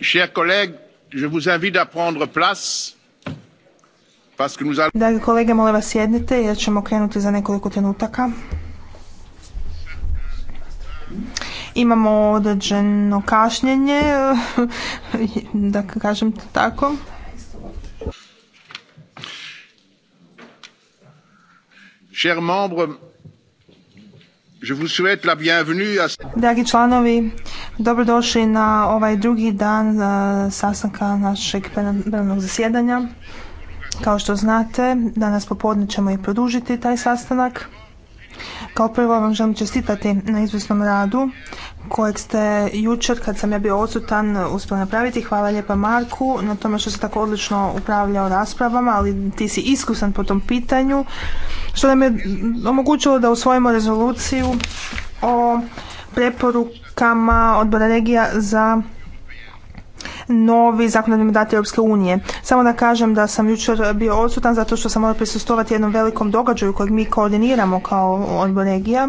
Chers collègues, je vous invite à prendre place. Parce que nous allons... Dragi kolege, molim vas sjednite jer ćemo krenuti za nekoliko trenutaka. Imamo određeno kašnjenje, da kažem tako. Chers membres, Dragi članovi, dobrodošli na ovaj drugi dan eh, sastanka našeg plenarnog zasjedanja. Kao što znate, danas popodne ćemo i produžiti taj sastanak. Kao prvo vam želim čestitati na izvrsnom radu kojeg ste jučer kad sam ja bio odsutan uspjeli napraviti. Hvala lijepa Marku na tome što se tako odlično upravljao raspravama, ali ti si iskusan po tom pitanju, što nam je omogućilo da usvojimo rezoluciju o preporukama odbora regija za novi zakonodavni dati Europske unije. Samo da kažem da sam jučer bio odsutan zato što sam morao prisustovati jednom velikom događaju kojeg mi koordiniramo kao odbor regija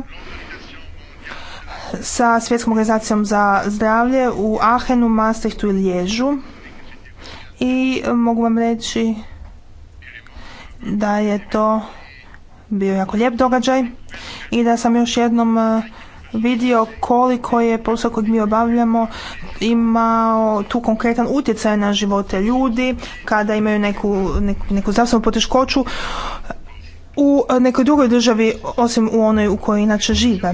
sa Svjetskom organizacijom za zdravlje u Ahenu, Maastrichtu i Lježu. I mogu vam reći da je to bio jako lijep događaj i da sam još jednom vidio koliko je posao kojeg mi obavljamo imao tu konkretan utjecaj na živote ljudi kada imaju neku, neku, neku zdravstvenu poteškoću u nekoj drugoj državi osim u onoj u kojoj inače žive.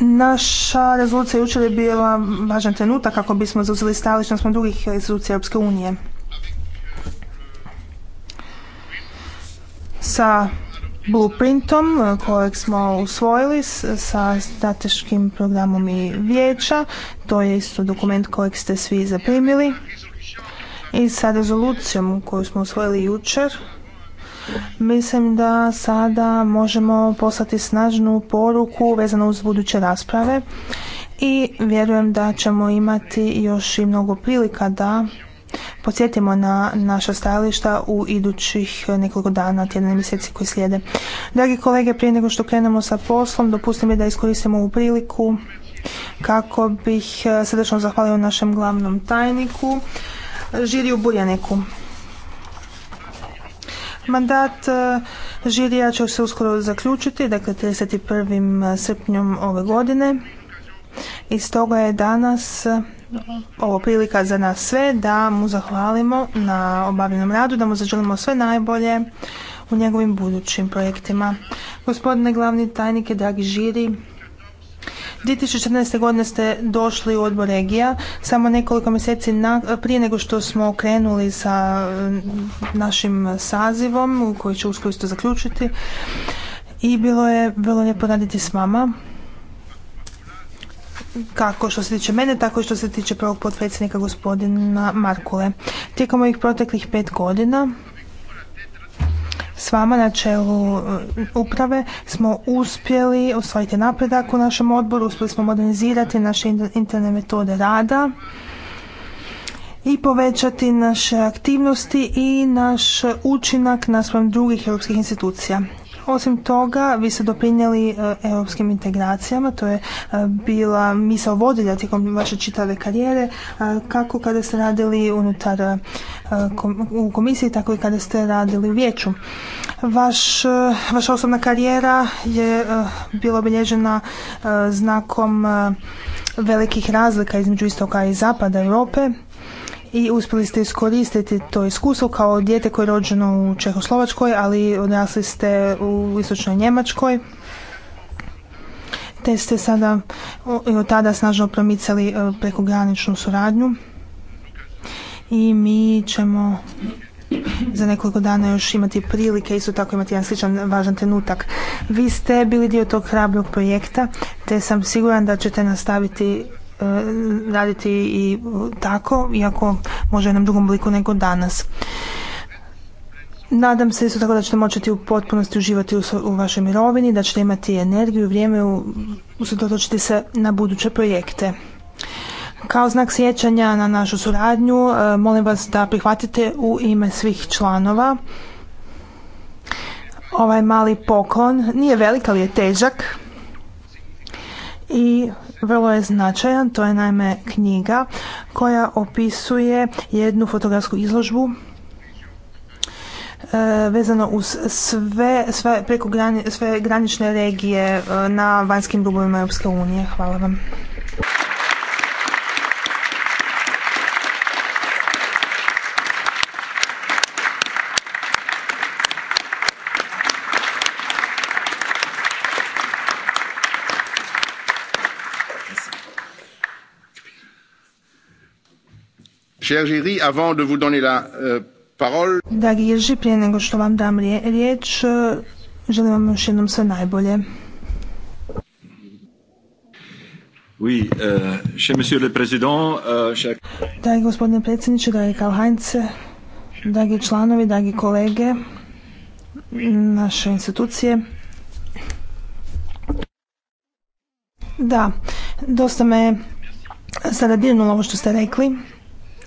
Naša rezolucija jučer je bila važan trenutak kako bismo zauzeli stajalište smo drugih rezolucija Europske unije. Sa blueprintom eh, kojeg smo usvojili sa strateškim programom i vijeća. To je isto dokument kojeg ste svi zaprimili. I sa rezolucijom koju smo usvojili jučer, mislim da sada možemo poslati snažnu poruku vezano uz buduće rasprave i vjerujem da ćemo imati još i mnogo prilika da podsjetimo na naša stajališta u idućih nekoliko dana, tjedne mjeseci koji slijede. Dragi kolege, prije nego što krenemo sa poslom, je da iskoristimo ovu priliku kako bih e, srdečno zahvalio našem glavnom tajniku, Žiriju Burjaneku. Mandat e, žirija će se uskoro zaključiti, dakle 31. E, srpnjom ove godine i stoga je danas ovo prilika za nas sve da mu zahvalimo na obavljenom radu, da mu zaželimo sve najbolje u njegovim budućim projektima. Gospodine glavni tajnike, dragi žiri, 2014. godine ste došli u odbor regija, samo nekoliko mjeseci prije nego što smo krenuli sa našim sazivom, koji će uskoro isto zaključiti, i bilo je vrlo lijepo raditi s vama kako što se tiče mene, tako i što se tiče prvog potpredsjednika gospodina Markule. Tijekom ovih proteklih pet godina s vama na čelu uh, uprave smo uspjeli ostvariti napredak u našem odboru, uspjeli smo modernizirati naše interne metode rada i povećati naše aktivnosti i naš učinak na naspram drugih europskih institucija. Osim toga, vi ste doprinijeli e, europskim integracijama, to je e, bila misao vodilja tijekom vaše čitave karijere, e, kako kada ste radili unutar u komisiji, tako i kada ste radili u vijeću. Vaš, vaša osobna karijera je bila obilježena znakom velikih razlika između istoka i zapada Europe i uspjeli ste iskoristiti to iskustvo kao dijete koje je rođeno u Čehoslovačkoj, ali odrasli ste u istočnoj Njemačkoj te ste sada i od tada snažno promicali e, prekograničnu suradnju i mi ćemo za nekoliko dana još imati prilike isto tako imati jedan sličan važan trenutak. Vi ste bili dio tog hrabrog projekta te sam siguran da ćete nastaviti Eh, raditi i eh, tako, iako može u jednom drugom obliku nego danas. Nadam se isto tako da ćete moći u potpunosti uživati u, vašoj mirovini, da ćete imati energiju i vrijeme usredotočiti se na buduće projekte. Kao znak sjećanja na našu suradnju, eh, molim vas da prihvatite u ime svih članova ovaj mali poklon. Nije velik, ali je težak. I vrlo je značajan. To je naime knjiga koja opisuje jednu fotografsku izložbu e, vezano uz sve, sve, preko sve granične regije e, na vanjskim dubovima Europske unije. Hvala vam. Cher avant de vous donner la euh, Dragi Jerzy, prije nego što vam dam riječ, e, želim vam još jednom sve najbolje. Euh, euh, dragi gospodine predsjedniče, dragi Karl Heinz, dragi članovi, dragi kolege naše institucije. Da, dosta me sada dirnulo ovo što ste rekli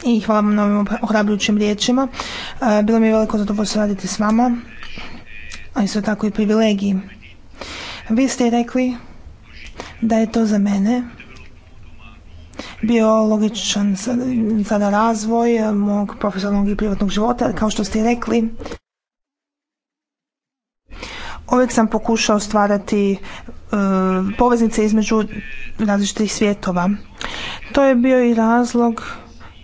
i hvala vam na ovim ohrabrujućim riječima. E, bilo mi je veliko zadovoljstvo raditi s vama, a isto tako i privilegiji. Vi ste rekli da je to za mene bio logičan sada razvoj e, mog profesionalnog i privatnog života. Kao što ste rekli, uvijek sam pokušao stvarati e, poveznice između različitih svjetova. To je bio i razlog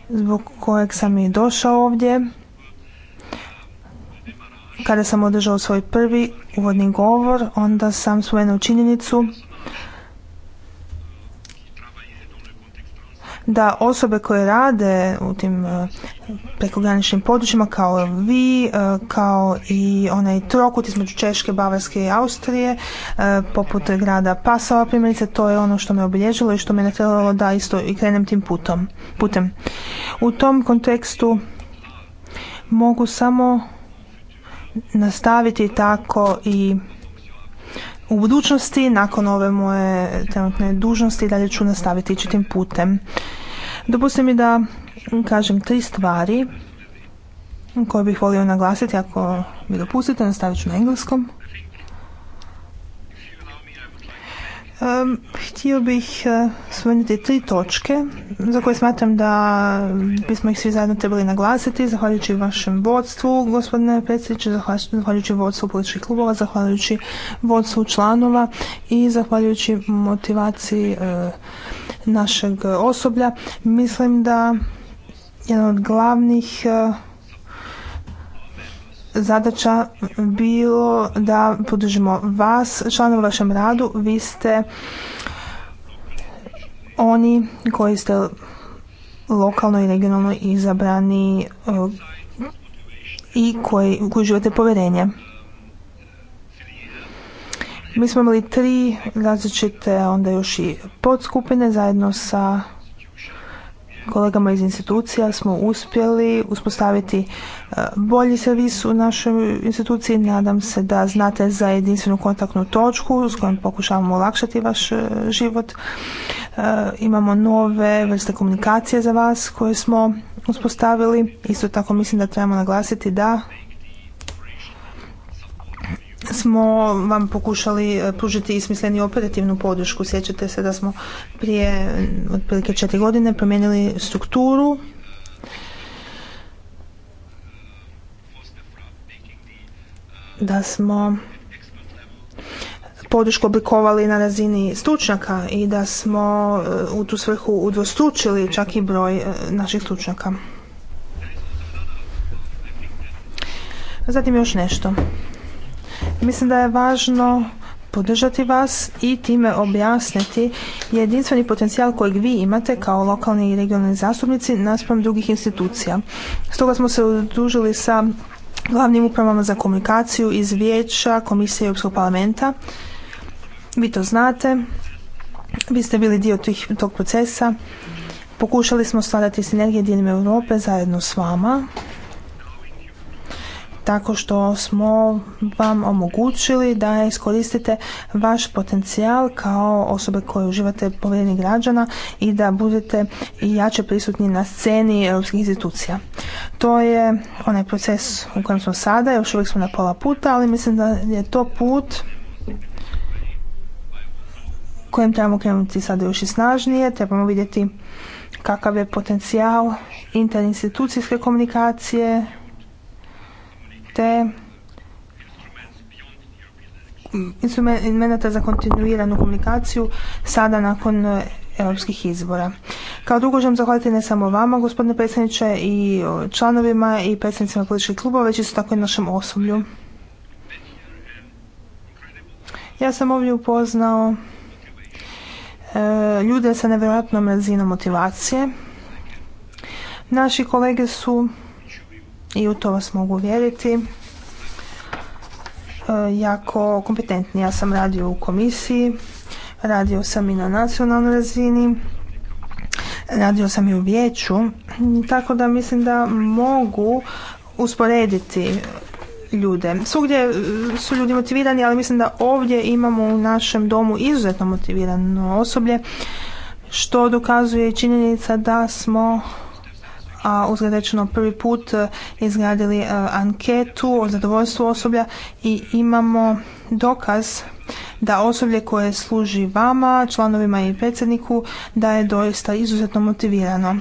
zbog kojeg sam i došao ovdje kada sam održao svoj prvi uvodni govor, onda sam svojenu činjenicu da osobe koje rade u tim e, prekograničnim područjima kao vi, e, kao i onaj trokut između Češke, Bavarske i Austrije, e, poput grada Pasova primjerice, to je ono što me obilježilo i što me natjeralo da isto i krenem tim putom, putem. U tom kontekstu mogu samo nastaviti tako i u budućnosti, nakon ove moje trenutne dužnosti, dalje ću nastaviti ići tim putem. Dopustite mi da kažem tri stvari koje bih volio naglasiti, ako mi dopustite, nastavit ću na engleskom. Um, htio bih e, spomenuti tri točke za koje smatram da bismo ih svi zajedno trebali naglasiti, zahvaljujući vašem vodstvu, gospodine predsjedniče, zahvaljujući vodstvu političkih klubova, zahvaljujući vodstvu članova i zahvaljujući motivaciji e, našeg osoblja. Mislim da jedan od glavnih e, zadaća bilo da podržimo vas, člana u vašem radu. Vi ste oni koji ste lokalno i regionalno izabrani e, i koji, koji živete povjerenje. Mi smo imali tri različite onda još i podskupine zajedno sa kolegama iz institucija smo uspjeli uspostaviti e, bolji servis u našoj instituciji. Nadam se da znate za jedinstvenu kontaktnu točku s kojom pokušavamo olakšati vaš e, život. E, imamo nove vrste komunikacije za vas koje smo uspostavili. Isto tako mislim da trebamo naglasiti da smo vam pokušali e, pružiti i operativnu podršku. Sjećate se da smo prije mm, otprilike četiri godine promijenili strukturu da smo podršku oblikovali na razini stručnjaka i da smo e, u tu svrhu udvostručili čak i broj e, naših stručnjaka. Zatim još nešto Mislim da je važno podržati vas i time objasniti jedinstveni potencijal kojeg vi imate kao lokalni i regionalni zastupnici naspram drugih institucija. Stoga smo se udružili sa glavnim upravama za komunikaciju iz Vijeća, Komisije Europskog parlamenta. Vi to znate, vi ste bili dio tog procesa. Pokušali smo stvarati sinergije diljem Europe zajedno s vama tako što smo vam omogućili da iskoristite vaš potencijal kao osobe koje uživate povjerenje građana i da budete i jače prisutni na sceni europskih institucija. To je onaj proces u kojem smo sada, još uvijek smo na pola puta, ali mislim da je to put kojem trebamo krenuti sada još i snažnije, trebamo vidjeti kakav je potencijal interinstitucijske komunikacije, te instrumenta za kontinuiranu komunikaciju sada nakon e, europskih izbora. Kao drugo želim zahvaliti ne samo vama, gospodine predsjedniče, i članovima i predsjednicima političkih klubova, već isto tako i našem osoblju. Ja sam ovdje upoznao e, ljude sa nevjerojatnom razinom motivacije. Naši kolege su i u to vas mogu uvjeriti e, jako kompetentni. Ja sam radio u komisiji, radio sam i na nacionalnoj razini, radio sam i u vijeću, tako da mislim da mogu usporediti ljude. Svugdje su ljudi motivirani, ali mislim da ovdje imamo u našem domu izuzetno motivirano osoblje, što dokazuje činjenica da smo a uzgled prvi put e, izgradili e, anketu o zadovoljstvu osoblja i imamo dokaz da osoblje koje služi vama, članovima i predsjedniku, da je doista izuzetno motivirano.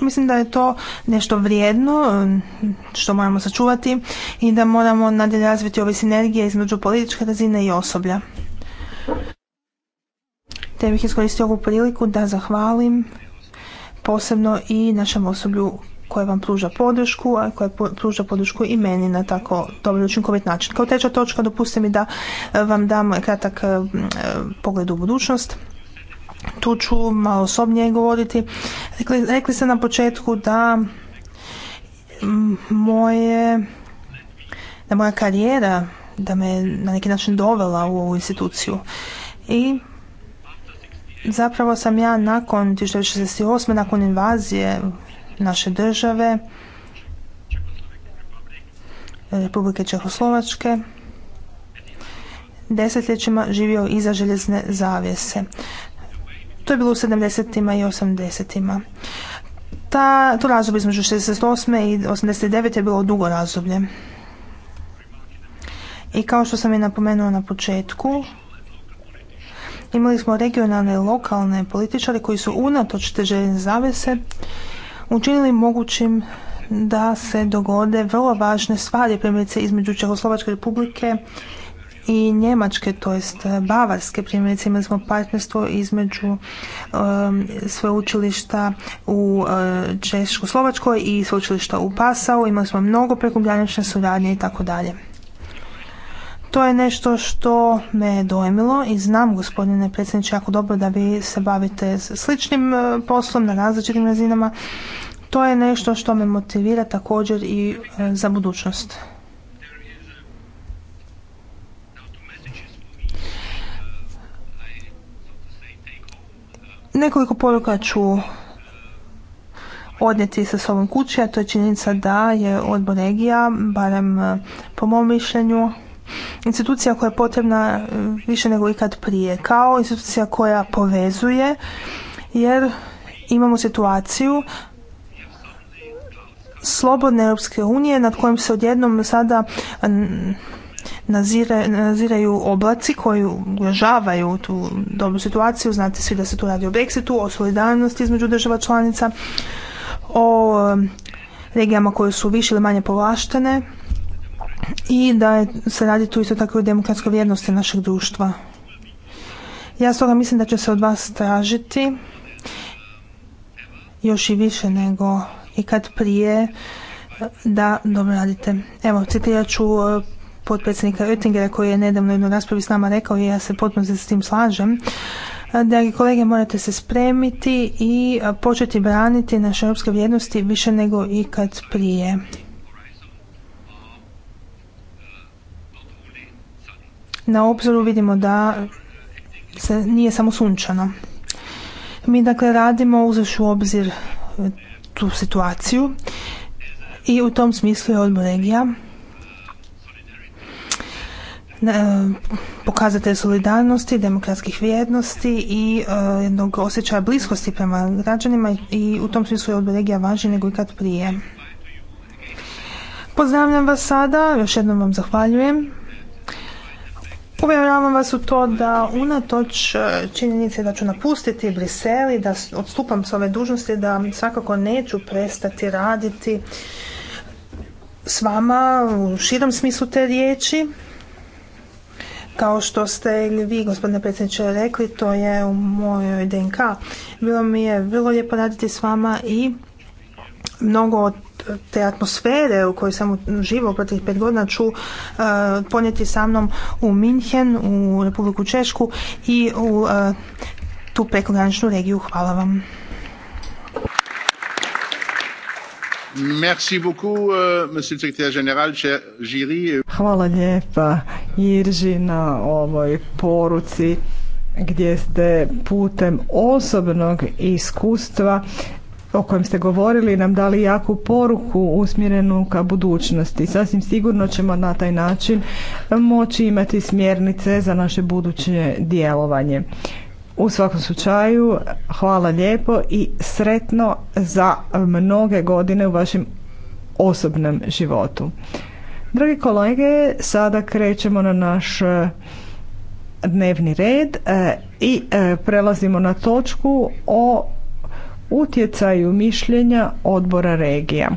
Mislim da je to nešto vrijedno e, što moramo sačuvati i da moramo nadalje razviti ove sinergije između političke razine i osoblja. Te bih iskoristio ovu priliku da zahvalim posebno i našem osoblju koje vam pruža podršku, a koja pruža podršku i meni na tako dobro i učinkovit način. Kao treća točka dopustite mi da e, vam dam kratak e, e, pogled u budućnost. Tu ću malo osobnije govoriti. Rekli, rekli ste na početku da moje da moja karijera da me na neki način dovela u ovu instituciju i Zapravo sam ja nakon 1968. nakon invazije naše države e, Republike Čehoslovačke desetljećima živio iza željezne zavjese. To je bilo u 70. i 80. to razdoblje između 68. i 89. je bilo dugo razdoblje. I kao što sam i napomenula na početku, imali smo regionalne i lokalne političare koji su unatoč te zavese učinili mogućim da se dogode vrlo važne stvari, primjerice između Čehoslovačke republike i Njemačke, to jest e, Bavarske primjerice imali smo partnerstvo između um, sveučilišta u uh, Češko-Slovačkoj i sveučilišta u Pasau, imali smo mnogo prekogranične suradnje i tako dalje. To je nešto što me je dojmilo i znam, gospodine predsjedniče, jako dobro da vi se bavite sličnim e, poslom na različitim razinama. To je nešto što me motivira također i e, za budućnost. Nekoliko poruka ću odnijeti sa sobom kući, a to je činjenica da je odbor regija, barem e, po mom mišljenju, institucija koja je potrebna e, više nego ikad prije, kao institucija koja povezuje, jer imamo situaciju slobodne Europske unije nad kojim se odjednom sada nazire, naziraju oblaci koji ugrožavaju tu dobru situaciju. Znate svi da se tu radi o Brexitu, o solidarnosti između država članica, o e, regijama koje su više ili manje povlaštene i da se radi tu isto tako i o demokratskoj vrijednosti našeg društva. Ja stoga mislim da će se od vas tražiti još i više nego i kad prije eh, da dobro radite. Evo, citirat ću eh, potpredsjednika Oettingera koji je nedavno jednu raspravi s nama rekao i ja se potpuno s tim slažem. Eh, Dragi kolege, morate se spremiti i početi braniti naše europske vrijednosti više nego kad prije. na obzoru vidimo da se nije samo sunčano. Mi dakle radimo uzevši u obzir e, tu situaciju i u tom smislu je odbor regija e, pokazatelj solidarnosti, demokratskih vrijednosti i e, jednog osjećaja bliskosti prema građanima i u tom smislu je odbor regija važniji nego ikad prije. Pozdravljam vas sada, još jednom vam zahvaljujem Povjeravam vas u to da unatoč e, činjenice da ću napustiti Briseli, da odstupam s ove dužnosti, da svakako neću prestati raditi s vama u širom smislu te riječi. Kao što ste ili vi, gospodine predsjedniče, rekli, to je u mojoj DNK. Bilo mi je vrlo lijepo raditi s vama i mnogo od te atmosfere u kojoj sam živao protiv pet godina ću e, ponijeti sa mnom u Minhen, u Republiku Češku i u e, tu prekograničnu regiju. Hvala vam. Merci e, Hvala lijepa, Irži, na ovoj poruci gdje ste putem osobnog iskustva o kojem ste govorili nam dali jaku poruku usmjerenu ka budućnosti. Sasvim sigurno ćemo na taj način moći imati smjernice za naše buduće djelovanje. U svakom slučaju, hvala lijepo i sretno za mnoge godine u vašem osobnom životu. Dragi kolege, sada krećemo na naš e, dnevni red e, i e, prelazimo na točku o utjecaju mišljenja odbora regija.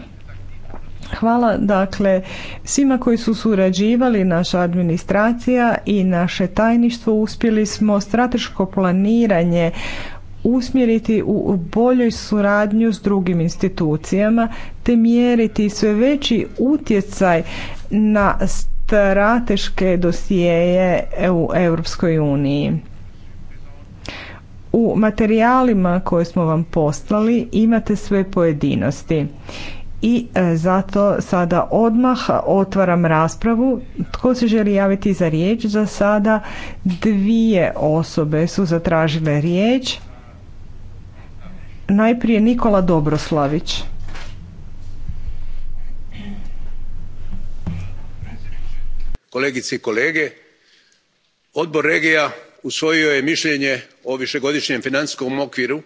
Hvala dakle svima koji su surađivali, naša administracija i naše tajništvo uspjeli smo strateško planiranje usmjeriti u boljoj suradnju s drugim institucijama te mjeriti sve veći utjecaj na strateške dosijeje u Europskoj uniji. U materijalima koje smo vam poslali imate sve pojedinosti i e, zato sada odmah otvaram raspravu. Tko se želi javiti za riječ? Za sada dvije osobe su zatražile riječ. Najprije Nikola Dobroslavić. Kolegice i kolege, odbor regija usvojio je miljenje o višegodišnjem financijskom okviru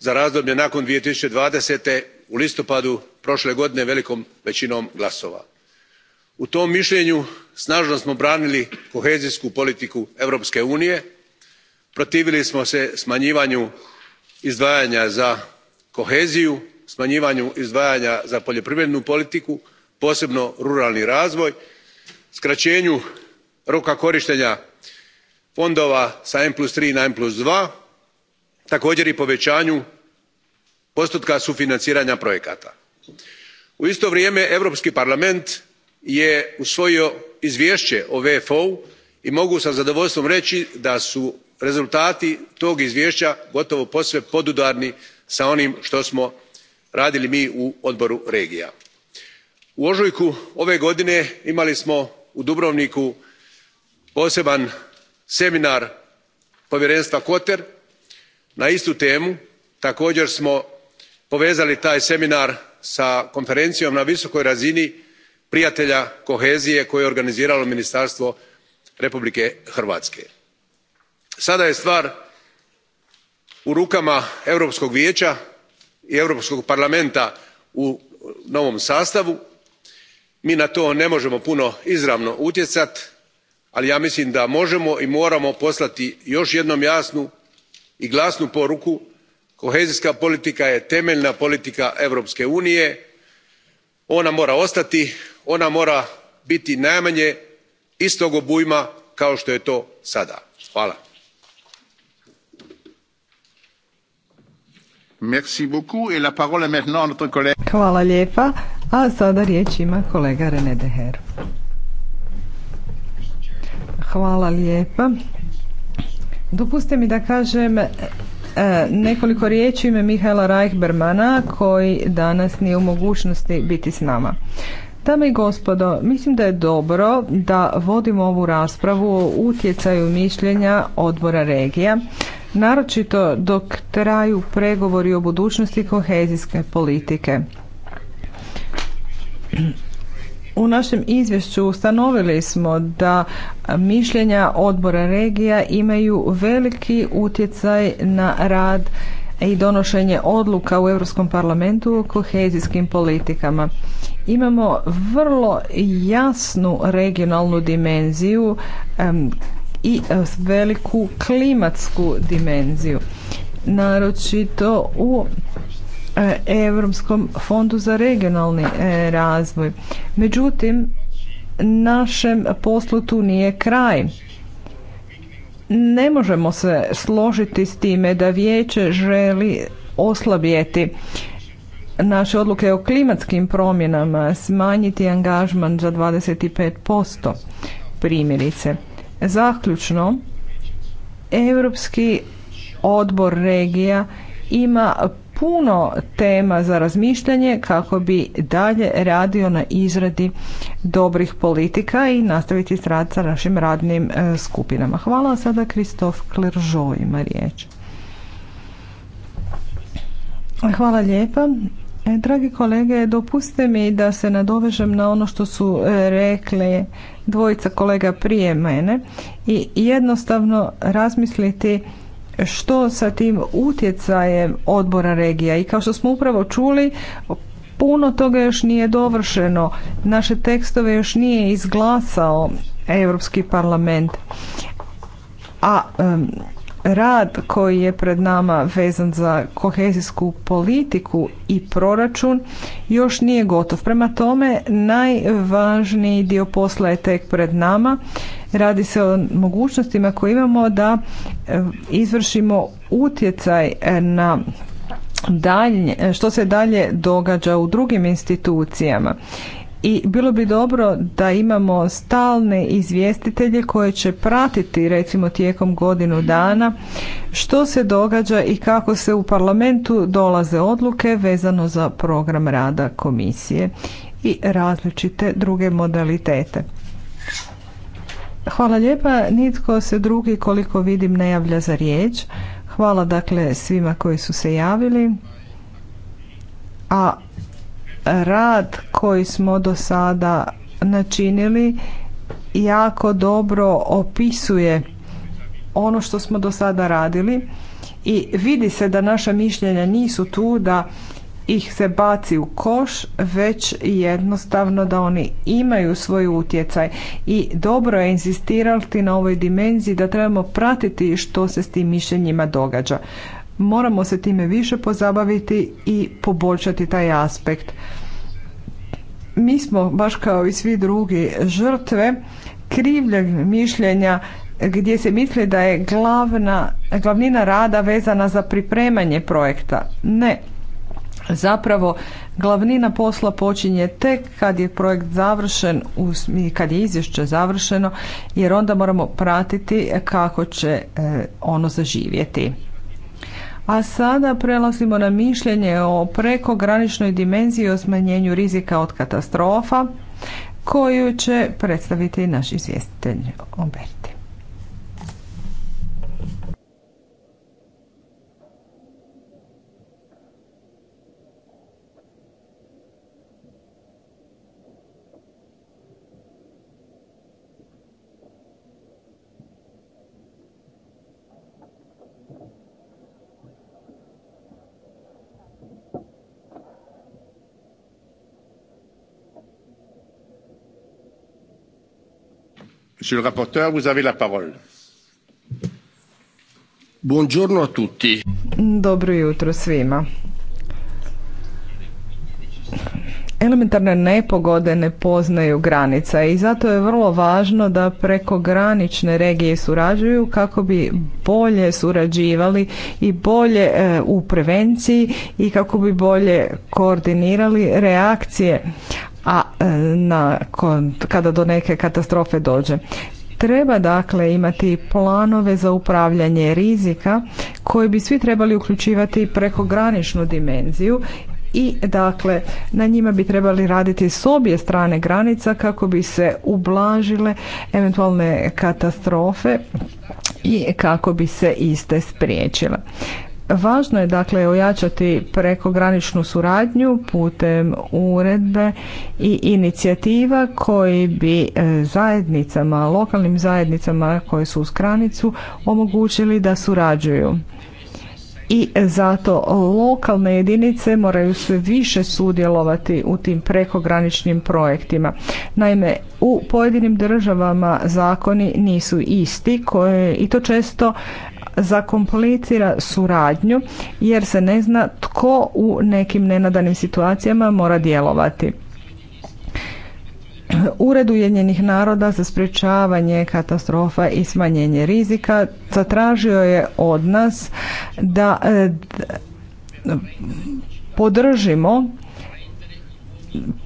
za razdoblje nakon. two thousand and twenty u listopadu prole godine velikom većinom glasova. u tom mišljenju snažno smo branili kohezijsku politiku europske unije protivili smo se smanjivanju izdvajanja za koheziju smanjivanju izdvajanja za poljoprivrednu politiku posebno ruralni razvoj skraenju roka korištenja fondova s n three na n two takoer i povećanju postotka sufinanciranja projekata. u isto vrijeme europski parlament je usvojio izvješće o vfo u i mogu sa zadovoljstvom reći da su rezultati tog izvjea gotovo posve podudarni s onim to smo radili mi u odboru regija. u oujku ove godine imali smo u dubrovniku poseban seminar povjerenstva Koter na istu temu Također smo povezali taj seminar s konferencijom na visokoj razini prijatelja kohezije koje je organiziralo ministarstvo republike hrvatske. sada je stvar u rukama europskog vijeća i europskog parlamenta u novom sastavu. mi na to ne možemo puno izravno utjecati ali ja mislim da možemo i moramo poslati još jednom jasnu i glasnu poruku kohezijska politika je temeljna politika europske unije ona mora ostati ona mora biti najmanje istog obujma kao što je to sada. hvala. Hvala lijepa. Dopustite mi da kažem e, nekoliko riječi ime Mihaela Reichbermana koji danas nije u mogućnosti biti s nama. Dame i gospodo, mislim da je dobro da vodimo ovu raspravu o utjecaju mišljenja odbora regija, naročito dok traju pregovori o budućnosti kohezijske politike. U našem izvješću ustanovili smo da mišljenja odbora regija imaju veliki utjecaj na rad i donošenje odluka u Europskom parlamentu o kohezijskim politikama. Imamo vrlo jasnu regionalnu dimenziju i e, veliku klimatsku dimenziju. Naročito u E, Europskom fondu za regionalni e, razvoj. Međutim, našem poslu tu nije kraj. Ne možemo se složiti s time da vijeće želi oslabjeti naše odluke o klimatskim promjenama, smanjiti angažman za 25%. Primjerice, zaključno, Europski odbor regija ima puno tema za razmišljanje kako bi dalje radio na izradi dobrih politika i nastaviti s rad sa našim radnim e, skupinama. Hvala sada Kristof Kleržo ima riječ. Hvala lijepa. E, dragi kolege, dopustite mi da se nadovežem na ono što su e, rekle dvojica kolega prije mene i jednostavno razmisliti što sa tim utjecajem odbora regija i kao što smo upravo čuli puno toga još nije dovršeno naše tekstove još nije izglasao Europski parlament a rad koji je pred nama vezan za kohezijsku politiku i proračun još nije gotov. Prema tome, najvažniji dio posla je tek pred nama Radi se o mogućnostima koje imamo da e, izvršimo utjecaj e, na dalje, e, što se dalje događa u drugim institucijama. I bilo bi dobro da imamo stalne izvjestitelje koje će pratiti recimo tijekom godinu dana što se događa i kako se u parlamentu dolaze odluke vezano za program rada komisije i različite druge modalitete. Hvala lijepa. Nitko se drugi koliko vidim ne javlja za riječ. Hvala dakle svima koji su se javili. A rad koji smo do sada načinili jako dobro opisuje ono što smo do sada radili i vidi se da naša mišljenja nisu tu da ih se baci u koš, već jednostavno da oni imaju svoj utjecaj. I dobro je insistirati na ovoj dimenziji da trebamo pratiti što se s tim mišljenjima događa. Moramo se time više pozabaviti i poboljšati taj aspekt. Mi smo, baš kao i svi drugi, žrtve krivljeg mišljenja gdje se misli da je glavna, glavnina rada vezana za pripremanje projekta. Ne, Zapravo, glavnina posla počinje tek kad je projekt završen, kad je izvješće završeno, jer onda moramo pratiti kako će e, ono zaživjeti. A sada prelazimo na mišljenje o prekograničnoj dimenziji o smanjenju rizika od katastrofa koju će predstaviti naš izvjestitelj Oberti. Dobro jutro svima. Elementarne nepogode ne poznaju granica i zato je vrlo važno da prekogranične regije surađuju kako bi bolje surađivali i bolje e, u prevenciji i kako bi bolje koordinirali reakcije a e, na kada do neke katastrofe dođe. Treba dakle imati planove za upravljanje rizika koji bi svi trebali uključivati graničnu dimenziju i dakle na njima bi trebali raditi s obje strane granica kako bi se ublažile eventualne katastrofe i kako bi se iste spriječile. Važno je dakle ojačati prekograničnu suradnju putem uredbe i inicijativa koji bi e, zajednicama, lokalnim zajednicama koje su uz granicu omogućili da surađuju. I zato lokalne jedinice moraju sve više sudjelovati u tim prekograničnim projektima. Naime, u pojedinim državama zakoni nisu isti koje, i to često zakomplicira suradnju jer se ne zna tko u nekim nenadanim situacijama mora djelovati. Ured Ujedinjenih naroda za sprječavanje katastrofa i smanjenje rizika zatražio je od nas da e, podržimo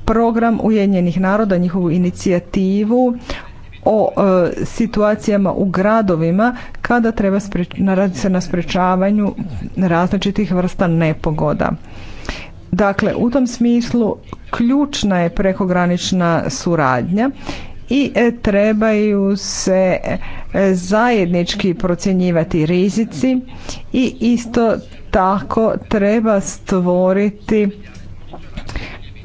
program Ujedinjenih naroda, njihovu inicijativu o e, situacijama u gradovima kada treba spreč, se na sprečavanju različitih vrsta nepogoda. Dakle, u tom smislu ključna je prekogranična suradnja i e, trebaju se e, zajednički procjenjivati rizici i isto tako treba stvoriti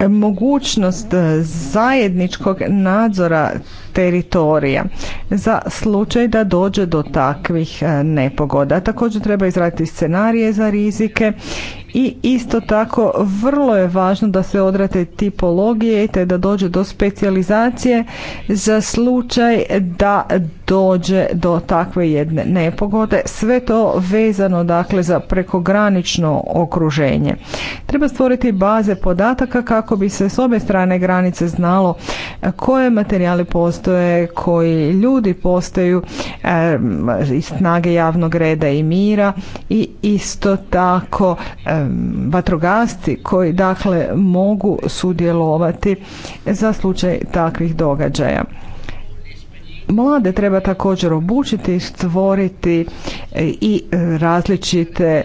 mogućnost zajedničkog nadzora teritorija za slučaj da dođe do takvih e, nepogoda. Također treba izraditi scenarije za rizike i isto tako vrlo je važno da se odrate tipologije te da dođe do specijalizacije za slučaj da dođe do takve jedne nepogode. Sve to vezano dakle za prekogranično okruženje. Treba stvoriti baze podataka kako bi se s obe strane granice znalo koje materijali postoje, koji ljudi postaju iz snage javnog reda i mira i isto tako vatrogasci koji dakle mogu sudjelovati za slučaj takvih događaja. Mlade treba također obučiti, stvoriti e, i različite e,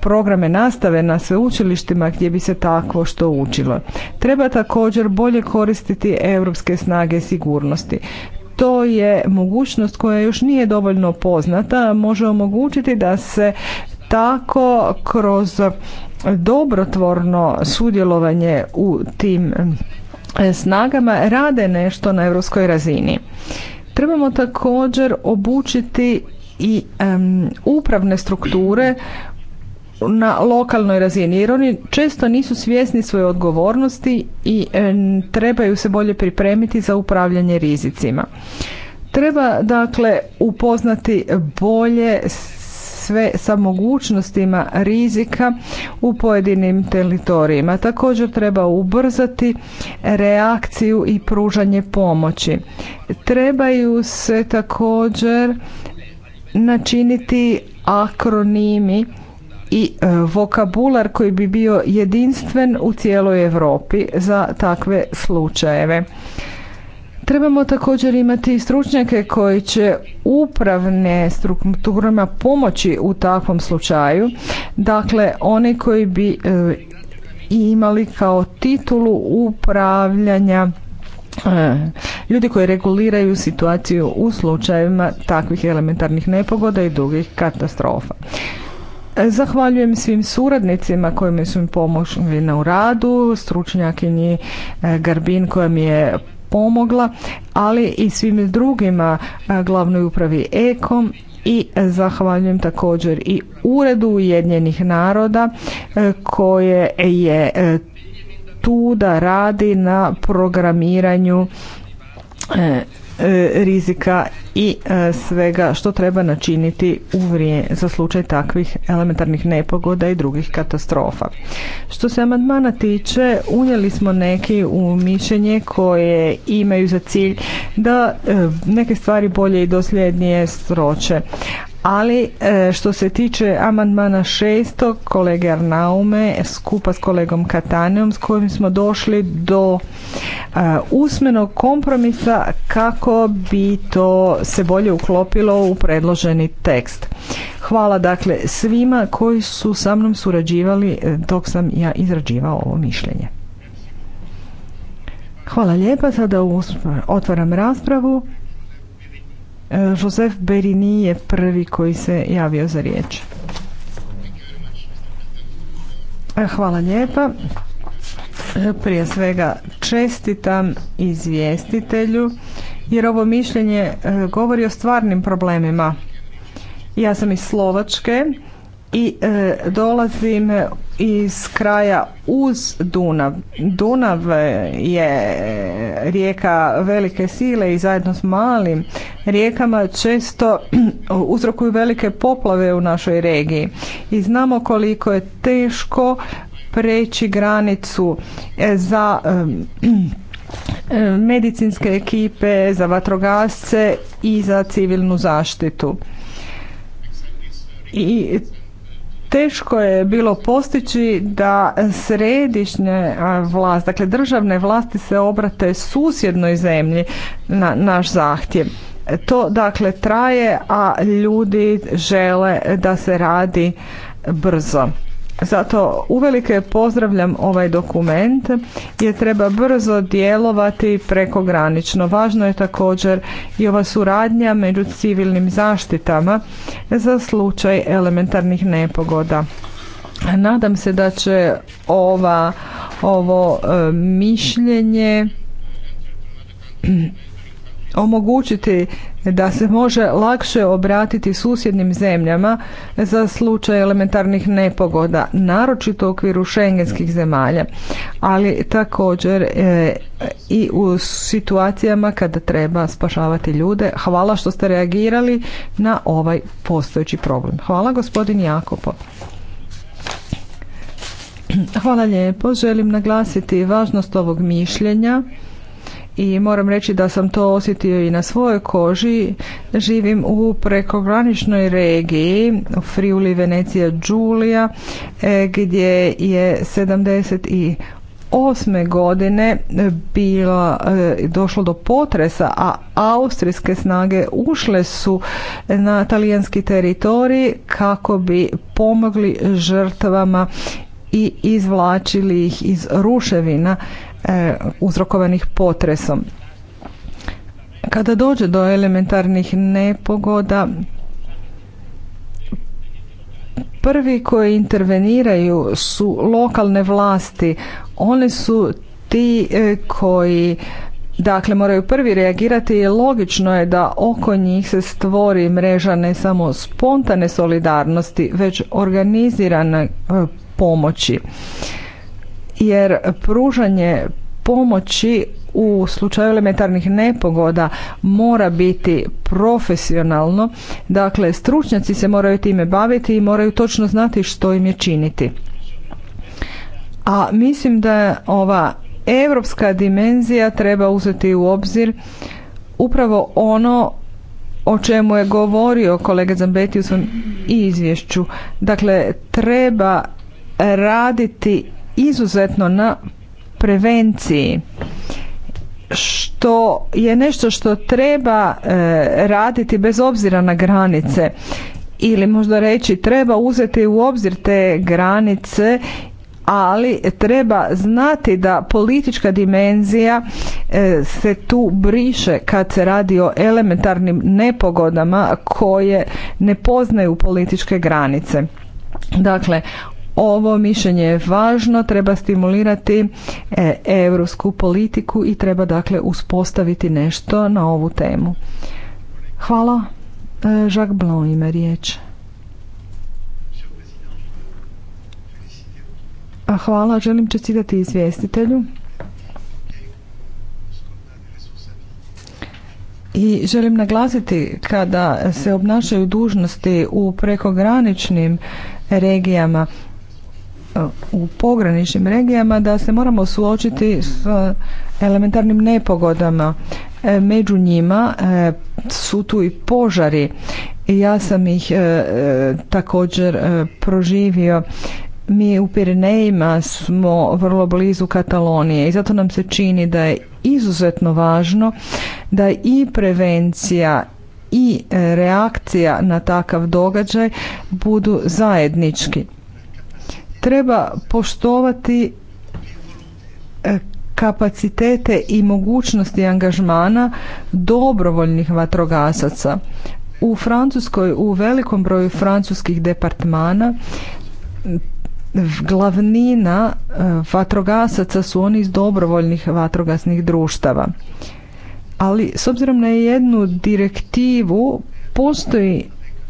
programe nastave na sveučilištima gdje bi se takvo što učilo. Treba također bolje koristiti europske snage sigurnosti. To je mogućnost koja još nije dovoljno poznata, može omogućiti da se tako kroz dobrotvorno sudjelovanje u tim e, snagama rade nešto na europskoj razini. Trebamo također obučiti i upravne strukture na lokalnoj razini jer oni često nisu svjesni svoje odgovornosti i trebaju se bolje pripremiti za upravljanje rizicima. Treba dakle upoznati bolje sve sa mogućnostima rizika u pojedinim teritorijima. Također treba ubrzati reakciju i pružanje pomoći. Trebaju se također načiniti akronimi i e, vokabular koji bi bio jedinstven u cijeloj Europi za takve slučajeve. Trebamo također imati stručnjake koji će upravne strukturama pomoći u takvom slučaju. Dakle, oni koji bi e, imali kao titulu upravljanja e, ljudi koji reguliraju situaciju u slučajevima takvih elementarnih nepogoda i drugih katastrofa. E, zahvaljujem svim suradnicima kojima su mi pomošli na uradu. radu, stručnjakinji Garbin koja mi je pomogla, ali i svim drugima glavnoj upravi EKOM i zahvaljujem također i Uredu Ujedinjenih naroda e, koje je e, tu da radi na programiranju e, rizika i e, svega što treba načiniti u vrije, za slučaj takvih elementarnih nepogoda i drugih katastrofa. Što se amandmana tiče, unijeli smo neki u mišljenje koje imaju za cilj da e, neke stvari bolje i dosljednije sroče. Ali e, što se tiče amandmana šestog kolege Arnaume skupa s kolegom Katanijom s kojim smo došli do usmenog kompromisa kako bi to se bolje uklopilo u predloženi tekst. Hvala dakle svima koji su sa mnom surađivali e, dok sam ja izrađivao ovo mišljenje. Hvala lijepa, sada otvaram raspravu. E, Josef Berini je prvi koji se javio za riječ. E, hvala lijepa. Prije svega čestitam izvjestitelju jer ovo mišljenje e, govori o stvarnim problemima. Ja sam iz Slovačke i e, dolazim iz kraja uz Dunav. Dunav je rijeka velike sile i zajedno s malim rijekama često uzrokuju velike poplave u našoj regiji. I znamo koliko je teško preći granicu e, za E, medicinske ekipe, za vatrogasce i za civilnu zaštitu. I teško je bilo postići da središnje vlast, dakle državne vlasti se obrate susjednoj zemlji na naš zahtjev. To dakle traje, a ljudi žele da se radi brzo. Zato uvelike pozdravljam ovaj dokument jer treba brzo djelovati prekogranično. Važno je također i ova suradnja među civilnim zaštitama za slučaj elementarnih nepogoda. Nadam se da će ova ovo e, mišljenje omogućiti da se može lakše obratiti susjednim zemljama za slučaj elementarnih nepogoda, naročito u okviru šengenskih zemalja, ali također e, i u situacijama kada treba spašavati ljude. Hvala što ste reagirali na ovaj postojeći problem. Hvala gospodin Jakopo. Hvala lijepo. Želim naglasiti važnost ovog mišljenja i moram reći da sam to osjetio i na svojoj koži. Živim u prekograničnoj regiji u Friuli Venecija Đulija e, gdje je 70 i godine bila, e, došlo do potresa, a austrijske snage ušle su na talijanski teritorij kako bi pomogli žrtvama i izvlačili ih iz ruševina E, uzrokovanih potresom. Kada dođe do elementarnih nepogoda, prvi koji interveniraju su lokalne vlasti. One su ti e, koji dakle moraju prvi reagirati i logično je da oko njih se stvori mreža ne samo spontane solidarnosti već organizirane e, pomoći jer pružanje pomoći u slučaju elementarnih nepogoda mora biti profesionalno, dakle stručnjaci se moraju time baviti i moraju točno znati što im je činiti. A mislim da ova europska dimenzija treba uzeti u obzir upravo ono o čemu je govorio kolega Zambeti u svom izvješću. Dakle, treba raditi izuzetno na prevenciji što je nešto što treba e, raditi bez obzira na granice ili možda reći treba uzeti u obzir te granice ali treba znati da politička dimenzija e, se tu briše kad se radi o elementarnim nepogodama koje ne poznaju političke granice. Dakle, ovo mišljenje je važno, treba stimulirati europsku politiku i treba dakle uspostaviti nešto na ovu temu. Hvala. E, Jacques Blanc ima riječ. Hvala, želim čestitati izvjestitelju. I želim naglasiti kada se obnašaju dužnosti u prekograničnim regijama u pograničnim regijama da se moramo suočiti s e, elementarnim nepogodama. E, među njima e, su tu i požari. Ja sam ih također proživio. Mi u Pirinejima smo vrlo blizu Katalonije i zato nam se čini da je izuzetno važno da i prevencija i reakcija na takav događaj budu zajednički. Treba poštovati e, kapacitete i mogućnosti angažmana dobrovoljnih vatrogasaca. U Francuskoj, u velikom broju francuskih departmana glavnina e, vatrogasaca su oni iz dobrovoljnih vatrogasnih društava. Ali s obzirom na jednu direktivu postoji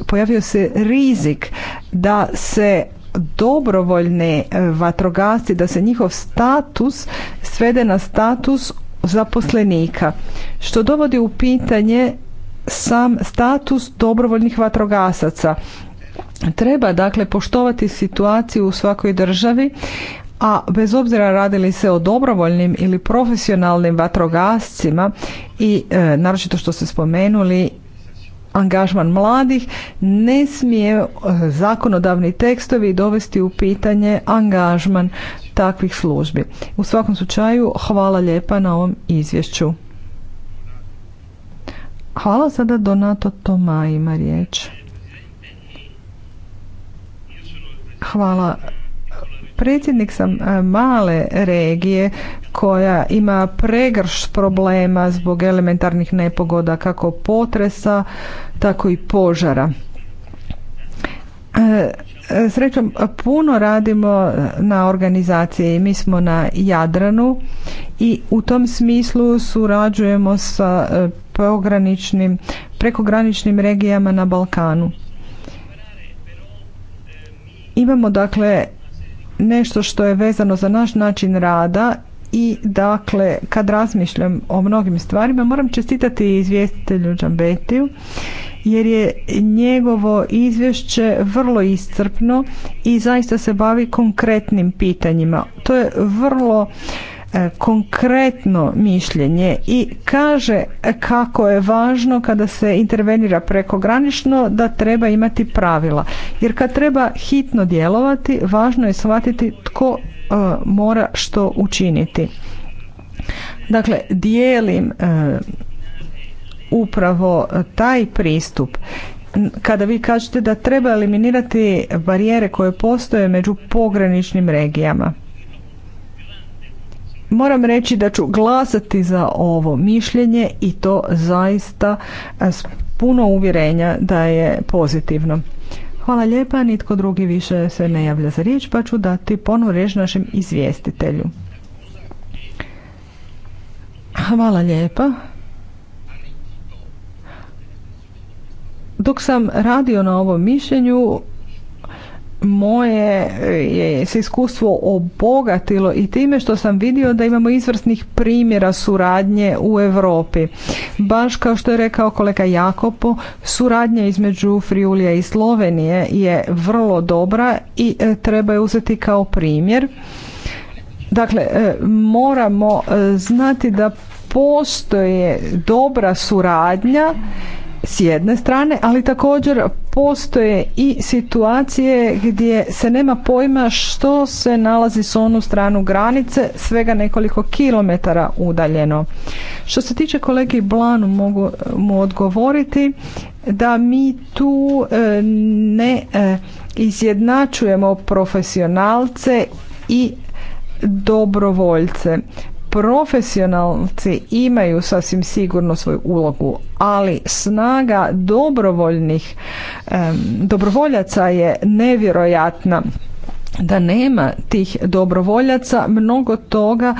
pojavio se rizik da se dobrovoljne e, vatrogasci, da se njihov status svede na status zaposlenika, što dovodi u pitanje sam status dobrovoljnih vatrogasaca. Treba dakle poštovati situaciju u svakoj državi, a bez obzira radili se o dobrovoljnim ili profesionalnim vatrogascima i e, naročito što ste spomenuli angažman mladih, ne smije eh, zakonodavni tekstovi dovesti u pitanje angažman takvih službi. U svakom slučaju, hvala lijepa na ovom izvješću. Hvala sada Donato Toma ima riječ. Hvala Predsjednik sam e, male regije koja ima pregrš problema zbog elementarnih nepogoda kako potresa, tako i požara. E, srećom, puno radimo na organizaciji. Mi smo na Jadranu i u tom smislu surađujemo sa e, pograničnim, prekograničnim regijama na Balkanu. Imamo dakle nešto što je vezano za naš način rada i dakle kad razmišljam o mnogim stvarima moram čestitati izvjestitelju Džambetiju jer je njegovo izvješće vrlo iscrpno i zaista se bavi konkretnim pitanjima. To je vrlo E, konkretno mišljenje i kaže kako je važno kada se intervenira prekogranično da treba imati pravila. Jer kad treba hitno djelovati, važno je shvatiti tko e, mora što učiniti. Dakle, dijelim e, upravo taj pristup kada vi kažete da treba eliminirati barijere koje postoje među pograničnim regijama. Moram reći da ću glasati za ovo mišljenje i to zaista e, s puno uvjerenja da je pozitivno. Hvala lijepa, nitko drugi više se ne javlja za riječ, pa ću dati ponovno riječ našem izvjestitelju. Hvala lijepa. Dok sam radio na ovom mišljenju, moje je se iskustvo obogatilo i time što sam vidio da imamo izvrsnih primjera suradnje u Europi. Baš kao što je rekao kolega Jakopo, suradnja između Friulija i Slovenije je vrlo dobra i e, treba je uzeti kao primjer. Dakle, e, moramo e, znati da postoje dobra suradnja s jedne strane, ali također postoje i situacije gdje se nema pojma što se nalazi s onu stranu granice, svega nekoliko kilometara udaljeno. Što se tiče kolegi Blanu mogu mu odgovoriti da mi tu e, ne e, izjednačujemo profesionalce i dobrovoljce profesionalci imaju sasvim sigurno svoju ulogu, ali snaga dobrovoljnih dobrovoljaca je nevjerojatna. Da nema tih dobrovoljaca, mnogo toga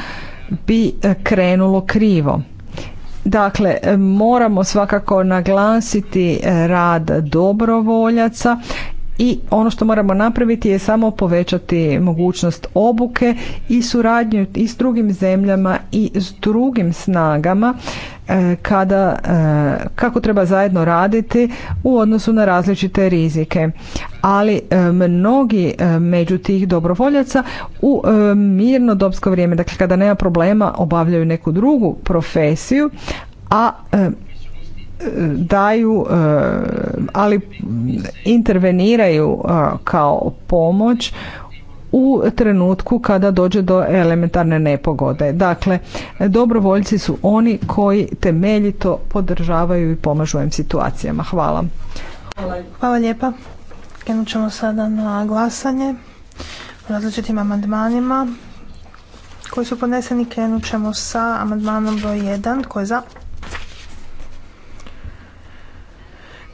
bi e, krenulo krivo. Dakle, moramo svakako naglasiti e, rad dobrovoljaca i ono što moramo napraviti je samo povećati mogućnost obuke i suradnju i s drugim zemljama i s drugim snagama e, kada, e, kako treba zajedno raditi u odnosu na različite rizike. Ali e, mnogi među tih dobrovoljaca u mirno dobsko vrijeme, dakle kada nema problema obavljaju neku drugu profesiju, a daju, e, ali interveniraju e, kao pomoć u trenutku kada dođe do elementarne nepogode. Dakle, dobrovoljci su oni koji temeljito podržavaju i pomažu ovim situacijama. Hvala. Hvala lijepa. Krenut ćemo sada na glasanje o različitim amandmanima koji su podneseni. Krenut ćemo sa amandmanom broj 1. Tko je za?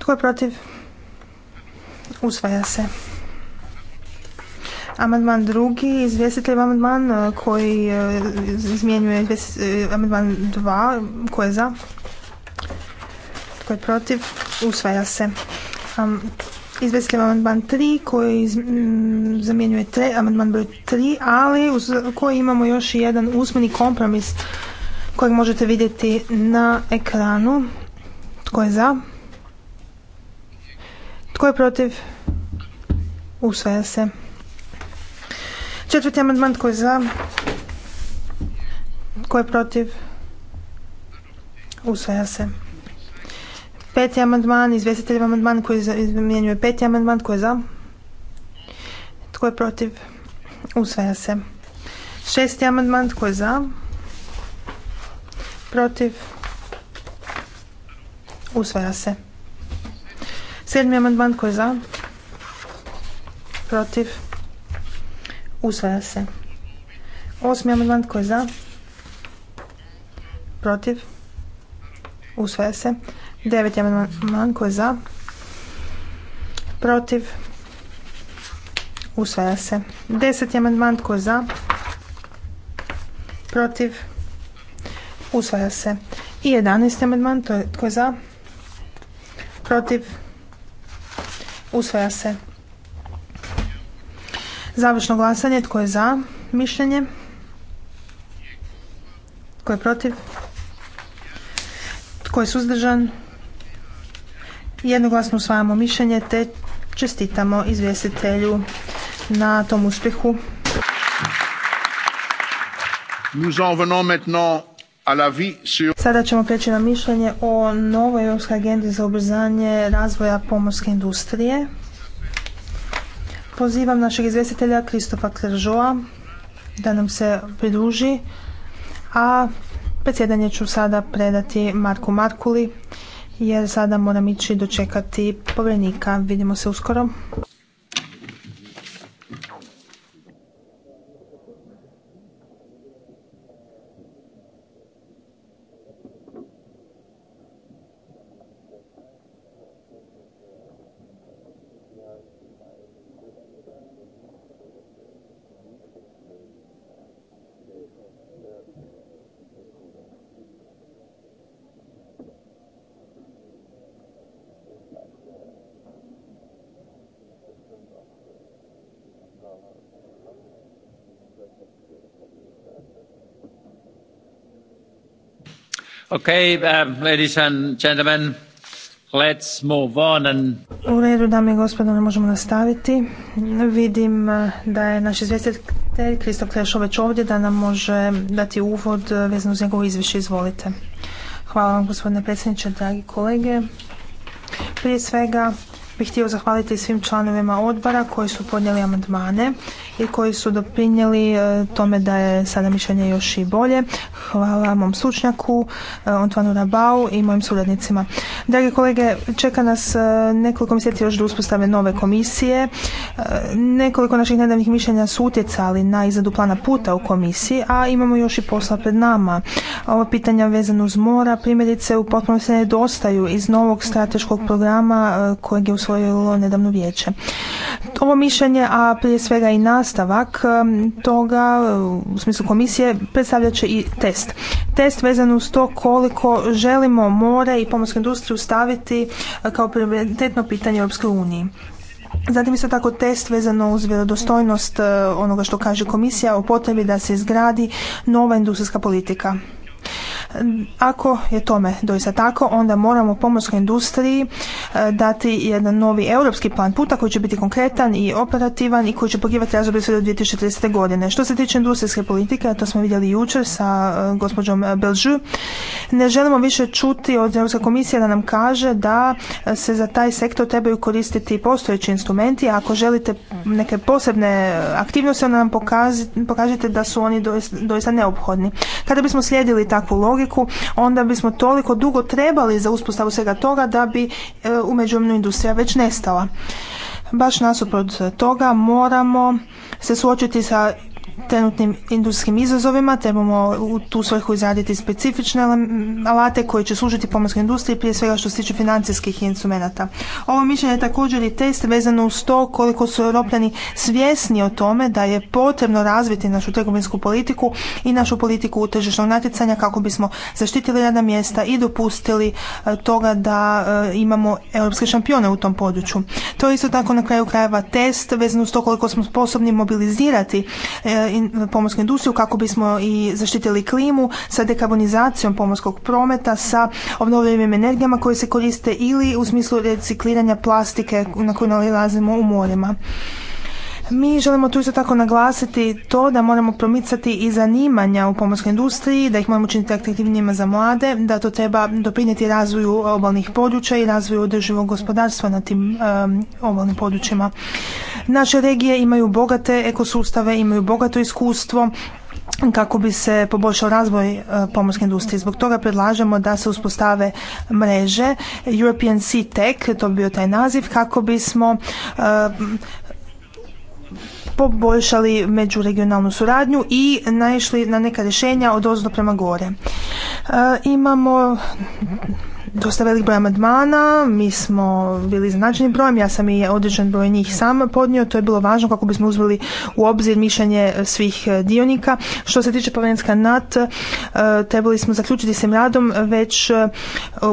Tko je protiv? Usvaja se. Amandman drugi, izvjestitelj amandman e, koji e, izmjenjuje e, amandman dva, ko je za? Tko je protiv? Usvaja se. Um, izvjestitelj amandman 3 koji zamjenjuje tre, amandman broj 3, ali uz koji imamo još jedan usmeni kompromis kojeg možete vidjeti na ekranu. Tko je za? Tko je protiv? Usvaja se. Četvrti amandman, tko je za? Tko je protiv? Usvaja se. Peti amandman, izvjestitelj amandman koji izmjenjuje peti amandman, tko je za? Tko je protiv? Usvaja se. Šesti amandman, tko je za? Protiv? Usvaja se. Sedmi amandman koji je za? Protiv? Usvaja se. Osmi amandman koji je za? Protiv? Usvaja se. Deveti amandman koji je za? Protiv? Usvaja se. Deseti amandman koji je za? Protiv? Usvaja se. I jedanesti amandman, tko je za? Protiv? Usvaja se. Završno glasanje. Tko je za mišljenje? Tko je protiv? Tko je suzdržan? Jednoglasno usvajamo mišljenje te čestitamo izvjestitelju na tom uspjehu. Nous en maintenant Sada ćemo preći na mišljenje o novoj europskoj agendi za ubrzanje razvoja pomorske industrije. Pozivam našeg izvjestitelja Kristofa Kržoa da nam se pridruži, a predsjedanje ću sada predati Marku Markuli, jer sada moram ići dočekati povjerenika. Vidimo se uskoro. Okay, um, U redu, dame i gospodo, ne možemo nastaviti. Vidim uh, da je naš izvjestitelj Kristof Klešo ovdje, da nam može dati uvod uh, vezano uz njegovo izvješće. Izvolite. Hvala vam, gospodine predsjedniče, dragi kolege. Prije svega bih htio zahvaliti svim članovima odbora koji su podnijeli amandmane i koji su doprinijeli e, tome da je sada mišljenje još i bolje. Hvala mom sučnjaku, e, Antoanu Rabau i mojim suradnicima. Dragi kolege, čeka nas e, nekoliko mjeseci još do uspostave nove komisije. Nekoliko naših nedavnih mišljenja su utjecali na izradu plana puta u komisiji, a imamo još i posla pred nama. Ova pitanja vezano uz mora primjerice u potpunosti nedostaju iz novog strateškog programa kojeg je usvojilo nedavno vijeće. Ovo mišljenje, a prije svega i nas, stavak um, toga u smislu komisije predstavljat će i test. Test vezan uz to koliko želimo more i pomorsku industriju staviti uh, kao prioritetno pitanje Europskoj uniji. Zatim isto tako test vezano uz vjerodostojnost uh, onoga što kaže komisija o potrebi da se izgradi nova industrijska politika. Ako je tome doista tako, onda moramo pomorskoj industriji e, dati jedan novi europski plan puta koji će biti konkretan i operativan i koji će pogivati razdoblje sve do 2030. godine. Što se tiče industrijske politike, to smo vidjeli jučer sa e, gospođom Belžu, ne želimo više čuti od Europske komisije da nam kaže da e, se za taj sektor trebaju koristiti postojeći instrumenti, a ako želite neke posebne aktivnosti, onda nam pokažite da su oni doista neophodni. Kada bismo slijedili takvu logiku, onda bismo toliko dugo trebali za uspostavu svega toga da bi e, u industrija već nestala. Baš nasuprot toga moramo se suočiti sa trenutnim industrijskim izazovima. Trebamo u tu svrhu izraditi specifične alate koji će služiti pomorskoj industriji, prije svega što se tiče financijskih instrumenata. Ovo mišljenje je također i test vezano uz to koliko su europljani svjesni o tome da je potrebno razviti našu trgovinsku politiku i našu politiku tržišnog natjecanja kako bismo zaštitili radna mjesta i dopustili e, toga da e, imamo europske šampione u tom području. To je isto tako na kraju krajeva test vezano uz to koliko smo sposobni mobilizirati e, pomorsku industriju kako bismo i zaštitili klimu sa dekarbonizacijom pomorskog prometa, sa obnovljivim energijama koje se koriste ili u smislu recikliranja plastike na koju nalazimo u morima. Mi želimo tu isto tako naglasiti to da moramo promicati i zanimanja u pomorskoj industriji, da ih moramo učiniti aktivnijima za mlade, da to treba doprinijeti razvoju obalnih područja i razvoju održivog gospodarstva na tim obalnim područjima. Naše regije imaju bogate ekosustave, imaju bogato iskustvo kako bi se poboljšao razvoj e, pomorske industrije. Zbog toga predlažemo da se uspostave mreže European Sea Tech, to bi bio taj naziv, kako bismo e, poboljšali međuregionalnu suradnju i naišli na neka rješenja od ozdo prema gore. E, imamo dosta velik broj amandmana, mi smo bili značajnim brojem, ja sam i određen broj njih sam podnio, to je bilo važno kako bismo uzeli u obzir mišljenje svih e, dionika. Što se tiče povjerenska NAT, e, trebali smo zaključiti s radom već e,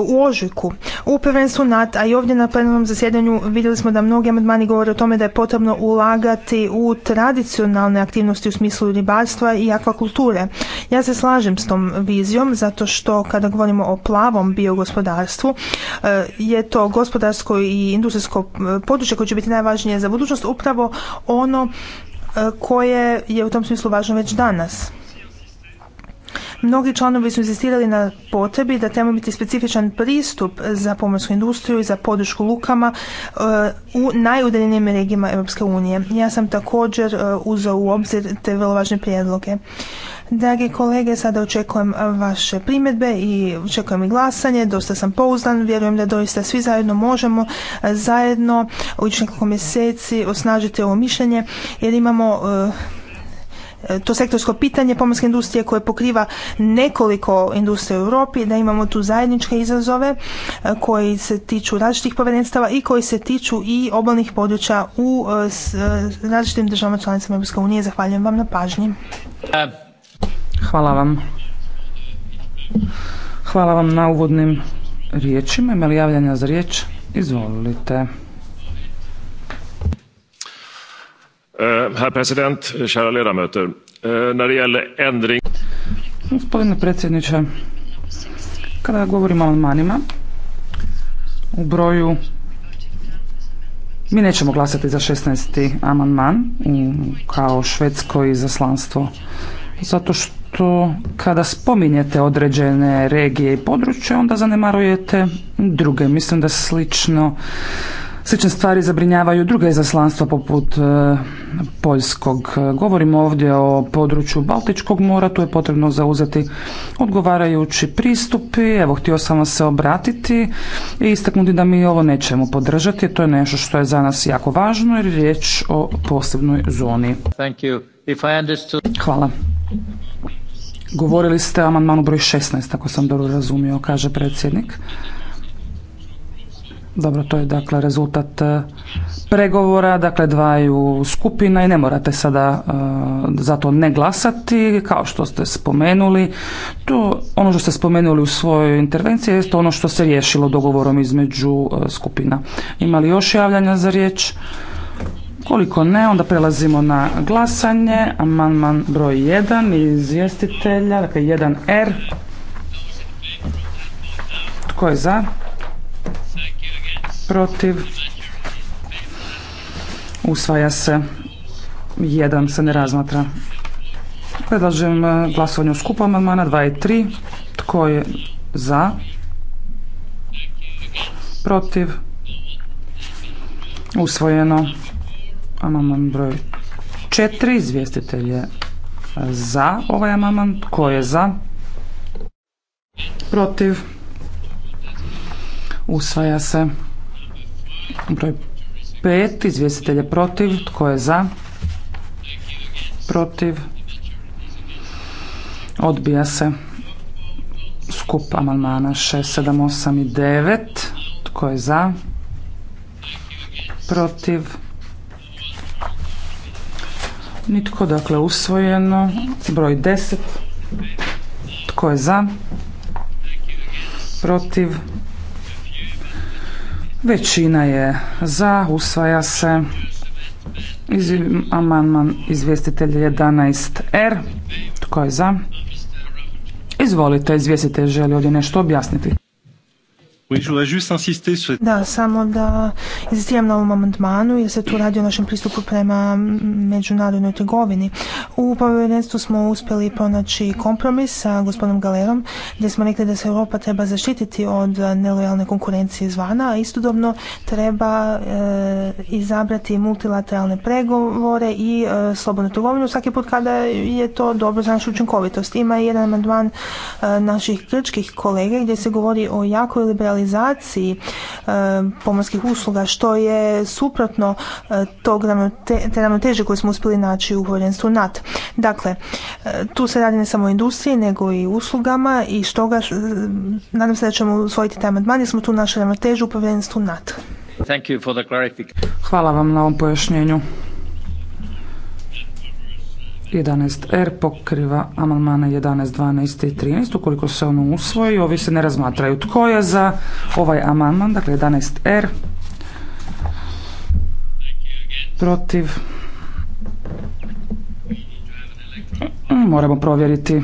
u ožujku. U prvenstvu NAT, a i ovdje na plenarnom zasjedanju vidjeli smo da mnogi amandmani govore o tome da je potrebno ulagati u tradicionalne aktivnosti u smislu ribarstva i akvakulture. Ja se slažem s tom vizijom, zato što kada govorimo o plavom biogospodarstvu, gospodarstvu e, je to gospodarsko i industrijsko e, područje koje će biti najvažnije za budućnost upravo ono e, koje je u tom smislu važno već danas. Mnogi članovi su insistirali na potrebi da treba biti specifičan pristup za pomorsku industriju i za podršku lukama eh, u najudaljenijim regijima Europske unije. Ja sam također eh, uzao u obzir te vrlo važne prijedloge. Dragi kolege, sada očekujem vaše primjedbe i očekujem i glasanje. Dosta sam pouzdan, vjerujem da doista svi zajedno možemo eh, zajedno u nekoliko mjeseci osnažiti ovo mišljenje jer imamo E, to sektorsko pitanje pomorske industrije koje pokriva nekoliko industrije u Europi, da imamo tu zajedničke izazove e, koji se tiču različitih povjerenstava i koji se tiču i obalnih područja u e, s, različitim državama članicama Europske unije. Zahvaljujem vam na pažnji. Hvala vam. Hvala vam na uvodnim riječima. Ima li javljanja za riječ? Izvolite. Eh, herr president, kära ledamöter. Eh, när Gospodine predsjedniče, kada govorimo o manima, u broju mi nećemo glasati za 16. amandman kao švedsko izaslanstvo zato što kada spominjete određene regije i područje onda zanemarujete druge. Mislim da slično Slične stvari zabrinjavaju druge izaslanstva poput e, Poljskog. Govorimo ovdje o području Baltičkog mora, tu je potrebno zauzeti odgovarajući pristupi. Evo, htio sam vas se obratiti i istaknuti da mi ovo nećemo podržati. To je nešto što je za nas jako važno jer je riječ o posebnoj zoni. Hvala. Govorili ste o amandmanu broj 16, ako sam dobro razumio, kaže predsjednik. Dobro, to je dakle rezultat e, pregovora, dakle dvaju skupina i ne morate sada e, zato ne glasati, kao što ste spomenuli. To, ono što ste spomenuli u svojoj intervenciji je ono što se riješilo dogovorom između e, skupina. Ima li još javljanja za riječ? Koliko ne, onda prelazimo na glasanje. Amandman broj 1 izvjestitelja, dakle 1R. Tko je za? protiv, usvaja se, jedan se ne razmatra. Predlažem eh, glasovanje u skupu amandmana 2 i 3. Tko je za? Protiv? Usvojeno. Amandman broj 4. Izvjestitelj je eh, za ovaj amandman. Tko je za? Protiv? Usvaja se. Broj 5. Izvjestitelj protiv. Tko je za? Protiv. Odbija se skup amandmana 6, 7, 8 i 9. Tko je za? Protiv. Nitko, dakle usvojeno. Broj 10. Tko je za? Protiv. Većina je za, usvaja se. amandman izvjestitelj 11R. Er. Tko je za? Izvolite, izvjestitelj želi ovdje nešto objasniti. Da, samo da inzistiram na ovom amandmanu jer se tu radi o našem pristupu prema međunarodnoj trgovini. U povjerenstvu smo uspjeli pronaći kompromis sa gospodinom Galerom gdje smo rekli da se Europa treba zaštititi od nelojalne konkurencije izvana, a istodobno treba eh, izabrati multilateralne pregovore i eh, slobodnu trgovinu svaki put kada je to dobro za našu učinkovitost. Ima jedan amandman eh, naših grčkih kolega gdje se govori o jakoj liberalizaciji liberalizaciji e, pomorskih usluga što je suprotno e, tog te, te ravnoteže koje smo uspjeli naći u povjerenstvu NAT. Dakle, e, tu se radi ne samo o industriji nego i uslugama i stoga nadam se da ćemo usvojiti taj amandman jer smo tu našli ravnotežu u povjerenstvu NAT. Hvala vam na ovom pojašnjenju. 11R pokriva Amalmane 11, 12 i 13. Ukoliko se ono usvoji, ovi se ne razmatraju. Tko je za ovaj Amalman? dakle 11R? Protiv? Moramo provjeriti.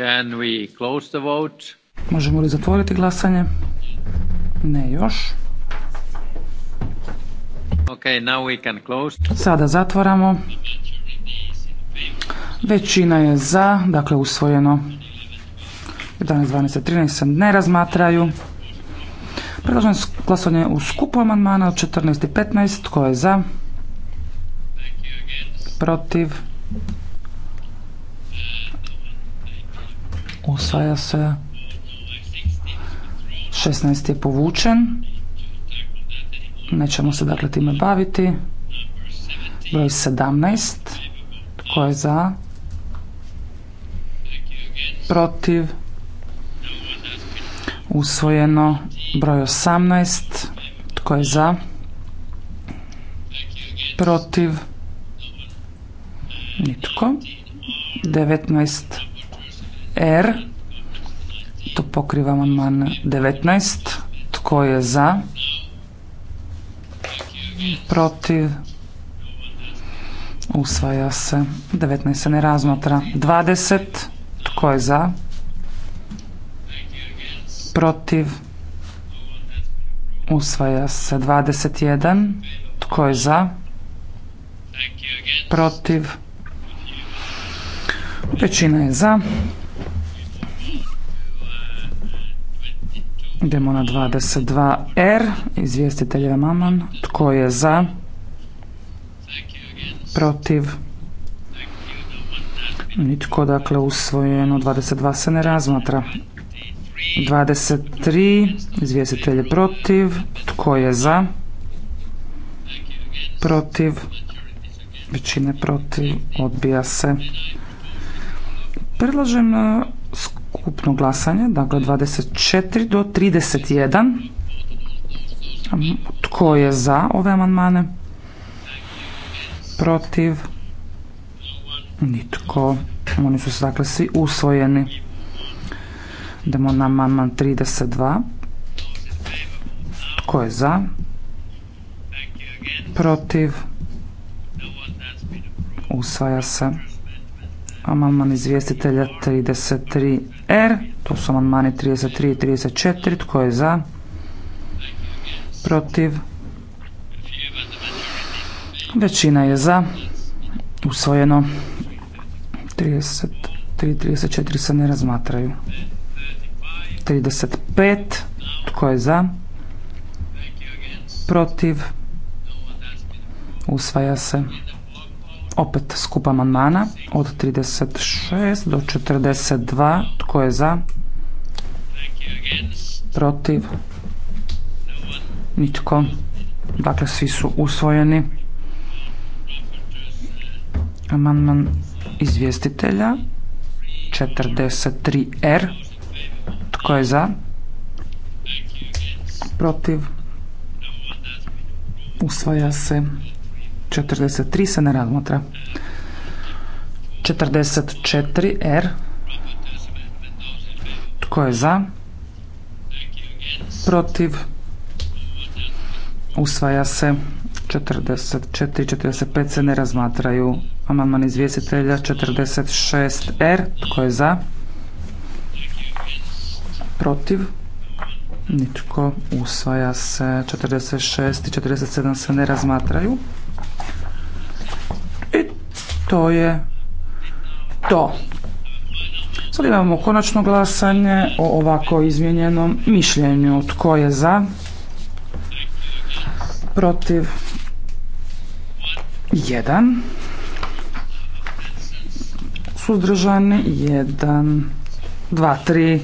Can we close the vote? Možemo li zatvoriti glasanje? Ne još. Okay, now we can close. Sada zatvaramo. Većina je za, dakle usvojeno. 11, 12, 13 se ne razmatraju. Predlažem glasanje u skupu amandmana od 14 i 15. Tko je za? Protiv? usvaja se 16 je povučen nećemo se dakle time baviti broj 17 tko je za protiv usvojeno broj 18 tko je za protiv nitko 19 R. To pokriva man 19. Tko je za? Protiv? Usvaja se. 19 se ne razmatra. 20. Tko je za? Protiv? Usvaja se. 21. Tko je za? Protiv? Većina je za. Idemo na 22R. Izvjestitelj Maman, Tko je za? Protiv? Nitko, dakle, usvojeno. 22 se ne razmatra. 23. Izvjestitelj je protiv. Tko je za? Protiv? Većine protiv. Odbija se. Predlažem ukupno glasanje, dakle 24 do 31. Tko je za ove amandmane? Protiv? Nitko. Oni su se dakle svi usvojeni. Idemo na amandman 32. Tko je za? Protiv? Usvaja se. Amandman izvjestitelja 33 R. Tu su amandmani 33 i 34. Tko je za? Protiv? Većina je za. Usvojeno. 33 i 34 se ne razmatraju. 35. Tko je za? Protiv? Usvaja se. Opet skup amandmana od 36 do 42. Tko je za? Protiv? Nitko. Dakle, svi su usvojeni. Amandman izvjestitelja 43R. Tko je za? Protiv? usvoja se. 43 se ne razmatra. 44R. Tko je za? Protiv? Usvaja se. 44 45 se ne razmatraju. amaman izvjestitelja 46R. Tko je za? Protiv? Nitko. Usvaja se. 46 i 47 se ne razmatraju. I to je to. Sad imamo konačno glasanje o ovako izmijenjenom mišljenju. Tko je za? Protiv? Jedan. Suzdržani? Jedan. Dva, tri.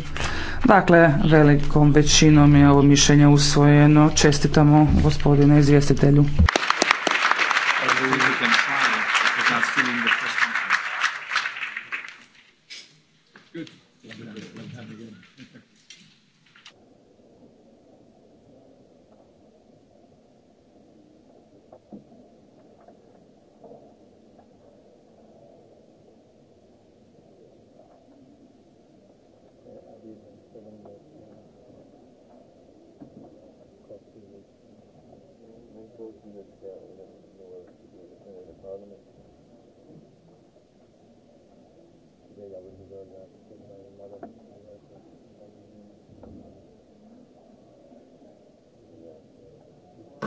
Dakle, velikom većinom je ovo mišljenje usvojeno. Čestitamo gospodine izvjestitelju.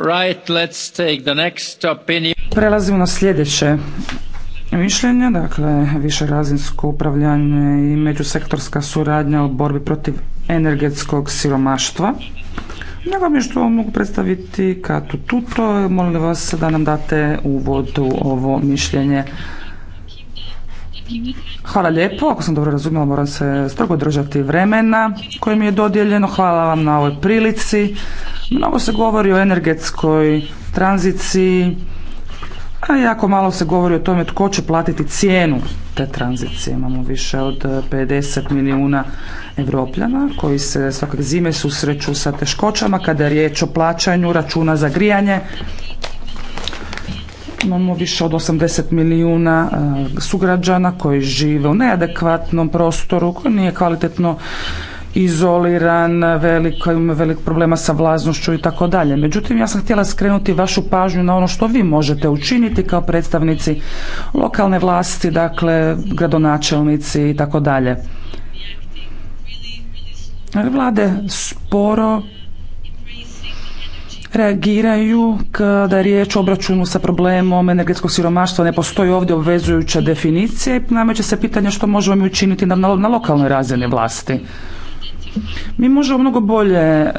Right, Prelazimo na sljedeće mišljenje, dakle višerazinsko upravljanje i međusektorska suradnja u borbi protiv energetskog siromaštva. Nego mi što mogu predstaviti Katu Tuto, molim vas da nam date uvod u ovo mišljenje. Hvala lijepo. Ako sam dobro razumjela, moram se strogo držati vremena koje mi je dodijeljeno. Hvala vam na ovoj prilici. Mnogo se govori o energetskoj tranziciji, a jako malo se govori o tome tko će platiti cijenu te tranzicije. Imamo više od 50 milijuna evropljana koji se svakog zime susreću sa teškoćama kada je riječ o plaćanju računa za grijanje Imamo više od 80 milijuna e, sugrađana koji žive u neadekvatnom prostoru, koji nije kvalitetno izoliran, veliko, ima velik problema sa vlaznošću i tako dalje. Međutim, ja sam htjela skrenuti vašu pažnju na ono što vi možete učiniti kao predstavnici lokalne vlasti, dakle, gradonačelnici i tako dalje. Vlade sporo reagiraju kada je riječ o obračunu sa problemom energetskog siromaštva. Ne postoji ovdje obvezujuća definicija i nameće se pitanje što možemo mi učiniti na, na lokalnoj razini vlasti. Mi možemo mnogo bolje e,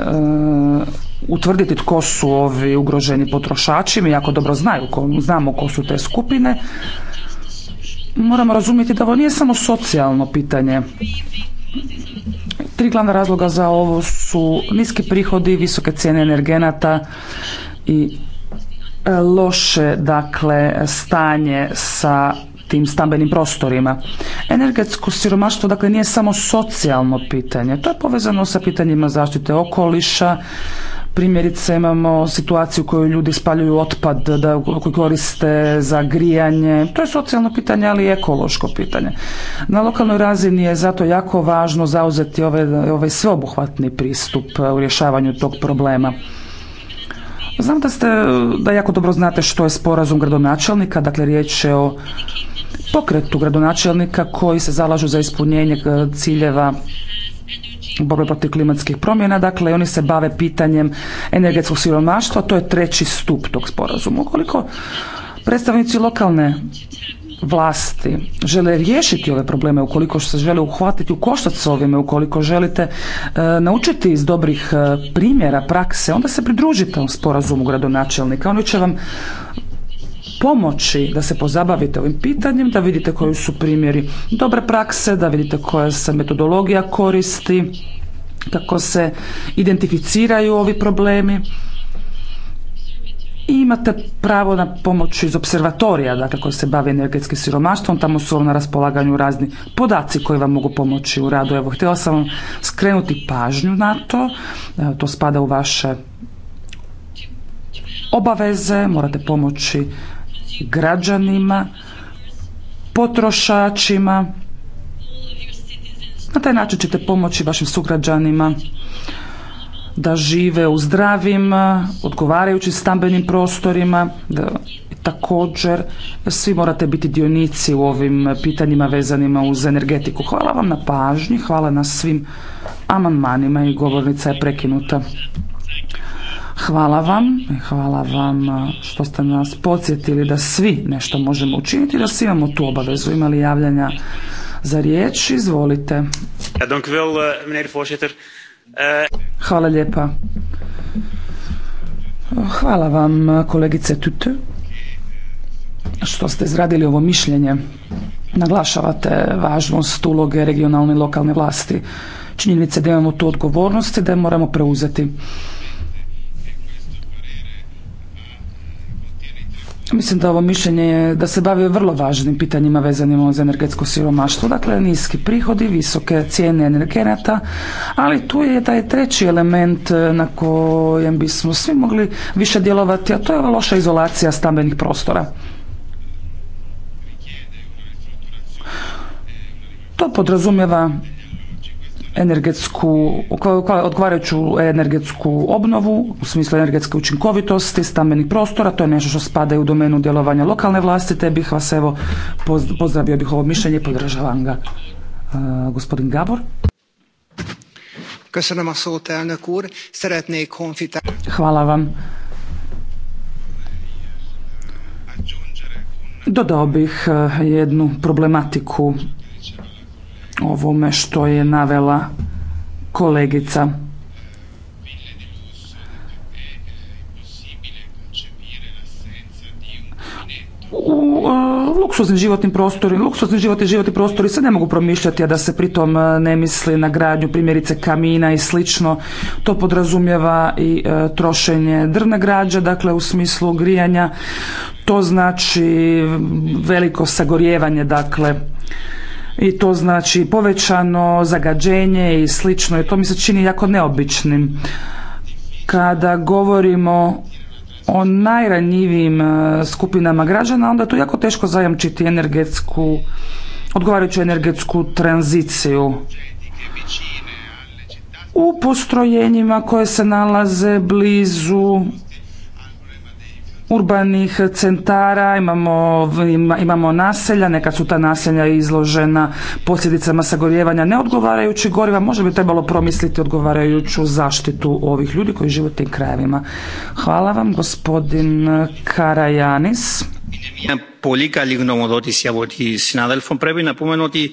utvrditi tko su ovi ugroženi potrošači, mi jako dobro znaju, ko, znamo ko su te skupine. Moramo razumjeti da ovo nije samo socijalno pitanje. Tri glavna razloga za ovo su niski prihodi, visoke cijene energenata i e, loše dakle stanje sa tim stambenim prostorima. Energetsko siromaštvo dakle nije samo socijalno pitanje, to je povezano sa pitanjima zaštite okoliša, Primjerice imamo situaciju koju ljudi spaljuju otpad da koji koriste za grijanje. To je socijalno pitanje, ali i ekološko pitanje. Na lokalnoj razini je zato jako važno zauzeti ovaj, ovaj sveobuhvatni pristup u rješavanju tog problema. Znam da ste, da jako dobro znate što je sporazum gradonačelnika, dakle riječ je o pokretu gradonačelnika koji se zalažu za ispunjenje ciljeva borbe protiv klimatskih promjena, dakle oni se bave pitanjem energetskog siromaštva, to je treći stup tog sporazuma. Ukoliko predstavnici lokalne vlasti žele riješiti ove probleme, ukoliko se žele uhvatiti u koštac s ovime, ukoliko želite e, naučiti iz dobrih e, primjera, prakse, onda se pridružite u sporazumu gradonačelnika. Oni će vam pomoći da se pozabavite ovim pitanjem, da vidite koji su primjeri dobre prakse, da vidite koja se metodologija koristi, kako se identificiraju ovi problemi. I imate pravo na pomoć iz observatorija, dakle koji se bavi energetskim siromaštvom, tamo su vam na raspolaganju razni podaci koji vam mogu pomoći u radu. Evo, htjela sam vam skrenuti pažnju na to, to spada u vaše obaveze, morate pomoći građanima, potrošačima. Na taj način ćete pomoći vašim sugrađanima da žive u zdravim, odgovarajućim stambenim prostorima. Da, također, svi morate biti dionici u ovim pitanjima vezanima uz energetiku. Hvala vam na pažnji, hvala na svim amandmanima i govornica je prekinuta. Hvala vam, hvala vam što ste nas podsjetili da svi nešto možemo učiniti, da svi imamo tu obavezu. Imali javljanja za riječ, izvolite. Eh, eh, hvala lijepa. Hvala vam kolegice Tute što ste izradili ovo mišljenje. Naglašavate važnost uloge regionalne i lokalne vlasti. Činjenice da imamo tu odgovornost i da je moramo preuzeti. Mislim da ovo mišljenje je da se bavi vrlo važnim pitanjima vezanim za energetsko siromaštvo. Dakle, niski prihodi, visoke cijene energenata, ali tu je taj treći element e, na kojem bismo svi mogli više djelovati, a to je ova loša izolacija stambenih prostora. To podrazumijeva energetsku, odgovarajuću energetsku obnovu u smislu energetske učinkovitosti, stambenih prostora, to je nešto što spada u domenu djelovanja lokalne vlasti, te bih vas evo pozdravio bih ovo mišljenje i podržavam ga. gospodin Gabor. Hvala vam. Dodao bih eh, jednu problematiku ovome što je navela kolegica. u e, luksuznim životnim prostorima, luksuzni životni životni prostori se ne mogu promišljati, a da se pritom e, ne misli na gradnju primjerice kamina i slično. To podrazumijeva i e, trošenje drvne građe, dakle u smislu grijanja. To znači veliko sagorijevanje. dakle i to znači povećano zagađenje i slično i to mi se čini jako neobičnim. Kada govorimo o najranjivijim e, skupinama građana onda je tu jako teško zajamčiti energetsku odgovarajuću energetsku tranziciju u postrojenjima koje se nalaze blizu urbanih centara, imamo, imamo naselja, neka su ta naselja izložena posljedicama sagorjevanja neodgovarajućih goriva, možda bi trebalo promisliti odgovarajuću zaštitu ovih ljudi koji žive u tim krajevima. Hvala vam, gospodin Karajanis. Πολύ καλή γνωμοδότηση από τη συνάδελφο. Πρέπει να πούμε ότι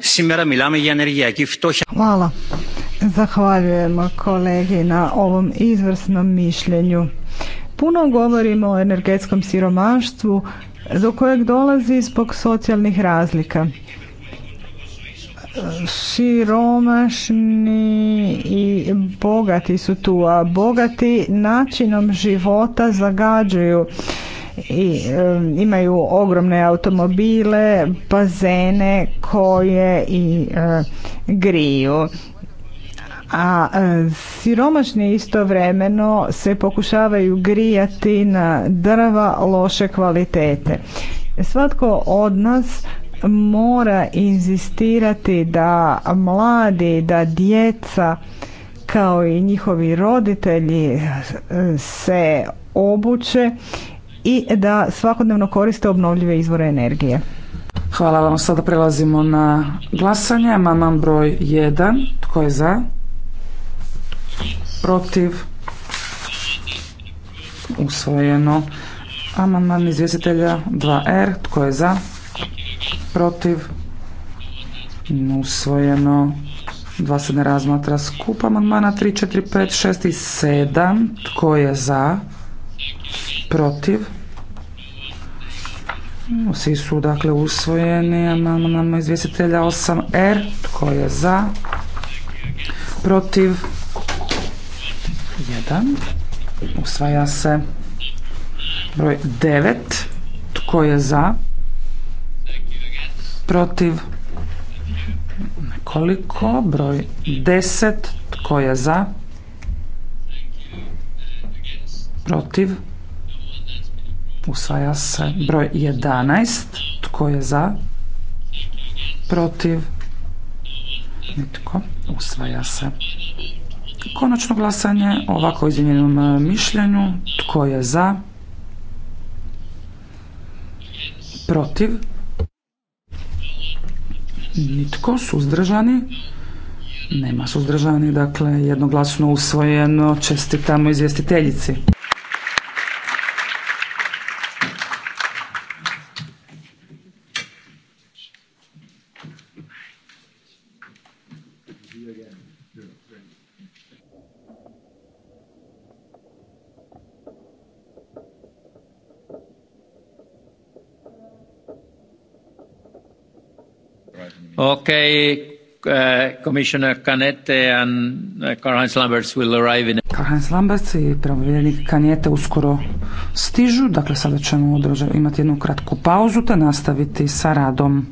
σήμερα μιλάμε Hvala. Zahvaljujemo kolegi na ovom izvrsnom mišljenju. Puno govorimo o energetskom siromaštvu do kojeg dolazi zbog socijalnih razlika. Siromašni i bogati su tu, a bogati načinom života zagađuju i imaju ogromne automobile, bazene koje i griju a e, siromašni istovremeno se pokušavaju grijati na drva loše kvalitete. Svatko od nas mora inzistirati da mladi, da djeca kao i njihovi roditelji e, se obuče i da svakodnevno koriste obnovljive izvore energije. Hvala vam. Sada prelazimo na glasanje. Amandman broj 1. Tko je za? protiv, usvojeno. Amandman izvjestitelja 2R, tko je za, protiv, usvojeno. Dva se ne razmatra skup amandmana 3, 4, 5, 6 i 7. Tko je za? Protiv? Svi su dakle usvojeni. Amandman izvjestitelja 8R. Tko je za? Protiv? 1. Usvaja se broj 9. Tko je za? Protiv? Nekoliko. Broj 10. Tko je za? Protiv? Usvaja se broj 11. Tko je za? Protiv? Nitko. Usvaja se. Konačno glasanje o ovako izmjenjenom e, mišljenju. Tko je za? Protiv? Nitko. Suzdržani? Nema suzdržani. Dakle, jednoglasno usvojeno. Čestitamo izvjestiteljici. Okay, eh, Commissioner Canete and eh, karl Lamberts i pravovjerenik Kanjete uskoro stižu, dakle sada ćemo imati jednu kratku pauzu te nastaviti sa radom.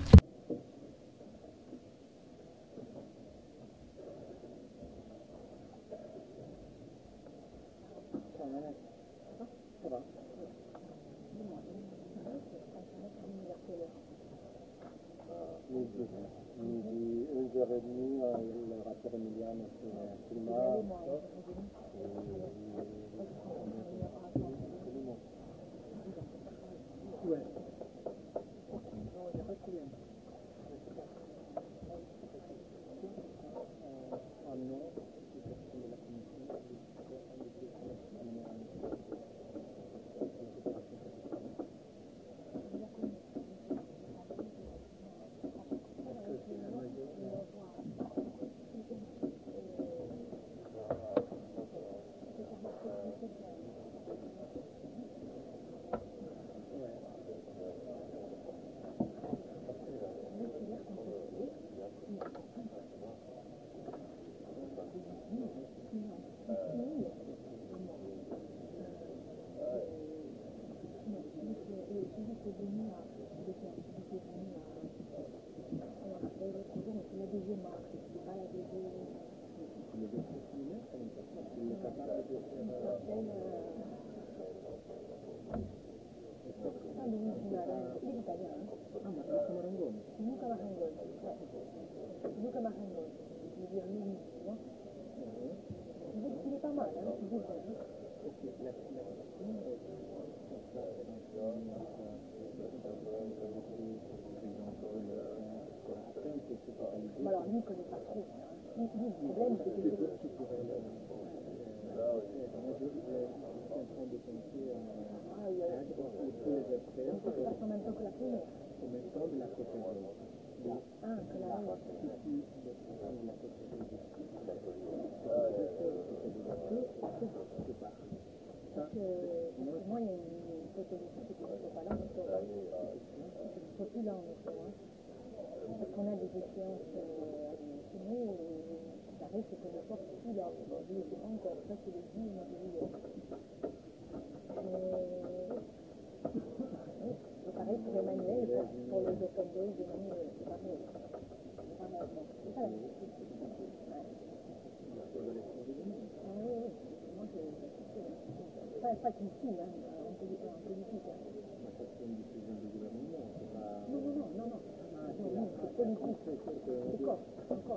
Kako? Kako?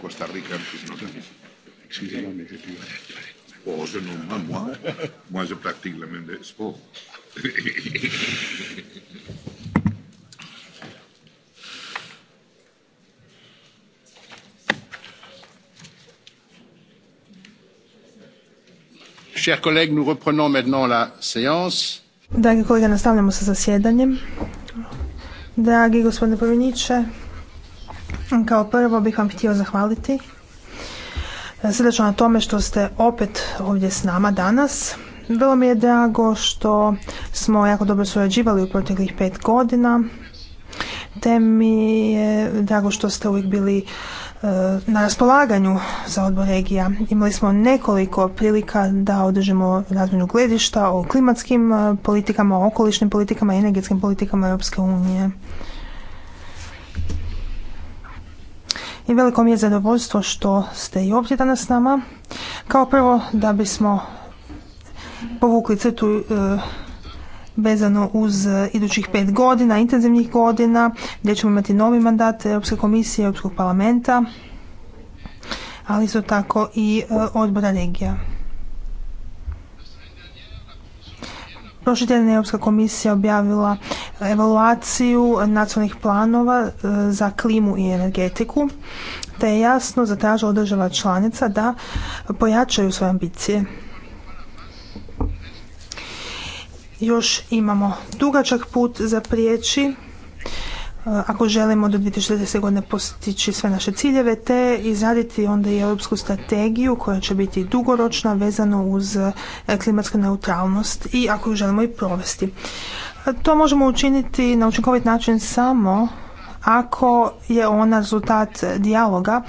Costa Rica, Excusez-moi, Oh, je n'en pas moi. Moi, je pratique la même sport. Dragi kolege, nastavljamo sa zasjedanjem. Dragi gospodine povjereniče, kao prvo bih vam htio zahvaliti srdečno na tome što ste opet ovdje s nama danas. Vrlo mi je drago što smo jako dobro surađivali u proteklih pet godina, te mi je drago što ste uvijek bili E, na raspolaganju za odbor regija. Imali smo nekoliko prilika da održimo razmjenu gledišta o klimatskim e, politikama, o okolišnim politikama i energetskim politikama Europske unije. I veliko mi je zadovoljstvo što ste i ovdje danas s nama. Kao prvo da bismo povukli crtu e, vezano uz e, idućih pet godina, intenzivnih godina, gdje ćemo imati novi mandat Europske komisije, Europskog parlamenta, ali isto tako i e, odbora regija. Prošli tjedan Europska komisija objavila evaluaciju nacionalnih planova e, za klimu i energetiku, te je jasno zatražila država članica da pojačaju svoje ambicije. još imamo dugačak put za prijeći e, ako želimo do 2040. godine postići sve naše ciljeve, te izraditi onda i europsku strategiju koja će biti dugoročna, vezano uz e, klimatsku neutralnost i ako ju želimo i provesti. E, to možemo učiniti na učinkovit način samo ako je ona rezultat dijaloga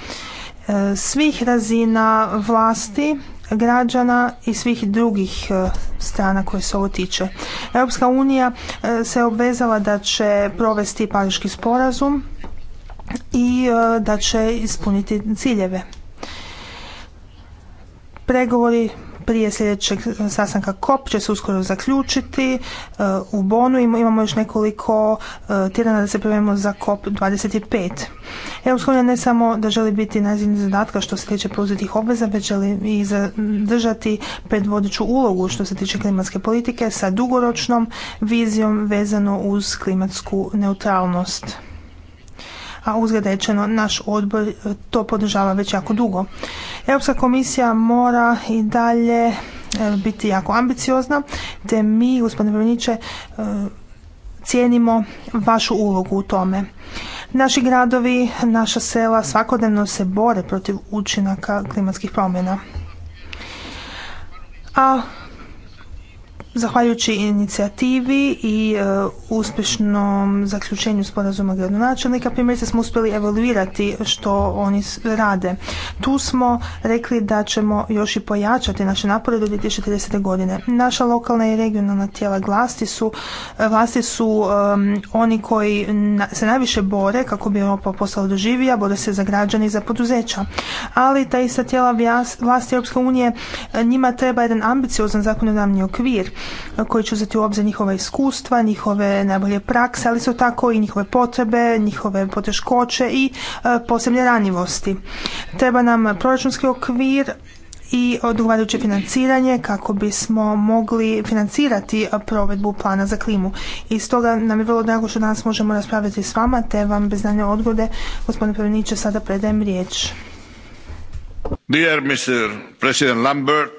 svih razina vlasti građana i svih drugih e, strana koje se ovo tiče. Europska unija e, se obvezala da će provesti pariški sporazum i e, da će ispuniti ciljeve. Pregovori prije sljedećeg sastanka COP će se uskoro zaključiti e, u Bonu. Imamo još nekoliko e, tjedana da se pripremimo za COP25. Europska unija ne samo da želi biti najzimniji zadatka što se tiče preuzetih obveza, već želi i zadržati predvodeću ulogu što se tiče klimatske politike sa dugoročnom vizijom vezano uz klimatsku neutralnost a uzgled rečeno naš odbor to podržava već jako dugo. Europska komisija mora i dalje e, biti jako ambiciozna, te mi, gospodine Vrniće, e, cijenimo vašu ulogu u tome. Naši gradovi, naša sela svakodnevno se bore protiv učinaka klimatskih promjena. A Zahvaljujući inicijativi i e, uspješnom zaključenju sporazuma gradonačelnika, primjerice smo uspjeli evaluirati što oni rade. Tu smo rekli da ćemo još i pojačati naše napore do 2030. godine. Naša lokalna i regionalna tijela vlasti su, vlasti su oni koji se najviše bore kako bi Europa postala doživija, bore se za građane i za poduzeća. Ali ta ista tijela vlasti Europske unije e, njima treba jedan ambiciozan zakonodavni okvir koji će uzeti u obzir njihova iskustva, njihove najbolje prakse, ali su tako i njihove potrebe, njihove poteškoće i e, posebne ranjivosti. Treba nam proračunski okvir i odgovarajuće financiranje kako bismo mogli financirati e, provedbu plana za klimu. I stoga nam je vrlo drago što danas možemo raspravljati s vama, te vam bez znanja odgode, gospodine Prveniće, sada predajem riječ. Dear Mr. President Lambert,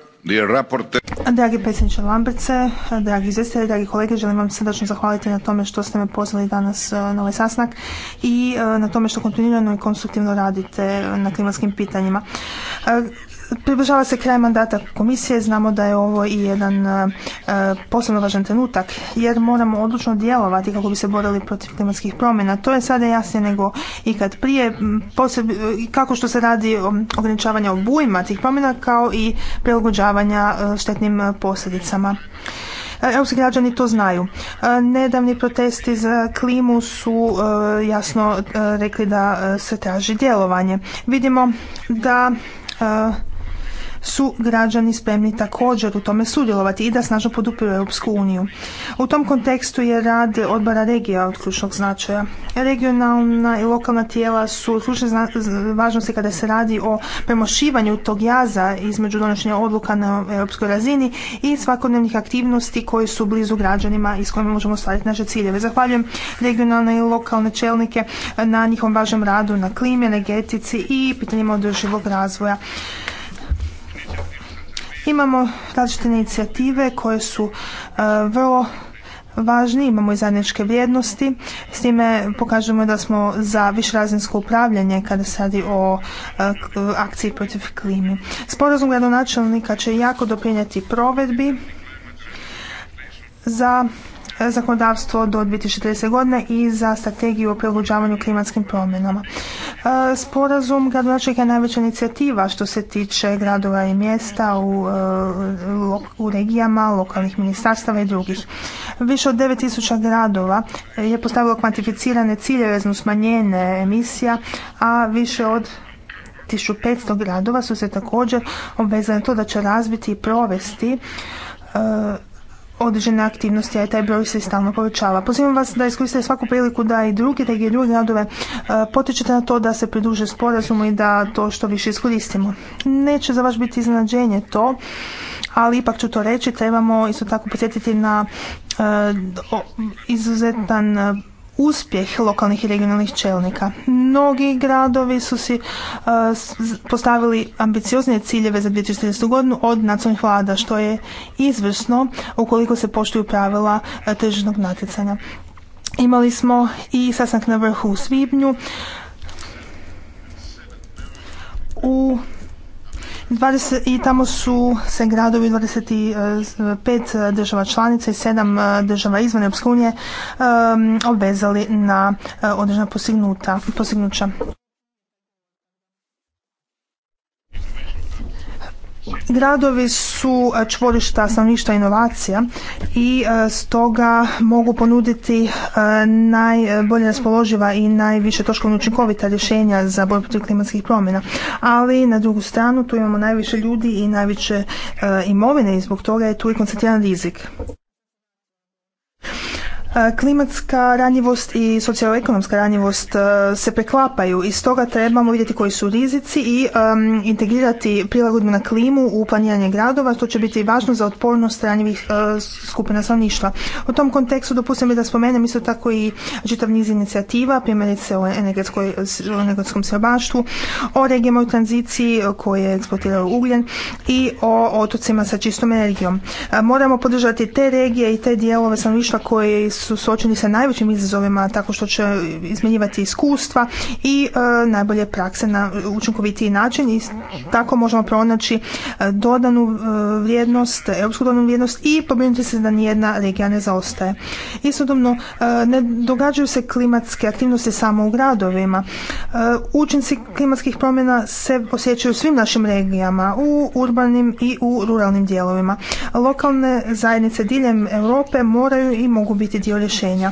Dragi predsjedniče Lambertse, dragi izvjestitelji, dragi kolege, želim vam srdačno zahvaliti na tome što ste me pozvali danas e, na ovaj sastanak i e, na tome što kontinuirano i konstruktivno radite na klimatskim pitanjima. E, Približava se kraj mandata komisije, znamo da je ovo i jedan e, e, posebno važan trenutak jer moramo odlučno djelovati kako bi se borili protiv klimatskih promjena. To je sada jasnije nego ikad prije, e, kako što se radi ograničavanja obujma tih promjena kao i prilagođavanja štetnim posljedicama. Europski građani to znaju. Nedavni protesti za klimu su jasno rekli da se traži djelovanje. Vidimo da su građani spremni također u tome sudjelovati i da snažno podupiru Europsku uniju. U tom kontekstu je rad odbora regija od ključnog značaja. Regionalna i lokalna tijela su ključne važnosti kada se radi o premošivanju tog jaza između donošenja odluka na europskoj razini i svakodnevnih aktivnosti koji su blizu građanima i s kojima možemo ostvariti naše ciljeve. Zahvaljujem regionalne i lokalne čelnike na njihovom važnom radu na klimi, energetici i pitanjima održivog razvoja. Imamo različite inicijative koje su e, vrlo važni, imamo i zajedničke vrijednosti. S time pokažemo da smo za višrazinsko upravljanje kada se radi o e, akciji protiv klimi. Sporazum gradonačelnika će jako doprinijeti provedbi za zakonodavstvo do 2030. godine i za strategiju o prilagođavanju klimatskim promjenama. E, sporazum gradonačelnika je najveća inicijativa što se tiče gradova i mjesta u, e, regijama, lokalnih ministarstava i drugih. Više od 9000 gradova je postavilo kvantificirane cilje za smanjenje emisija, a više od 1500 gradova su se također obvezali na to da će razviti i provesti e, određene aktivnosti, a taj broj se stalno povećava. Pozivam vas da iskoristite svaku priliku da i drugi regije, druge gradove e, potičete na to da se pridruže sporazumu i da to što više iskoristimo. Neće za vas biti iznenađenje to, ali ipak ću to reći, trebamo isto tako posjetiti na e, izuzetan uspjeh lokalnih i regionalnih čelnika. Mnogi gradovi su si e, postavili ambicioznije ciljeve za 2030. godinu od nacionalnih vlada, što je izvrsno ukoliko se poštuju pravila uh, tržišnog natjecanja. Imali smo i sastanak na vrhu u svibnju. U 20, I tamo su se gradovi 25 e, država članica i 7 e, država izvan Europske unije e, obvezali na određena postignuća. Gradovi su e, čvorišta stanovništva inovacija i e, stoga mogu ponuditi e, najbolje raspoloživa i najviše troškovno učinkovita rješenja za borbu protiv klimatskih promjena. Ali na drugu stranu tu imamo najviše ljudi i najviše imovine i zbog toga je tu i koncentriran rizik. E, klimatska ranjivost i socioekonomska ranjivost e, se preklapaju i stoga trebamo vidjeti koji su rizici i integrirati prilagodbu na klimu u planiranje gradova, što će biti važno za otpornost ranjivih e, skupina stanovništva. U tom kontekstu dopustim da spomenem isto tako i čitav niz inicijativa, primjerice o energetskom siromaštvu, o regijama u tranziciji koje eksploatiraju ugljen i o otocima sa čistom energijom. Moramo podržati te regije i te dijelove stanovništva koji su su suočeni sa najvećim izazovima tako što će izmjenjivati iskustva i e, najbolje prakse na učinkovitiji način i tako možemo pronaći e, dodanu e, vrijednost, europsku dodanu vrijednost i pobrinuti se da nijedna regija ne zaostaje. Istodobno, ne događaju se klimatske aktivnosti samo u gradovima. Učinci klimatskih promjena se osjećaju u svim našim regijama, u urbanim i u ruralnim dijelovima. Lokalne zajednice diljem Europe moraju i mogu biti dio rješenja.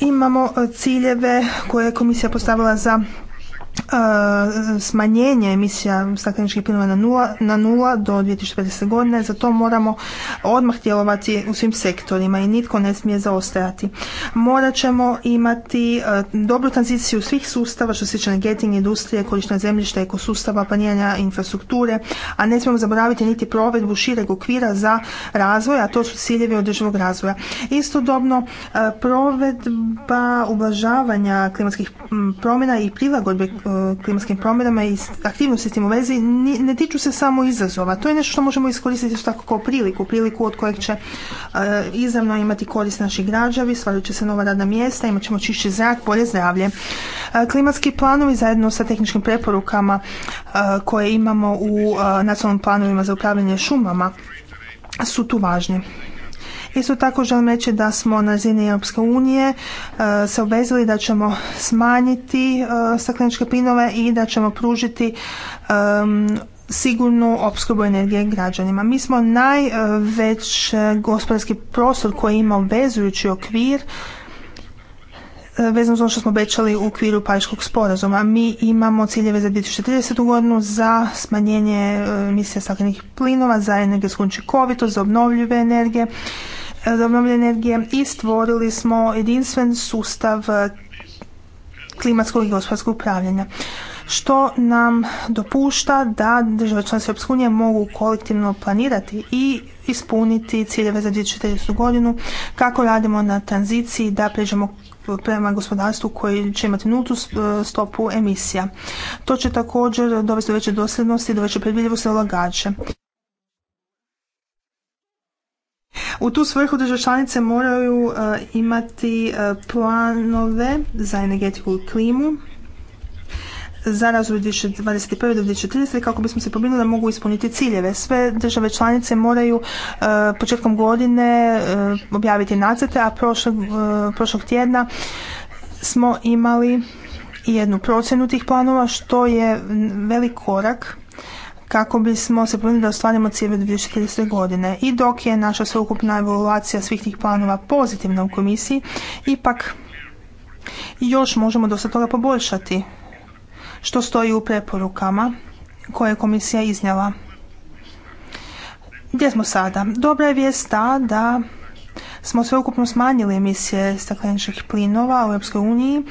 Imamo e, ciljeve koje je komisija postavila za E, smanjenje emisija stakleničkih plinova na nula, na nula do 2050. godine. Za to moramo odmah djelovati u svim sektorima i nitko ne smije zaostajati. Morat ćemo imati e, dobru tranziciju svih sustava što se tiče getting industrije, korištenja zemljišta, ekosustava, planiranja infrastrukture, a ne smijemo zaboraviti niti provedbu šireg okvira za razvoj, a to su ciljevi održivog razvoja. Istodobno, e, provedba ublažavanja klimatskih promjena i prilagodbe E, klimatskim promjenama i aktivnosti s tim u vezi ne tiču se samo izazova. To je nešto što možemo iskoristiti isto tako kao priliku, priliku od kojeg će e, izravno imati korist naši građavi, stvarit će se nova radna mjesta, imat ćemo čišći zrak, bolje zdravlje. E, klimatski planovi zajedno sa tehničkim preporukama koje imamo u nacionalnim planovima za upravljanje šumama su tu važni. Isto tako želim reći da smo na razini Europske unije e, se obvezali da ćemo smanjiti e, stakleničke plinove i da ćemo pružiti e, sigurnu opskrbu energije građanima. Mi smo najveć gospodarski prostor koji ima obvezujući okvir vezano za ono što smo obećali u okviru Pariškog sporazuma. Mi imamo ciljeve za 2030. godinu za smanjenje emisija staklenih plinova, za energetsku učinkovitost, za obnovljive energije, obnovljive energije i stvorili smo jedinstven sustav e, klimatskog i gospodarskog upravljanja što nam dopušta da države članice Europske mogu kolektivno planirati i ispuniti ciljeve za 2040. godinu, kako radimo na tranziciji da pređemo prema gospodarstvu koji će imati nultu e, stopu emisija. To će također dovesti do veće dosljednosti i do veće predvidljivosti ulagače. U tu svrhu države članice moraju e, imati e, planove za energetiku i klimu za razvoj 2021. do 2030. kako bismo se pobrinuli da mogu ispuniti ciljeve. Sve države članice moraju e, početkom godine objaviti nacrte, a prošlog, prošlog tjedna smo imali jednu procjenu tih planova što je velik korak kako bismo se ponudili da ostvarimo ciljeve 2030. godine. I dok je naša sveukupna evaluacija svih tih planova pozitivna u komisiji, ipak još možemo dosta toga poboljšati što stoji u preporukama koje je komisija iznjela. Gdje smo sada? Dobra je vijest ta da smo sveukupno smanjili emisije stakleničkih plinova u Europskoj uniji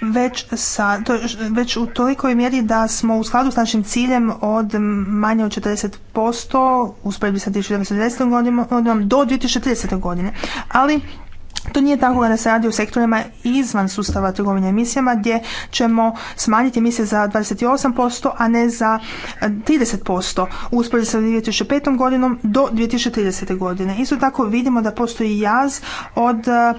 već, sa, to, već u tolikoj mjeri da smo u skladu s našim ciljem od manje od 40% usporedbi sa 2019. godinom do 2030. godine. Ali to nije tako kada se radi o sektorima izvan sustava trgovine emisijama gdje ćemo smanjiti emisije za 28%, a ne za 30% e, u usporedbi sa 2005. godinom do 2030. godine. Isto tako vidimo da postoji jaz od e,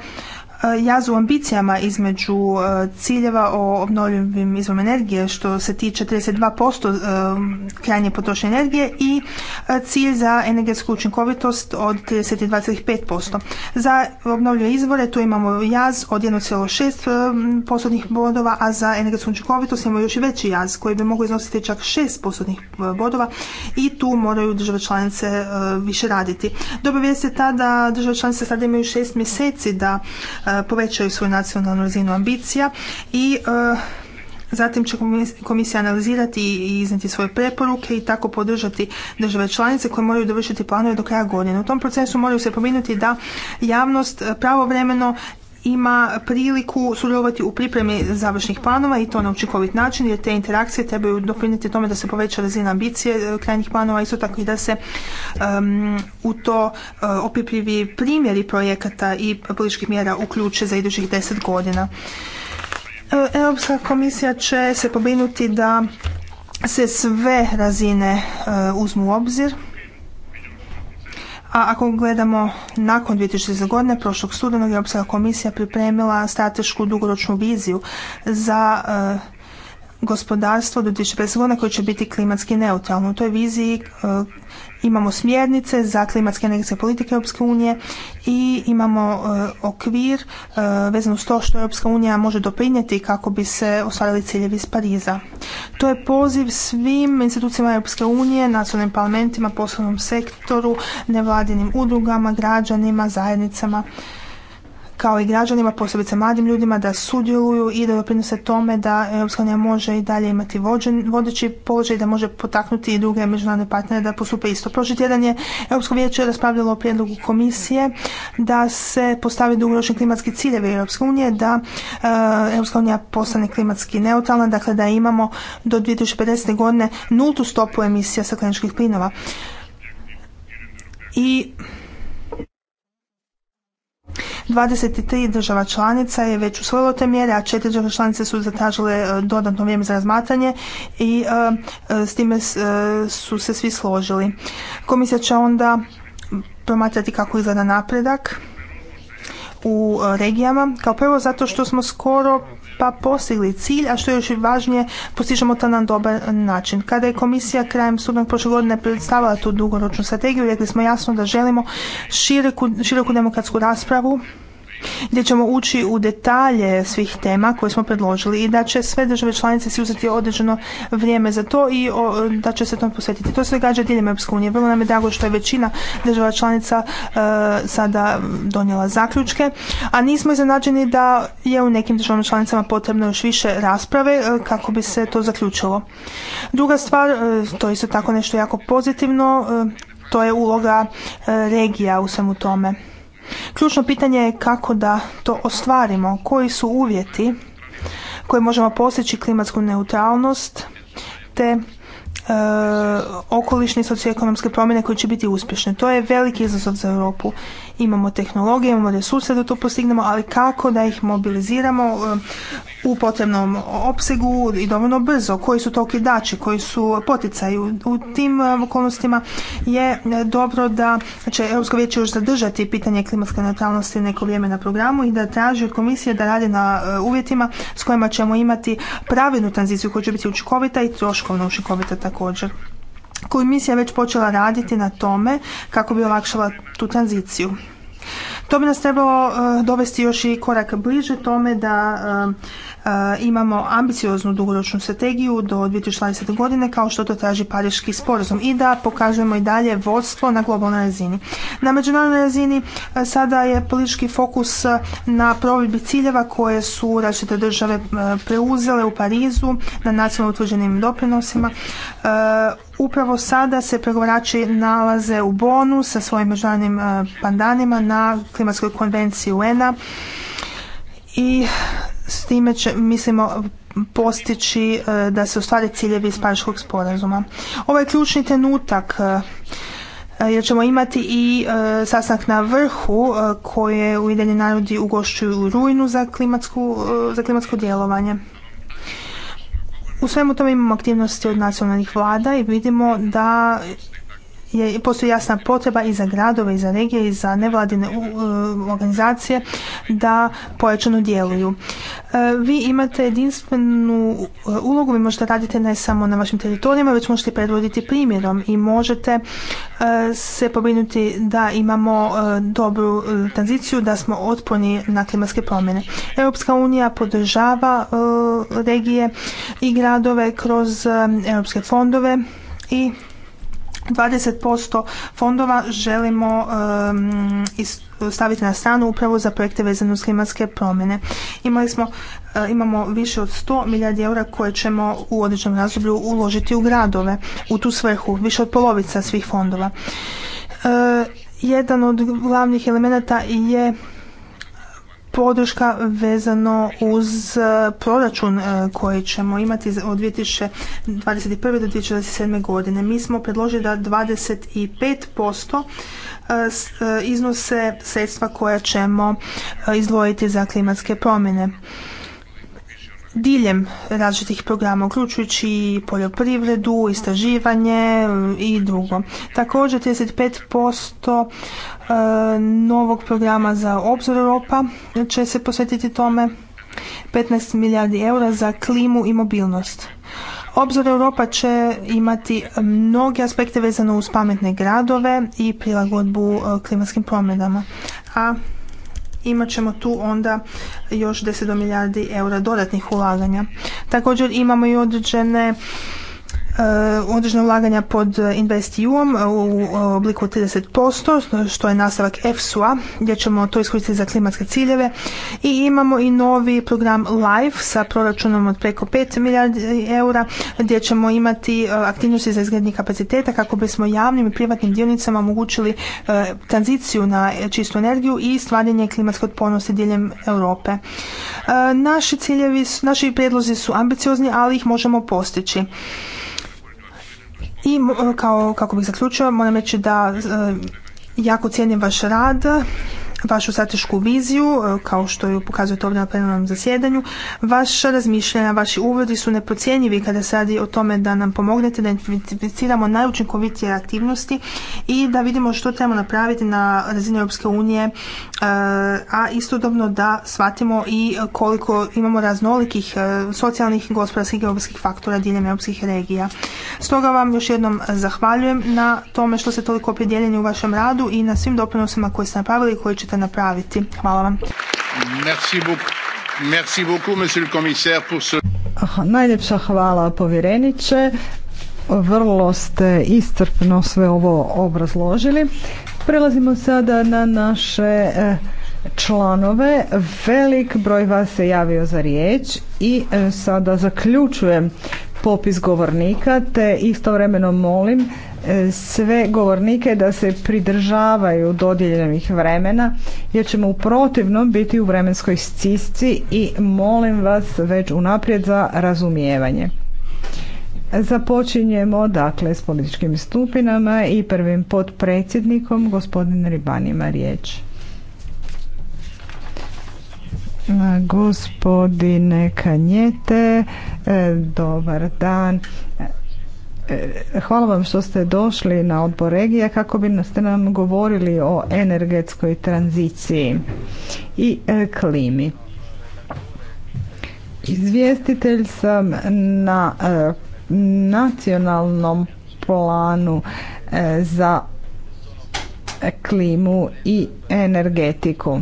jaz u ambicijama između e, ciljeva o obnovljivim izvorima energije što se tiče 32% e, krajnje potrošnje energije i e, cilj za energetsku učinkovitost od 32,5%. Za obnovljive izvore tu imamo jaz od 1,6 postotnih bodova, a za energetsku učinkovitost imamo još i veći jaz koji bi mogao iznositi čak 6 postotnih bodova i tu moraju države članice više raditi. Dobro vijest je ta da države članice sada imaju 6 mjeseci da E, povećaju svoju nacionalnu razinu ambicija i e, Zatim će komisija analizirati i iznijeti svoje preporuke i tako podržati države članice koje moraju dovršiti planove do kraja godine. U tom procesu moraju se pominuti da javnost e, pravovremeno ima priliku sudjelovati u pripremi završnih planova i to na učinkovit način jer te interakcije trebaju doprinijeti tome da se poveća razina ambicije e, krajnjih planova, isto tako i da se u to e, opipljivi primjeri projekata i političkih mjera uključe za idućih deset godina. E, Europska komisija će se pobrinuti da se sve razine uzmu u obzir a ako gledamo nakon 2000. godine, prošlog studenog je Europska komisija pripremila stratešku dugoročnu viziju za eh, gospodarstvo do 2050. godine koje će biti klimatski neutralno. U toj viziji eh, imamo smjernice za klimatske energetske politike Europske unije i imamo e, okvir uh, vezan uz to što Europska unija može doprinijeti kako bi se ostvarili ciljevi iz Pariza. To je poziv svim institucijama Europske unije, nacionalnim parlamentima, poslovnom sektoru, nevladinim udrugama, građanima, zajednicama kao i građanima, posebice mladim ljudima, da sudjeluju i da doprinose tome da EU unija može i dalje imati vodeći položaj, da može potaknuti i druge međunarodne partnere da postupe isto. Prošli tjedan je Europsko vijeće raspravljalo o prijedlogu komisije da se postavi dugoročni klimatski ciljevi Europske unije, da eh, EU unija postane klimatski neutralna, dakle da imamo do 2050. godine nultu stopu emisija stakleničkih plinova. I 23 država članica je već usvojilo te mjere, a četiri države članice su zatražile e, dodatno vrijeme za razmatranje i e, e, s time su se svi složili. Komisija će onda promatrati kako izgleda napredak u regijama. Kao prvo zato što smo skoro pa postigli cilj, a što je još i važnije, postižemo to na dobar način. Kada je komisija krajem sudnog prošle godine predstavila tu dugoročnu strategiju, rekli smo jasno da želimo široku demokratsku raspravu gdje ćemo ući u detalje svih tema koje smo predložili i da će sve države članice si uzeti određeno vrijeme za to i da će se tom posvetiti. To se događa diljem Europske unije. Vrlo nam je drago što je većina država članica e, sada donijela zaključke, a nismo iznenađeni da je u nekim državama članicama potrebno još više rasprave e, kako bi se to zaključilo. Druga stvar, e, to je isto tako nešto jako pozitivno, to je uloga regija u svemu tome. Ključno pitanje je kako da to ostvarimo, koji su uvjeti koje možemo postići klimatsku neutralnost te e, okolišne i socioekonomske promjene koje će biti uspješne. To je veliki izazov za Europu Imamo tehnologije, imamo resurse da to postignemo, ali kako da ih mobiliziramo e, u potrebnom opsegu i dovoljno brzo? Koji su to okidači, koji su poticaji? U tim e, okolnostima je e, dobro da će Europsko vijeće još zadržati pitanje klimatske neutralnosti neko vrijeme na programu i da traži od komisije da radi na uvjetima s kojima ćemo imati pravilnu tranziciju koja će biti učinkovita i troškovno učinkovita također koju misija već počela raditi na tome kako bi olakšala tu tranziciju. To bi nas trebalo eh, dovesti još i korak bliže tome da eh, E, imamo ambicioznu dugoročnu strategiju do 2020. godine kao što to traži Pariški sporazum i da pokažemo i dalje vodstvo na globalnoj razini. Na međunarodnoj razini e, sada je politički fokus e, na provedbi ciljeva koje su različite države preuzele u Parizu na nacionalno utvrđenim doprinosima. Upravo sada se pregovarači nalaze u Bonu sa svojim međunarodnim pandanima na klimatskoj konvenciji UN-a i s time će, mislimo, postići e, da se ostvare ciljevi iz Pariškog sporazuma. Ovo je ključni trenutak e, e, jer ćemo imati i sastanak na vrhu koje Ujedinjeni narodi ugošćuju u rujnu za, klimatsku, za klimatsko djelovanje. U svemu tome imamo aktivnosti od nacionalnih vlada i vidimo da je, postoji jasna potreba i za gradove i za regije i za nevladine organizacije da pojačano djeluju. E, vi imate jedinstvenu e, ulogu, vi možete raditi ne samo na vašim teritorijima, već možete predvoditi primjerom i možete e, se pobrinuti da imamo dobru tranziciju, da smo otporni na klimatske promjene. Europska unija podržava regije i gradove kroz europske fondove i 20% fondova želimo staviti na stranu upravo za projekte vezane uz klimatske promjene. smo, imamo više od 100 milijardi eura koje ćemo u određenom razdoblju uložiti u gradove u tu svrhu, više od polovica svih fondova. jedan od glavnih elemenata je podrška vezano uz e, proračun e, koji ćemo imati od 2021. do 2027. godine. Mi smo predložili da 25% e, iznose sredstva koja ćemo izdvojiti za klimatske promjene diljem različitih programa, uključujući poljoprivredu, istraživanje e, i drugo. Također 35% e, novog programa za obzor Europa će se posvetiti tome 15 milijardi eura za klimu i mobilnost. Obzor Europa će imati mnoge aspekte vezano uz pametne gradove i prilagodbu e, klimatskim promjenama. A imat ćemo tu onda još 10 milijardi eura dodatnih ulaganja. Također imamo i određene Eh, određena ulaganja pod eh, InvestEU-om eh, u obliku 30%, što je nastavak EFSU-a, gdje ćemo to iskoristiti za klimatske ciljeve. I imamo i novi program LIFE sa proračunom od preko 5 milijardi eura, gdje ćemo imati aktivnosti za izgradnje kapaciteta kako bismo javnim i privatnim dionicama omogućili tranziciju na čistu energiju i stvaranje klimatske otpornosti diljem Europe. Naši ciljevi, naši prijedlozi su ambiciozni, ali ih možemo postići. I kao, kako bih zaključila, moram reći da e, jako cijenim vaš rad vašu stratešku viziju, e, kao što ju pokazujete ovdje na plenarnom zasjedanju. Vaša razmišljanja, vaši uvodi su neprocjenjivi kada se radi o tome da nam pomognete da identificiramo najučinkovitije aktivnosti i da vidimo što trebamo napraviti na razini Europske unije, e, a istodobno da shvatimo i koliko imamo raznolikih e, socijalnih, gospodarskih i europskih faktora diljem europskih regija. Stoga vam još jednom zahvaljujem na tome što ste toliko opredjeljeni u vašem radu i na svim doprinosima koje ste napravili i koje će ćete napraviti. Hvala vam. Najljepša hvala povjereniče. Vrlo ste istrpno sve ovo obrazložili. Prelazimo sada na naše eh, članove. Velik broj vas se javio za riječ i eh, sada zaključujem popis govornika te istovremeno molim e, sve govornike da se pridržavaju dodijeljenih vremena jer ćemo u protivnom biti u vremenskoj scisci i molim vas već unaprijed za razumijevanje. Započinjemo dakle s političkim stupinama i prvim potpredsjednikom gospodin Ribanima riječ. Gospodine Kanjete, e, dobar dan. E, hvala vam što ste došli na odbor regija kako bi ste nam govorili o energetskoj tranziciji i e, klimi. Izvjestitelj sam na nacionalnom planu za klimu i energetiku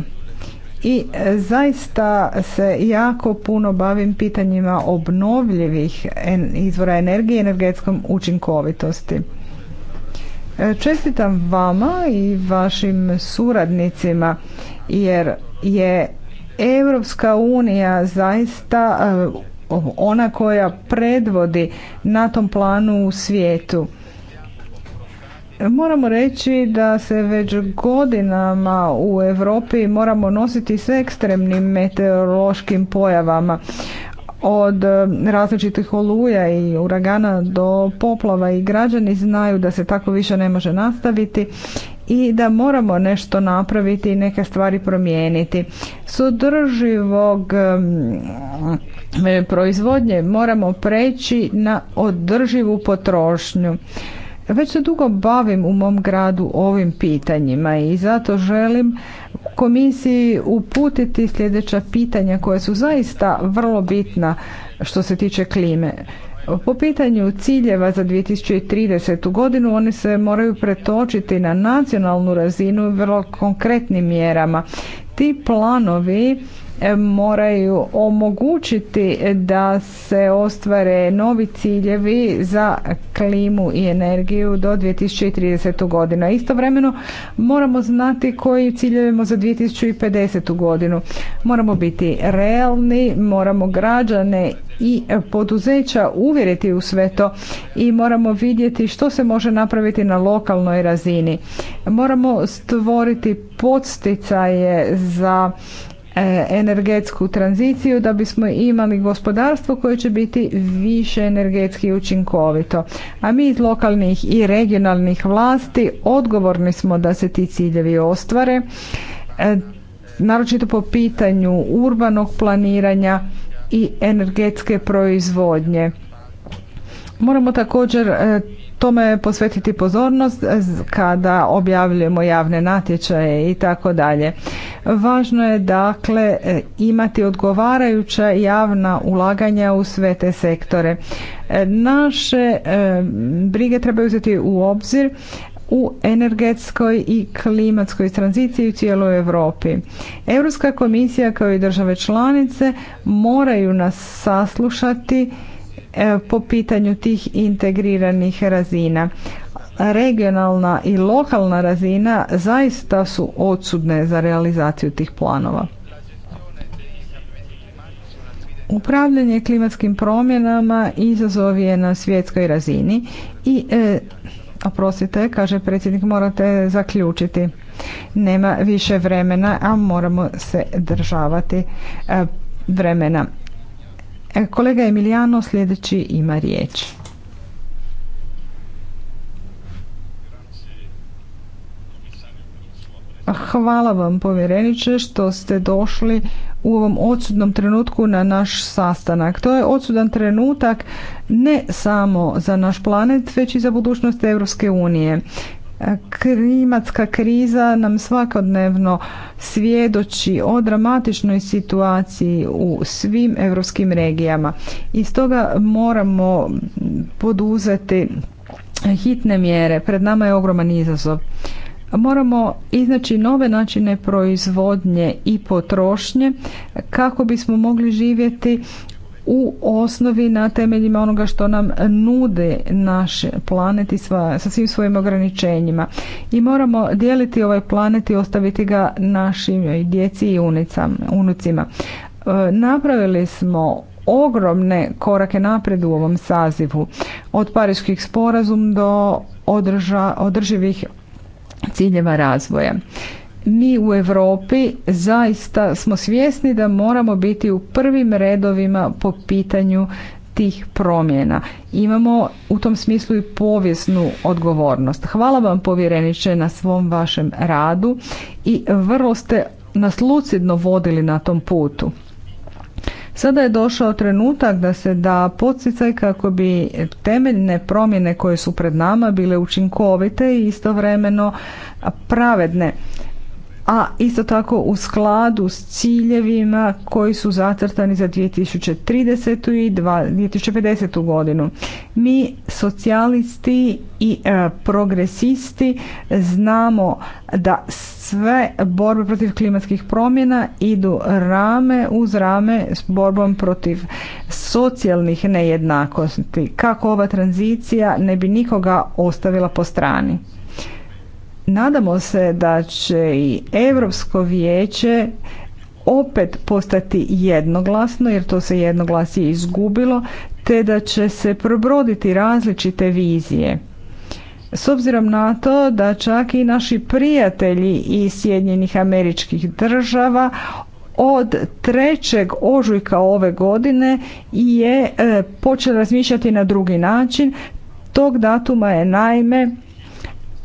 i e, zaista se jako puno bavim pitanjima obnovljivih izvora energije i energetskom učinkovitosti. E, čestitam vama i vašim suradnicima jer je Europska unija zaista e, ona koja predvodi na tom planu u svijetu. Moramo reći da se već godinama u Europi moramo nositi s ekstremnim meteorološkim pojavama od e, različitih oluja i uragana do poplava i građani znaju da se tako više ne može nastaviti i da moramo nešto napraviti i neke stvari promijeniti. S održivog e, proizvodnje moramo preći na održivu potrošnju. Već se dugo bavim u mom gradu ovim pitanjima i zato želim komisiji uputiti sljedeća pitanja koja su zaista vrlo bitna što se tiče klime. Po pitanju ciljeva za 2030. godinu oni se moraju pretočiti na nacionalnu razinu vrlo konkretnim mjerama. Ti planovi moraju omogućiti da se ostvare novi ciljevi za klimu i energiju do 2030. godina. Istovremeno moramo znati koji ciljevimo za 2050. godinu. Moramo biti realni, moramo građane i poduzeća uvjeriti u sve to i moramo vidjeti što se može napraviti na lokalnoj razini. Moramo stvoriti podsticaje za E, energetsku tranziciju da bismo imali gospodarstvo koje će biti više energetski učinkovito. A mi iz lokalnih i regionalnih vlasti odgovorni smo da se ti ciljevi ostvare, e, naročito po pitanju urbanog planiranja i energetske proizvodnje. Moramo također e, tome posvetiti pozornost kada objavljujemo javne natječaje i tako dalje. Važno je dakle e, imati odgovarajuća javna ulaganja u sve te sektore. E, naše e, brige trebaju uzeti u obzir u energetskoj i klimatskoj tranziciji u cijeloj Europi. Europska komisija kao i države članice moraju nas saslušati E, po pitanju tih integriranih razina. Regionalna i lokalna razina zaista su odsudne za realizaciju tih planova. Upravljanje klimatskim promjenama izazov je na svjetskoj razini i e, oprostite, kaže predsjednik, morate zaključiti. Nema više vremena, a moramo se državati e, vremena. E, kolega Emiliano sljedeći ima riječ. Hvala vam povjereniče što ste došli u ovom odsudnom trenutku na naš sastanak. To je odsudan trenutak ne samo za naš planet, već i za budućnost Europske unije. Klimatska kriza nam svakodnevno svjedoči o dramatičnoj situaciji u svim europskim regijama i stoga moramo poduzeti hitne mjere. Pred nama je ogroman izazov. Moramo iznaći nove načine proizvodnje i potrošnje kako bismo mogli živjeti u osnovi na temeljima onoga što nam nude naš planet i sva, sa svim svojim ograničenjima. I moramo dijeliti ovaj planet i ostaviti ga našim djeci i unucima. E, napravili smo ogromne korake naprijed u ovom sazivu. Od pariških sporazum do održivih ciljeva razvoja mi u Europi zaista smo svjesni da moramo biti u prvim redovima po pitanju tih promjena. Imamo u tom smislu i povijesnu odgovornost. Hvala vam povjereniče na svom vašem radu i vrlo ste nas lucidno vodili na tom putu. Sada je došao trenutak da se da podsjecaj kako bi temeljne promjene koje su pred nama bile učinkovite i istovremeno pravedne a isto tako u skladu s ciljevima koji su zacrtani za 2030. i 2050. godinu. Mi socijalisti i e, progresisti znamo da sve borbe protiv klimatskih promjena idu rame uz rame s borbom protiv socijalnih nejednakosti kako ova tranzicija ne bi nikoga ostavila po strani. Nadamo se da će i Europsko vijeće opet postati jednoglasno jer to se jednoglasje izgubilo te da će se probroditi različite vizije. S obzirom na to da čak i naši prijatelji iz Sjedinjenih američkih država od 3. ožujka ove godine je e, počeli razmišljati na drugi način. Tog datuma je naime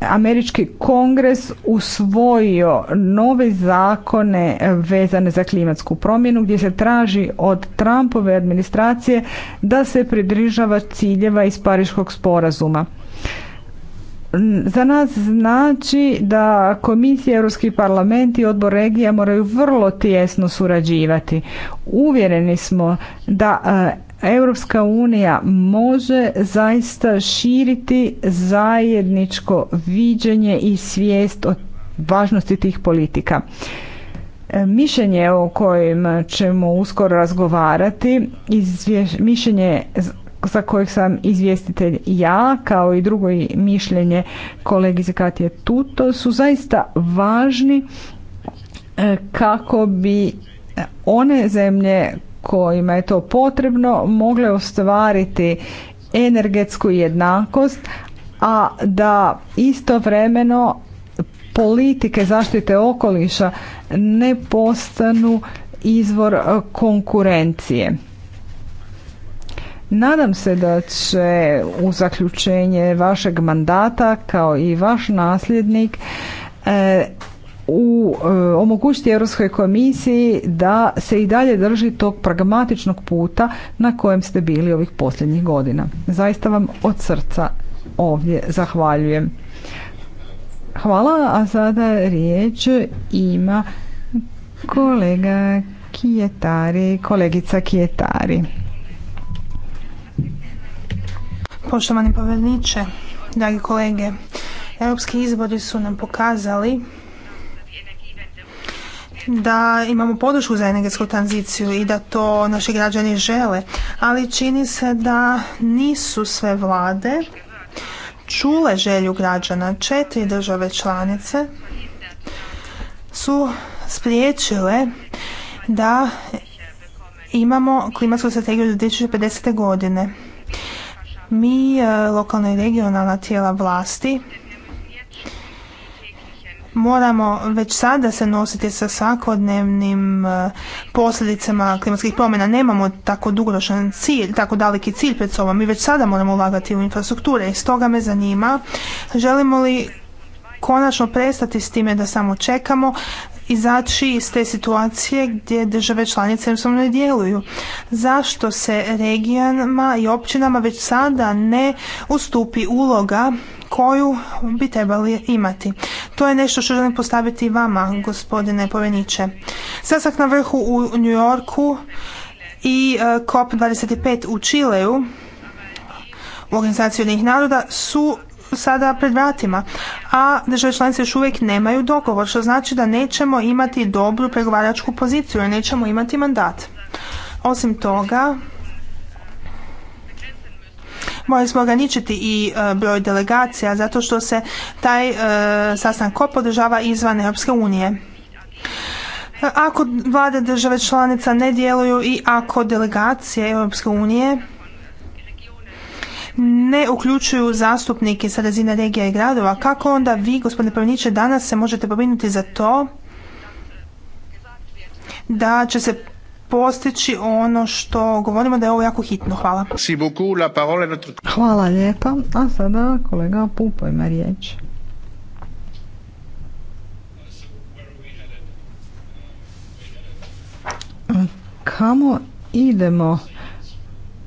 američki kongres usvojio nove zakone vezane za klimatsku promjenu gdje se traži od Trumpove administracije da se pridržava ciljeva iz Pariškog sporazuma. Za nas znači da Komisija, Europski parlament i odbor regija moraju vrlo tjesno surađivati. Uvjereni smo da Europska unija može zaista širiti zajedničko viđenje i svijest o važnosti tih politika. E, mišljenje o kojem ćemo uskoro razgovarati, izvješ, mišljenje za kojeg sam izvjestitelj ja, kao i drugo mišljenje kolegi Zekatije Tuto, su zaista važni e, kako bi one zemlje kojima je to potrebno mogle ostvariti energetsku jednakost, a da istovremeno politike zaštite okoliša ne postanu izvor konkurencije. Nadam se da će u zaključenje vašeg mandata kao i vaš nasljednik e, u, e, omogućiti Europskoj komisiji da se i dalje drži tog pragmatičnog puta na kojem ste bili ovih posljednjih godina. Zaista vam od srca ovdje zahvaljujem. Hvala, a sada riječ ima kolega Kijetari, kolegica Kijetari. Poštovani povedniče, dragi kolege, europski izbori su nam pokazali da imamo podršku za energetsku tranziciju i da to naši građani žele, ali čini se da nisu sve vlade čule želju građana. Četiri države članice su spriječile da imamo klimatsku strategiju do 2050. godine. Mi, e, lokalna i regionalna tijela vlasti, moramo već sada se nositi sa svakodnevnim e, posljedicama klimatskih promjena. Nemamo tako dugoročan cilj, tako daleki cilj pred sobom. Mi već sada moramo ulagati u infrastrukture i stoga me zanima želimo li konačno prestati s time da samo čekamo izaći iz te situacije gdje države članice jednostavno ne djeluju. Zašto se regijama i općinama već sada ne ustupi uloga koju bi trebali imati. To je nešto što želim postaviti vama, gospodine poveniče. Sasak na vrhu u New Yorku i e, COP25 u Čileju u organizaciji jednih naroda su sada pred vratima, a države članice još uvijek nemaju dogovor, što znači da nećemo imati dobru pregovaračku poziciju, jer nećemo imati mandat. Osim toga, Morali smo ograničiti i e, broj delegacija zato što se taj e, sastanak ko izvan Europske unije. Ako vlade države članica ne djeluju i ako delegacije Europske unije ne uključuju zastupnike sa razine regija i gradova, kako onda vi, gospodine Pravniče, danas se možete pobrinuti za to da će se postići ono što govorimo da je ovo jako hitno. Hvala. Hvala lijepa. A sada kolega Pupo ima riječ. Kamo idemo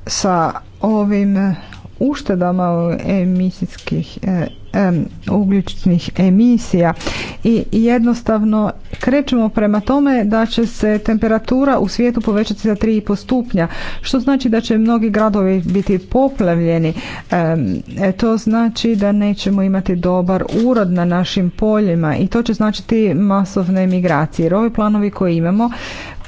sa ovim uštedama emisijskih e, ugljičnih emisija i jednostavno krećemo prema tome da će se temperatura u svijetu povećati za 3,5 stupnja, što znači da će mnogi gradovi biti poplavljeni. E, to znači da nećemo imati dobar urod na našim poljima i to će značiti masovne migracije. Jer ovi planovi koje imamo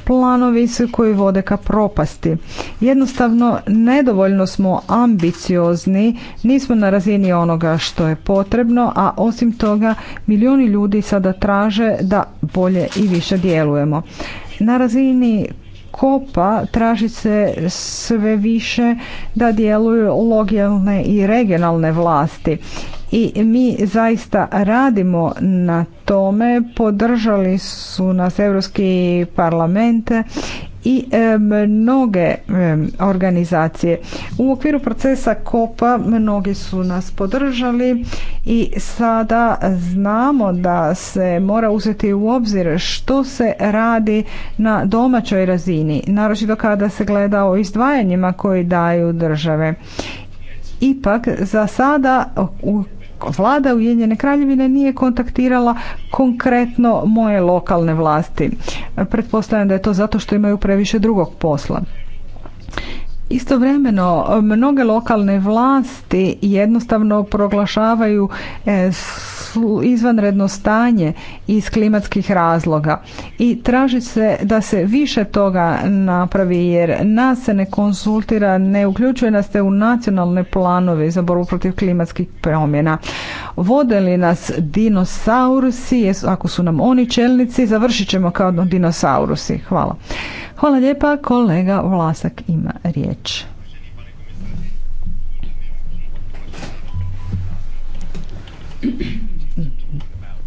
planovi su koji vode ka propasti. Jednostavno, nedovoljno smo ambiciozni, nismo na razini onoga što je potrebno, a osim toga milijuni ljudi sada traže da bolje i više djelujemo. Na razini kopa traži se sve više da djeluju logijalne i regionalne vlasti i mi zaista radimo na tome podržali su nas Europski parlament i mnoge organizacije. U okviru procesa kopa mnogi su nas podržali i sada znamo da se mora uzeti u obzir što se radi na domaćoj razini, naročito kada se gleda o izdvajanjima koji daju države. Ipak za sada u vlada Ujedinjene kraljevine nije kontaktirala konkretno moje lokalne vlasti. Pretpostavljam da je to zato što imaju previše drugog posla. Istovremeno, mnoge lokalne vlasti jednostavno proglašavaju e, izvanredno stanje iz klimatskih razloga i traži se da se više toga napravi jer nas se ne konsultira, ne uključuje nas te u nacionalne planove za borbu protiv klimatskih promjena. Vode li nas dinosaurusi, ako su nam oni čelnici, završit ćemo kao dinosaurusi. Hvala. Hvala lijepa, kolega Vlasak ima riječ.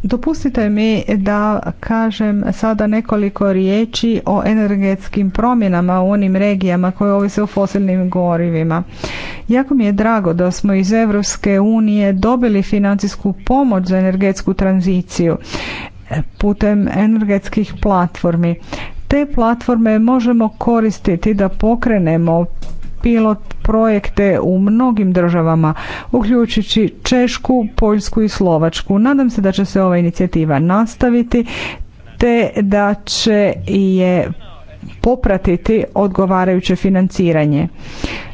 Dopustite mi da kažem sada nekoliko riječi o energetskim promjenama u onim regijama koje ovise o fosilnim gorivima. Jako mi je drago da smo iz Europske unije dobili financijsku pomoć za energetsku tranziciju putem energetskih platformi. Te platforme možemo koristiti da pokrenemo pilot projekte u mnogim državama, uključujući Češku, Poljsku i Slovačku. Nadam se da će se ova inicijativa nastaviti te da će je popratiti odgovarajuće financiranje.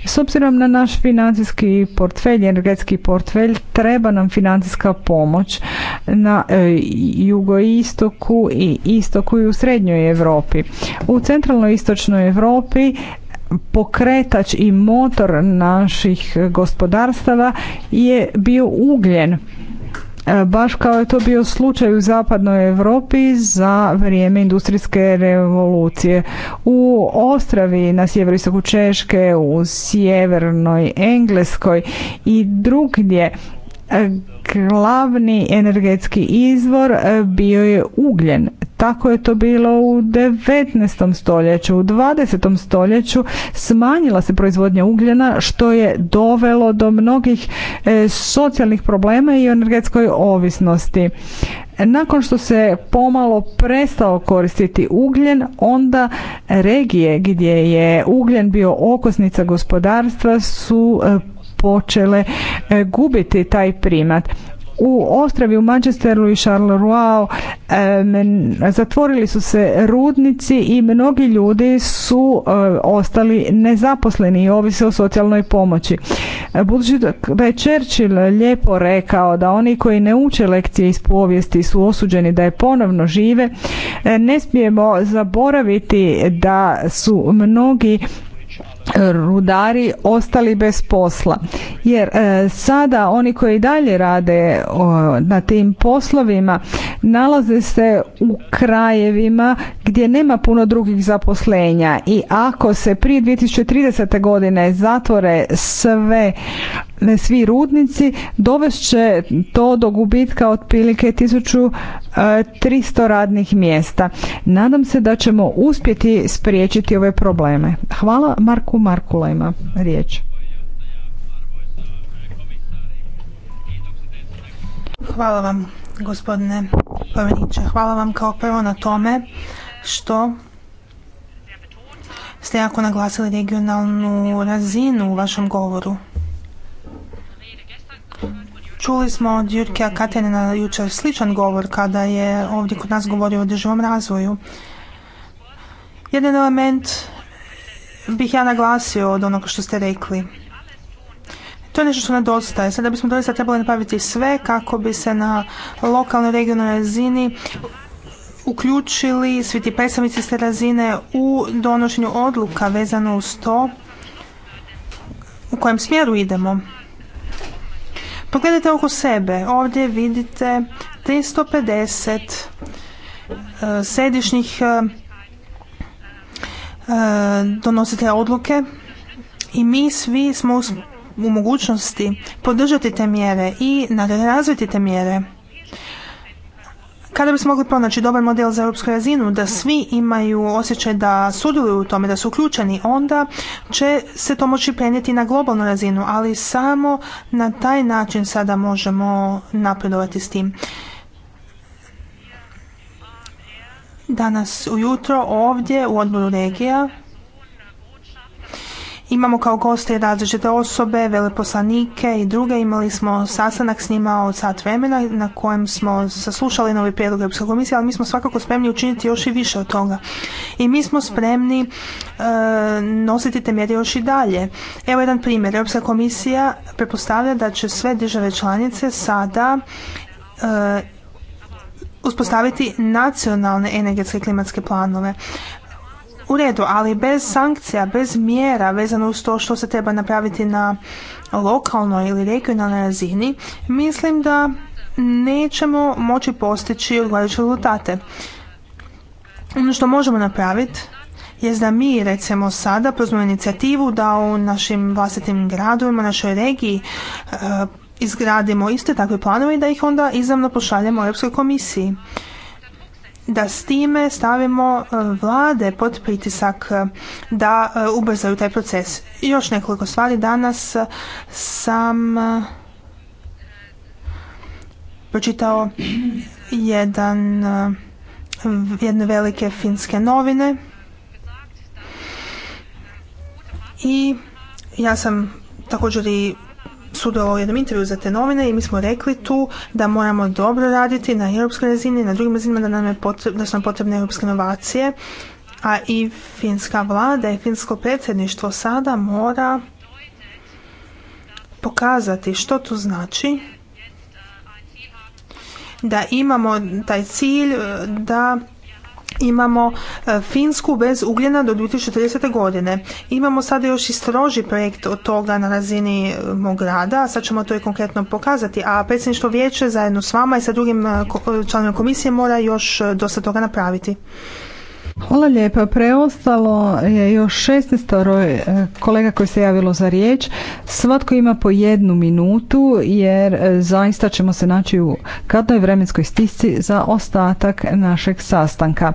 S obzirom na naš financijski portfelj, energetski portfelj, treba nam financijska pomoć na e, jugoistoku i istoku i u srednjoj Europi. U centralnoj istočnoj Europi pokretač i motor naših gospodarstava je bio ugljen E, baš kao je to bio slučaj u zapadnoj Europi za vrijeme industrijske revolucije. U Ostravi na sjeveroistoku Češke, u sjevernoj Engleskoj i drugdje glavni energetski izvor e, bio je ugljen. Tako je to bilo u 19. stoljeću. U 20. stoljeću smanjila se proizvodnja ugljena što je dovelo do mnogih e, socijalnih problema i energetskoj ovisnosti. Nakon što se pomalo prestao koristiti ugljen, onda regije gdje je ugljen bio okosnica gospodarstva su e, počele e, gubiti taj primat. U Ostravi, u Manchesteru i Charleroi e, zatvorili su se rudnici i mnogi ljudi su e, ostali nezaposleni i ovise o socijalnoj pomoći. Budući da je Churchill lijepo rekao da oni koji ne uče lekcije iz povijesti su osuđeni da je ponovno žive, ne smijemo zaboraviti da su mnogi rudari ostali bez posla. Jer e, sada oni koji dalje rade na tim poslovima nalaze se u krajevima gdje nema puno drugih zaposlenja i ako se prije 2030. godine zatvore sve svi rudnici dovest će to do gubitka otprilike 1300 e, radnih mjesta. Nadam se da ćemo uspjeti spriječiti ove probleme. Hvala Marku Markulajma. Riječ. Hvala vam gospodine Pavaniće. Hvala vam kao prvo na tome što ste jako naglasili regionalnu razinu u vašem govoru. Čuli smo od Jurkija na jučer sličan govor kada je ovdje kod nas govorio o održivom razvoju. Jedan element bih ja naglasio od onoga što ste rekli. To je nešto što nedostaje. Sada bismo doista trebali napraviti sve kako bi se na lokalnoj regionalnoj razini uključili svi ti predstavnici s te razine u donošenju odluka vezano uz to u kojem smjeru idemo. Pogledajte oko sebe, ovdje vidite 350 pedeset e, središnjih e, e, donositelja odluke i mi svi smo u mogućnosti podržati te mjere i razviti te mjere. Kada bismo mogli pronaći dobar model za europsku razinu, da svi imaju osjećaj da sudjeluju u tome, da su uključeni, onda će se to moći prenijeti na globalnu razinu, ali samo na taj način sada možemo napredovati s tim. Danas ujutro ovdje u odboru regija Imamo kao goste različite osobe, veleposlanike i druge. Imali smo sastanak s njima od sat vremena na kojem smo saslušali novi prijedlog Europske komisije, ali mi smo svakako spremni učiniti još i više od toga. I mi smo spremni e, nositi te mjere još i dalje. Evo jedan primjer. Europska komisija prepostavlja da će sve države članice sada e, uspostaviti nacionalne energetske i klimatske planove u redu, ali bez sankcija, bez mjera vezano uz to što se treba napraviti na lokalnoj ili regionalnoj razini, mislim da nećemo moći postići odgovarajuće rezultate. Ono što možemo napraviti je da mi recimo sada prozmemo inicijativu da u našim vlastitim gradovima, našoj regiji e, izgradimo iste takve planove i da ih onda izravno pošaljemo u Europskoj komisiji da s time stavimo e, vlade pod pritisak e, da e, ubrzaju taj proces. još nekoliko stvari danas sam pročitao jedan jedne velike finske novine i ja sam također i sudjelovao u jednom intervju za te novine i mi smo rekli tu da moramo dobro raditi na europskoj razini, na drugim razinama da, nam je potrebno, da su nam potrebne europske inovacije, a i finska vlada i finsko predsjedništvo sada mora pokazati što to znači da imamo taj cilj eh, da imamo e, Finsku bez ugljena do 2030. godine. Imamo sada još i stroži projekt od toga na razini e, mog rada, sad ćemo to i konkretno pokazati, a predsjedništvo vijeće zajedno s vama i sa drugim e, članom komisije mora još dosta toga napraviti. Hvala lijepa. Preostalo je još 16 e, kolega koji se javilo za riječ. Svatko ima po jednu minutu jer e, zaista ćemo se naći u kadnoj vremenskoj stisci za ostatak našeg sastanka.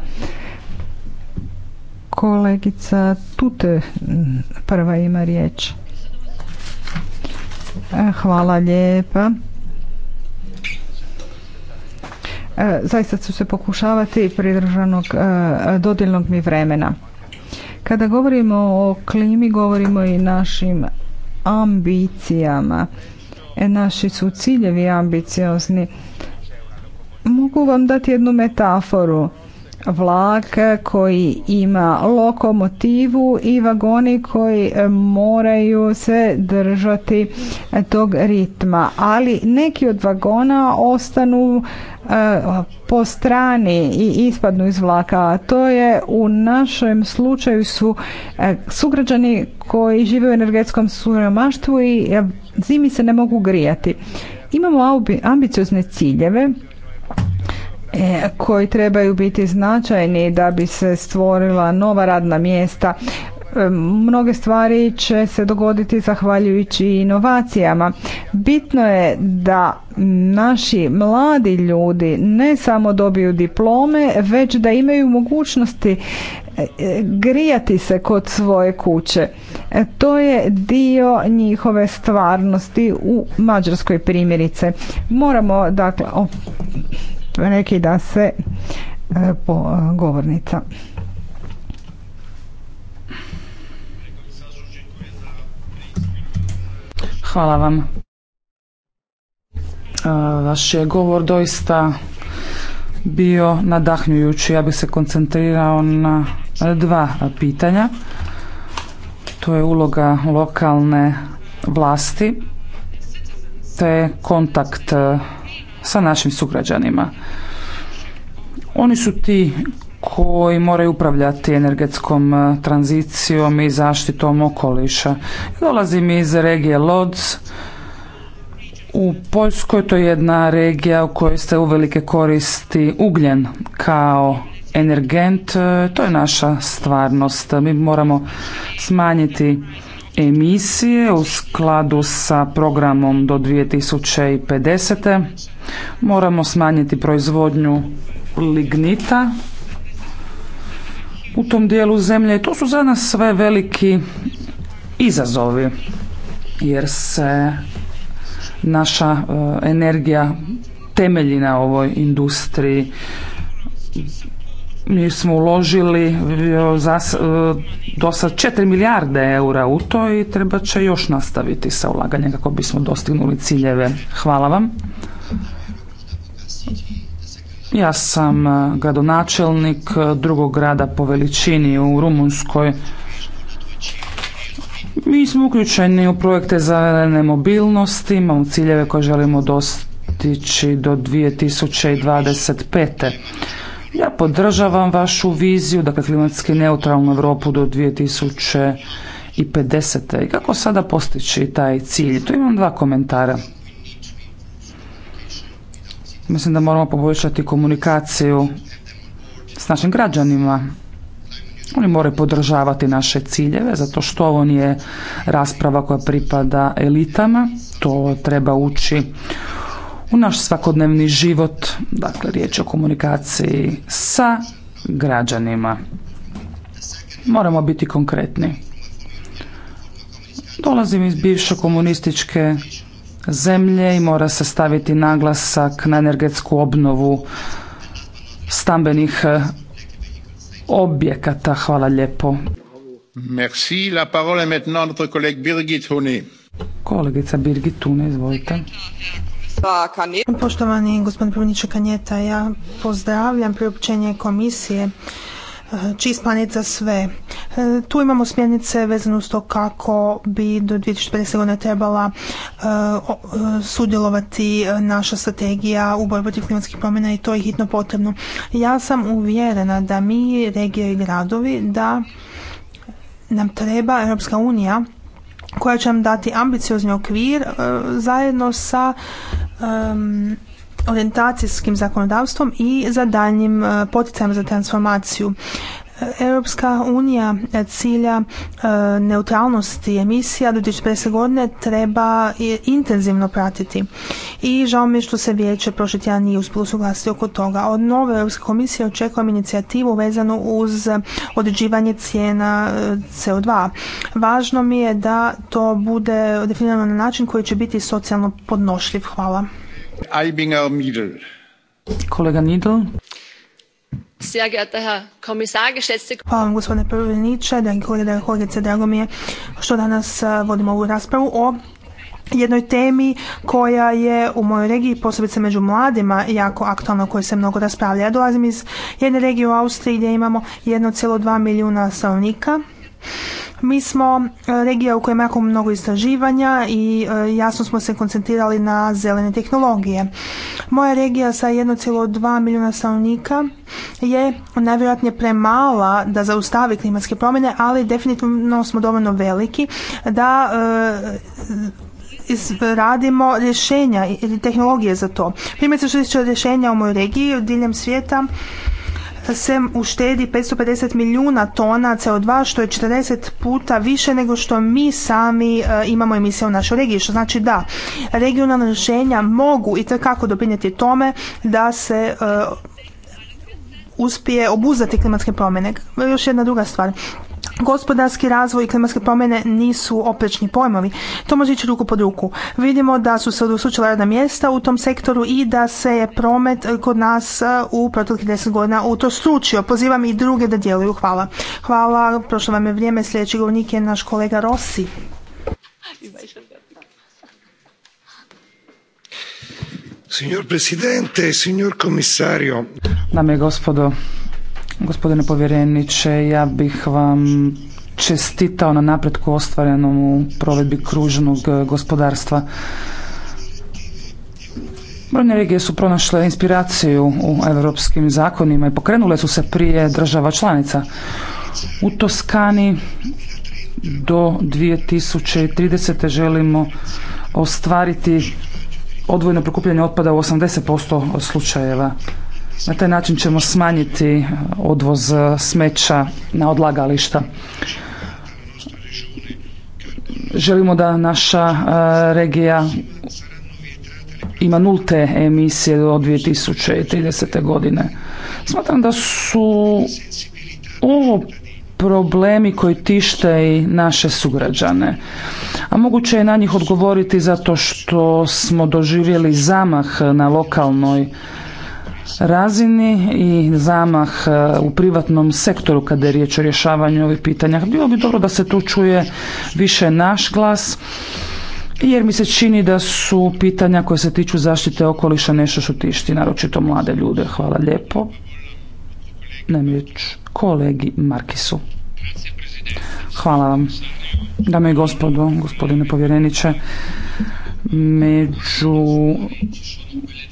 Kolegica Tute prva ima riječ. E, hvala lijepa. E, zaista ću se pokušavati pridržanog e, dodjelnog mi vremena. Kada govorimo o klimi, govorimo i našim ambicijama. E, naši su ciljevi ambiciozni. Mogu vam dati jednu metaforu vlak koji ima lokomotivu i vagoni koji e, moraju se držati e, tog ritma. Ali neki od vagona ostanu e, po strani i ispadnu iz vlaka. To je u našem slučaju su sugrađani koji žive u energetskom siromaštvu i zimi se ne mogu grijati. Imamo ambiciozne ciljeve E, koji trebaju biti značajni da bi se stvorila nova radna mjesta. E, mnoge stvari će se dogoditi zahvaljujući inovacijama. Bitno je da naši mladi ljudi ne samo dobiju diplome, već da imaju mogućnosti e, grijati se kod svoje kuće. To je dio njihove stvarnosti u Mađarskoj primjerice. Moramo dakle da se e, po e, govornica. Hvala vam. E, vaš je govor doista bio nadahnjujući. Ja bih se koncentrirao na dva pitanja. To je uloga lokalne vlasti te kontakt sa našim sugrađanima. Oni su ti koji moraju upravljati energetskom e, tranzicijom i zaštitom okoliša. Dolazim iz regije Lodz. U Poljskoj to je jedna regija u kojoj se uvelike koristi ugljen kao energent. E, to je naša stvarnost. Mi moramo smanjiti emisije u skladu sa programom do 2050. Moramo smanjiti proizvodnju lignita u tom dijelu zemlje. To su za nas sve veliki izazovi jer se naša e, energija temelji na ovoj industriji mi smo uložili e, e, do sad 4 milijarde eura u to i treba će još nastaviti sa ulaganjem kako bismo dostignuli ciljeve. Hvala vam. Ja sam e, gradonačelnik drugog grada po veličini u Rumunskoj. Mi smo uključeni u projekte za mobilnosti. imamo ciljeve koje želimo dostići do 2025. Ja podržavam vašu viziju, dakle klimatski neutralnu Europu do 2050. I kako sada postići taj cilj? Tu imam dva komentara. Mislim da moramo poboljšati komunikaciju s našim građanima. Oni moraju podržavati naše ciljeve, zato što ovo nije rasprava koja pripada elitama. To treba ući u naš svakodnevni život, dakle riječ o komunikaciji sa građanima. Moramo biti konkretni. Dolazim iz bivše komunističke zemlje i mora se staviti naglasak na energetsku obnovu stambenih eh, objekata. Hvala lijepo. Merci. La parole maintenant notre collègue Kolegica Birgit Hune, izvolite. Pa, Poštovani gospodine Prvniče Kanjeta, ja pozdravljam priopćenje komisije e, čist planet za sve. E, tu imamo smjernice vezano uz to kako bi do 2050. godine trebala e, sudjelovati naša strategija u borbi protiv klimatskih promjena i to je hitno potrebno. Ja sam uvjerena da mi, regije i gradovi, da nam treba Europska unija koja će nam dati ambiciozni okvir e, zajedno sa orijentacijskim orientacijskim zakonodavstvom i za daljnjim e, poticajem za transformaciju. Europska unija eh, cilja eh, neutralnosti emisija do 2050. godine treba intenzivno pratiti. I žao mi je što se vijeće prošli tjedan nije uspjelo suglasiti oko toga. Od nove Europske komisije očekujem inicijativu vezanu uz određivanje cijena eh, CO2. Važno mi je da to bude definirano na način koji će biti socijalno podnošljiv. Hvala. Kolega Nidl. Hvala gospodine povjereniče, dragi kolege, dragi kolegice, drago mi je što danas eh, vodimo ovu raspravu o jednoj temi koja je u mojoj regiji, posebice među mladima, jako aktualna, kojoj se mnogo raspravlja. Ja dolazim iz jedne regije u Austriji gdje imamo 1,2 milijuna stanovnika, mi smo e, regija u kojoj ima jako mnogo istraživanja i e, jasno smo se koncentrirali na zelene tehnologije. Moja regija sa 1,2 milijuna stanovnika je najvjerojatnije premala da zaustavi klimatske promjene, ali definitivno smo dovoljno veliki da e, radimo rješenja ili tehnologije za to. Primjerice što se tiče rješenja u mojoj regiji diljem svijeta se uštedi 550 milijuna tona CO2 što je 40 puta više nego što mi sami e, imamo emisije u našoj regiji. Što znači da regionalna rješenja mogu i kako doprinijeti tome da se e, uspije obuzdati klimatske promjene. Još jedna druga stvar. Gospodarski razvoj i klimatske promjene nisu oprečni pojmovi. To može ići ruku pod ruku. Vidimo da su se odusučila radna mjesta u tom sektoru i da se je promet eh, kod nas eh, u proteklih deset godina utrostručio. Pozivam i druge da djeluju. Hvala. Hvala, prošlo vam je vrijeme. Sljedeći govornik je naš kolega Rossi. Signor Presidente, signor Dame gospodo, Gospodine povjereniče, ja bih vam čestitao na napretku ostvarenom u provedbi kružnog gospodarstva. Brojne regije su pronašle inspiraciju u europskim zakonima i pokrenule su se prije država članica. U Toskani do 2030. želimo ostvariti odvojno prikupljanje otpada u 80% slučajeva. Na taj način ćemo smanjiti e, odvoz e, smeća na odlagališta. Želimo da naša e, regija ima nulte emisije do 2030. godine. Smatram da su ovo problemi koji tište i naše sugrađane. A moguće je na njih odgovoriti zato što smo doživjeli zamah na lokalnoj razini i zamah e, u privatnom sektoru kada je riječ o rješavanju ovih pitanja. Bilo bi dobro da se tu čuje više naš glas jer mi se čini da su pitanja koja se tiču zaštite okoliša nešto što tišti, naročito mlade ljude. Hvala lijepo. kolegi Markisu. Hvala vam. Dame i gospodo, gospodine povjereniče, među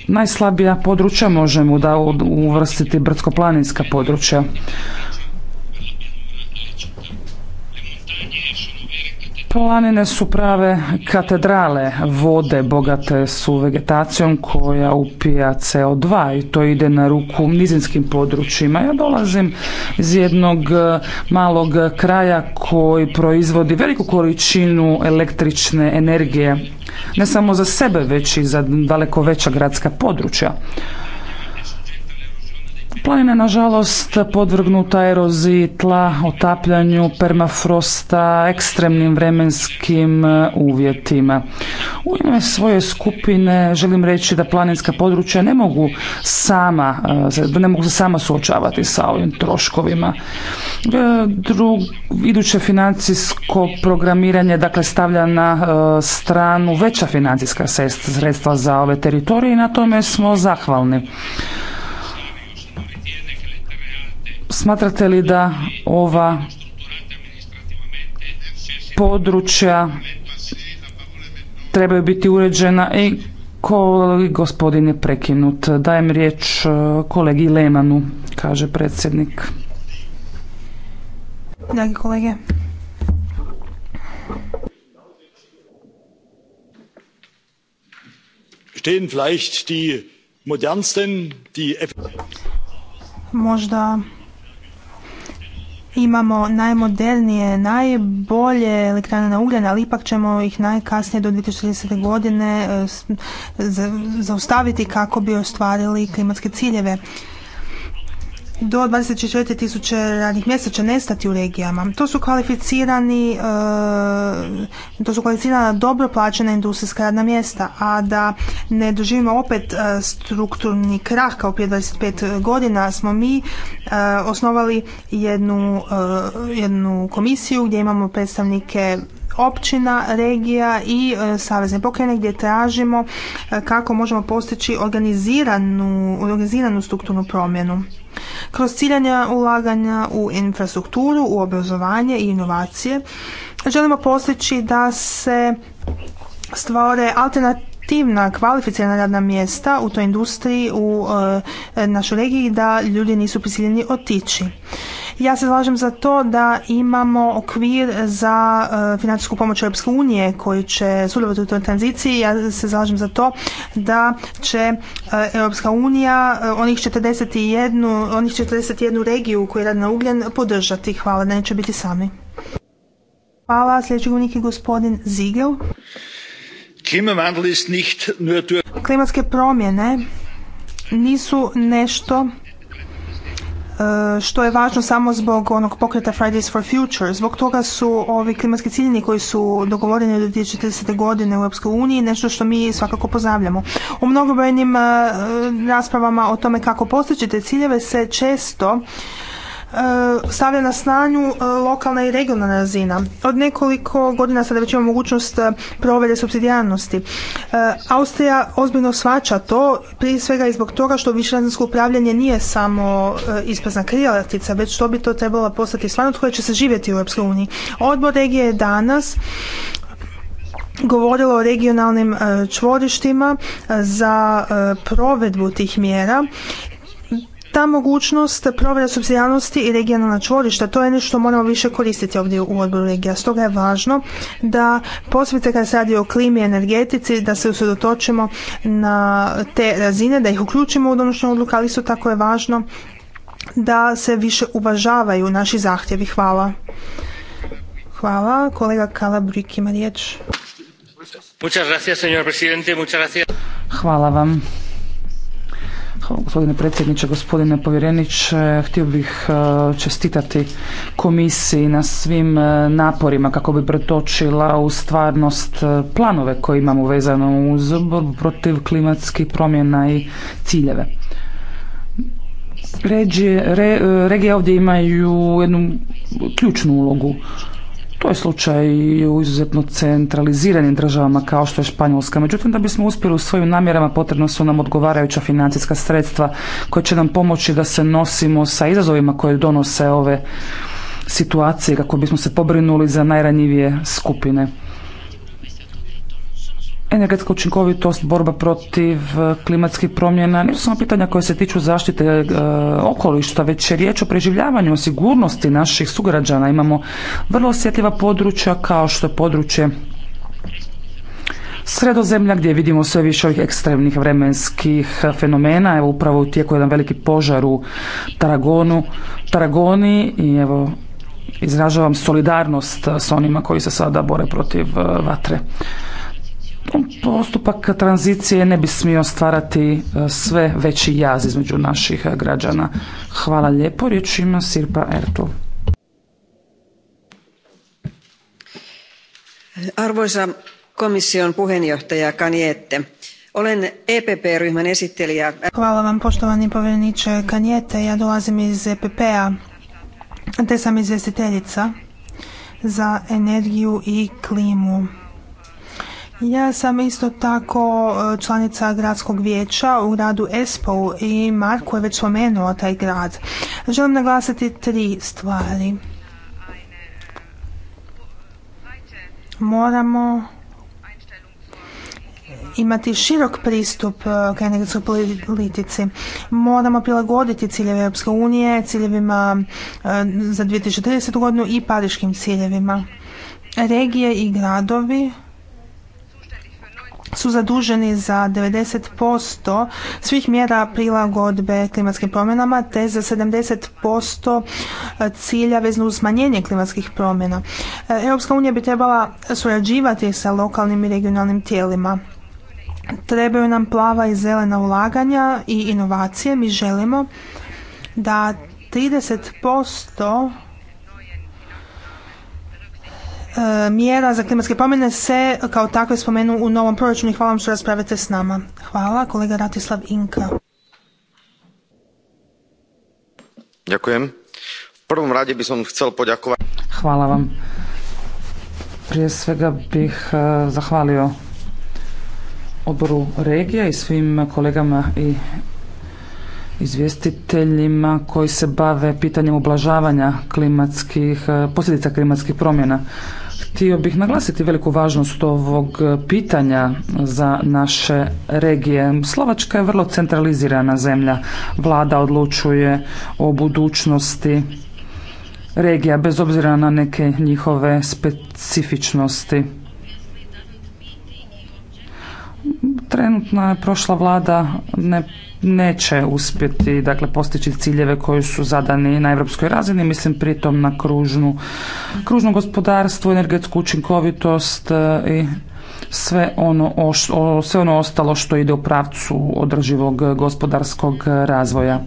najslabija područja možemo da uvrstiti brdsko-planinska područja. Planine su prave katedrale, vode bogate su vegetacijom koja upija CO2 i to ide na ruku nizinskim područjima. Ja dolazim iz jednog e, malog kraja koji proizvodi veliku količinu električne energije ne samo za sebe, već i za daleko veća gradska područja. Planina nažalost podvrgnuta eroziji tla, otapljanju permafrosta, ekstremnim vremenskim e, uvjetima. U ime svoje skupine želim reći da planinska područja ne mogu sama, e, ne mogu se sama suočavati sa ovim troškovima. E, drug, iduće financijsko programiranje dakle stavlja na stranu veća financijska sredstva za ove teritorije i na tome smo zahvalni. Smatrate li da ova područja trebaju biti uređena i kolegi gospodin je prekinut. Dajem riječ e, kolegi Lemanu, kaže predsjednik. Dragi kolege, stehen vielleicht die modernsten, die Možda imamo najmodernije, najbolje elektrane na ugljen, ali ipak ćemo ih najkasnije do 2030. godine e, zaustaviti kako bi ostvarili klimatske ciljeve do 24 tisuće radnih mjesta će nestati u regijama. To su kvalificirani, e, to su kvalificirana dobro plaćena industrijska radna mjesta, a da ne doživimo opet e, strukturni krah kao prije 25 godina smo mi e, osnovali jednu, jednu komisiju gdje imamo predstavnike općina, regija i e, savezne pokrajine gdje tražimo e, kako možemo postići organiziranu, organiziranu strukturnu promjenu. Kroz ciljanja ulaganja u infrastrukturu, u obrazovanje i inovacije želimo postići da se stvore alternativna, kvalificirana radna mjesta u toj industriji u e, našoj regiji da ljudi nisu prisiljeni otići. Ja se zalažem za to da imamo okvir za e, financijsku pomoć Europske unije koji će sudjelovati u toj tranziciji. Ja se zalažem za to da će e, Europska unija e, onih 41, onih 41 regiju koji rade na ugljen podržati. Hvala da neće biti sami. Hvala. Sljedeći govornik je gospodin Zigel. Klimatske promjene nisu nešto E, što je važno samo zbog onog pokreta Fridays for Future. Zbog toga su ovi klimatski ciljeni koji su dogovoreni do 2030. godine u Europskoj uniji nešto što mi svakako pozdravljamo. U mnogobrojnim e, raspravama o tome kako postići te ciljeve se često E, stavlja na snanju e, lokalna i regionalna razina. Od nekoliko godina sada već imamo mogućnost e, provedbe subsidijarnosti. Austrija ozbiljno svača to, prije svega i zbog toga što višerazinsko upravljanje nije samo isprazna krijalatica, već što bi to trebalo postati stvarno tko će se živjeti u EU. Odbor regije je danas govorilo o regionalnim čvorištima za provedbu tih mjera ta mogućnost provjera subsidijalnosti i regionalna čvorišta, to je nešto moramo više koristiti ovdje u odboru regija. Stoga je važno da posvite kada se radi o klimi i energetici, da se usredotočimo na te razine, da ih uključimo u donošnju odluku, ali isto tako je važno da se više uvažavaju naši zahtjevi. Hvala. Hvala. Kolega Kalabrik ima riječ. Hvala vam. Gospodine predsjedniče, gospodine povjereniče, htio bih e, čestitati komisiji na svim e, naporima kako bi pretočila u stvarnost e, planove koje imamo vezano uz borbu protiv klimatskih promjena i ciljeve. regije ovdje imaju jednu ključnu ulogu. To je slučaj i u izuzetno centraliziranim državama kao što je Španjolska. Međutim, da bismo uspjeli u svojim namjerama potrebno su nam odgovarajuća financijska sredstva koja će nam pomoći da se nosimo sa izazovima koje donose ove situacije kako bismo se pobrinuli za najranjivije skupine. Energetska učinkovitost, borba protiv e, klimatskih promjena, nisu samo pitanja koje se tiču zaštite e, okolišta, već je riječ o preživljavanju, o sigurnosti naših sugrađana. Imamo vrlo osjetljiva područja kao što je područje sredozemlja gdje vidimo sve više ovih ekstremnih vremenskih fenomena. Evo upravo u tijeku jedan veliki požar u Taragonu, Taragoni i evo izražavam solidarnost s onima koji se sada bore protiv e, vatre. Postupak tranzicije ne bi smio stvarati e, sve veći jaz između naših građana. Hvala lijepo. Riječ ima Sirpa Ertu. Arvoisa komission puheenjohtaja Kanjette, olen EPP-ryhmän esittelijä. Hvala vam poštovani povjereniče Kanjete, ja dolazim iz EPP-a, te sam izvjestiteljica za energiju i klimu. Ja sam isto tako e, članica gradskog vijeća u gradu Espo i Marko je već spomenuo taj grad. Želim naglasiti tri stvari. Moramo imati širok pristup e, k energetskoj politici. Moramo prilagoditi ciljeve Europske unije, ciljevima e, za 2030. godinu i pariškim ciljevima. Regije i gradovi su zaduženi za 90% svih mjera prilagodbe klimatskim promjenama te za 70% cilja vezno uz smanjenje klimatskih promjena. Europska unija bi trebala surađivati sa lokalnim i regionalnim tijelima. Trebaju nam plava i zelena ulaganja i inovacije. Mi želimo da 30% E, mjera za klimatske promjene se kao takve spomenu u novom proračunu i hvala vam što raspravite s nama. Hvala, kolega Ratislav Inka. prvom Hvala vam. Prije svega bih e, zahvalio odboru regija i svim kolegama i izvjestiteljima koji se bave pitanjem ublažavanja klimatskih, e, posljedica klimatskih promjena. Htio bih naglasiti veliku važnost ovog pitanja za naše regije. Slovačka je vrlo centralizirana zemlja. Vlada odlučuje o budućnosti regija bez obzira na neke njihove specifičnosti. Trenutna je prošla vlada ne, neće uspjeti dakle, postići ciljeve koji su zadani na europskoj razini, mislim pritom na kružnu, kružno gospodarstvo, energetsku učinkovitost e, i sve ono, o, sve ono ostalo što ide u pravcu održivog gospodarskog razvoja.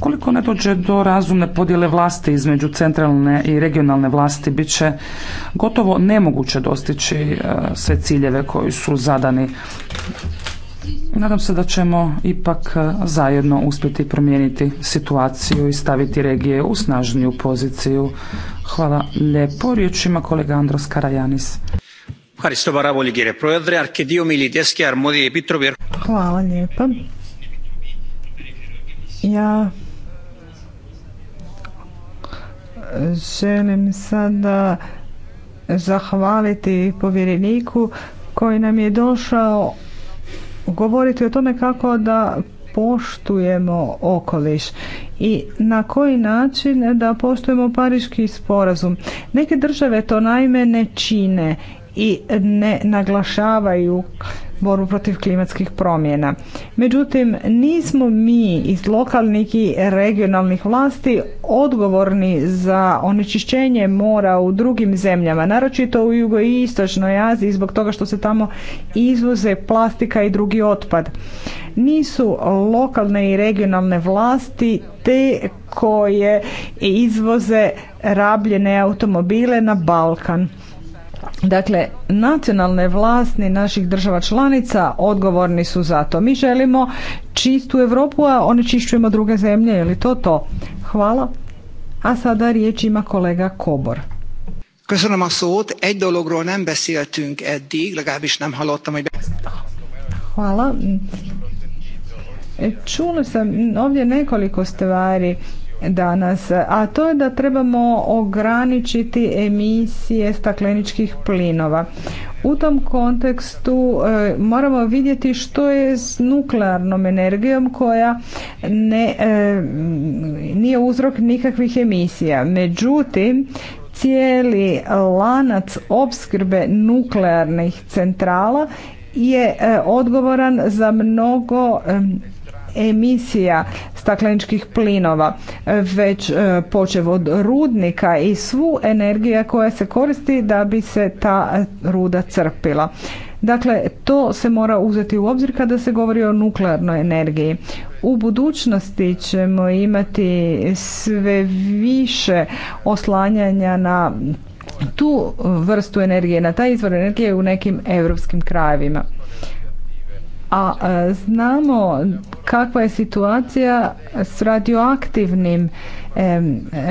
Koliko ne dođe do razumne podjele vlasti između centralne i regionalne vlasti, bit će gotovo nemoguće dostići e, sve ciljeve koji su zadani. Nadam se da ćemo ipak e, zajedno uspjeti promijeniti situaciju i staviti regije u snažniju poziciju. Hvala lijepo. Riječ ima kolega Andros Karajanis. Hvala lijepa. Ja želim sada zahvaliti povjereniku koji nam je došao govoriti o tome kako da poštujemo okoliš i na koji način da poštujemo pariški sporazum. Neke države to naime ne čine i ne naglašavaju borbu protiv klimatskih promjena. Međutim, nismo mi iz lokalnih i regionalnih vlasti odgovorni za onečišćenje mora u drugim zemljama, naročito u jugoistočnoj Aziji zbog toga što se tamo izvoze plastika i drugi otpad. Nisu lokalne i regionalne vlasti te koje izvoze rabljene automobile na Balkan Dakle, nacionalne vlasti naših država članica odgovorni su za to. Mi želimo čistu Europu, a oni čišćujemo druge zemlje. Je li to to? Hvala. A sada riječ ima kolega Kobor. Köszönöm a szót. Egy dologról nem beszéltünk eddig, legalábbis nem hallottam, hogy... Hvala. E, čuli sam ovdje nekoliko stvari danas, a to je da trebamo ograničiti emisije stakleničkih plinova. U tom kontekstu e, moramo vidjeti što je s nuklearnom energijom koja ne, e, nije uzrok nikakvih emisija. Međutim, cijeli lanac opskrbe nuklearnih centrala je e, odgovoran za mnogo emisija stakleničkih plinova, već e, počev od rudnika i svu energija koja se koristi da bi se ta ruda crpila. Dakle, to se mora uzeti u obzir kada se govori o nuklearnoj energiji. U budućnosti ćemo imati sve više oslanjanja na tu vrstu energije, na taj izvor energije u nekim europskim krajevima a e, znamo kakva je situacija s radioaktivnim e,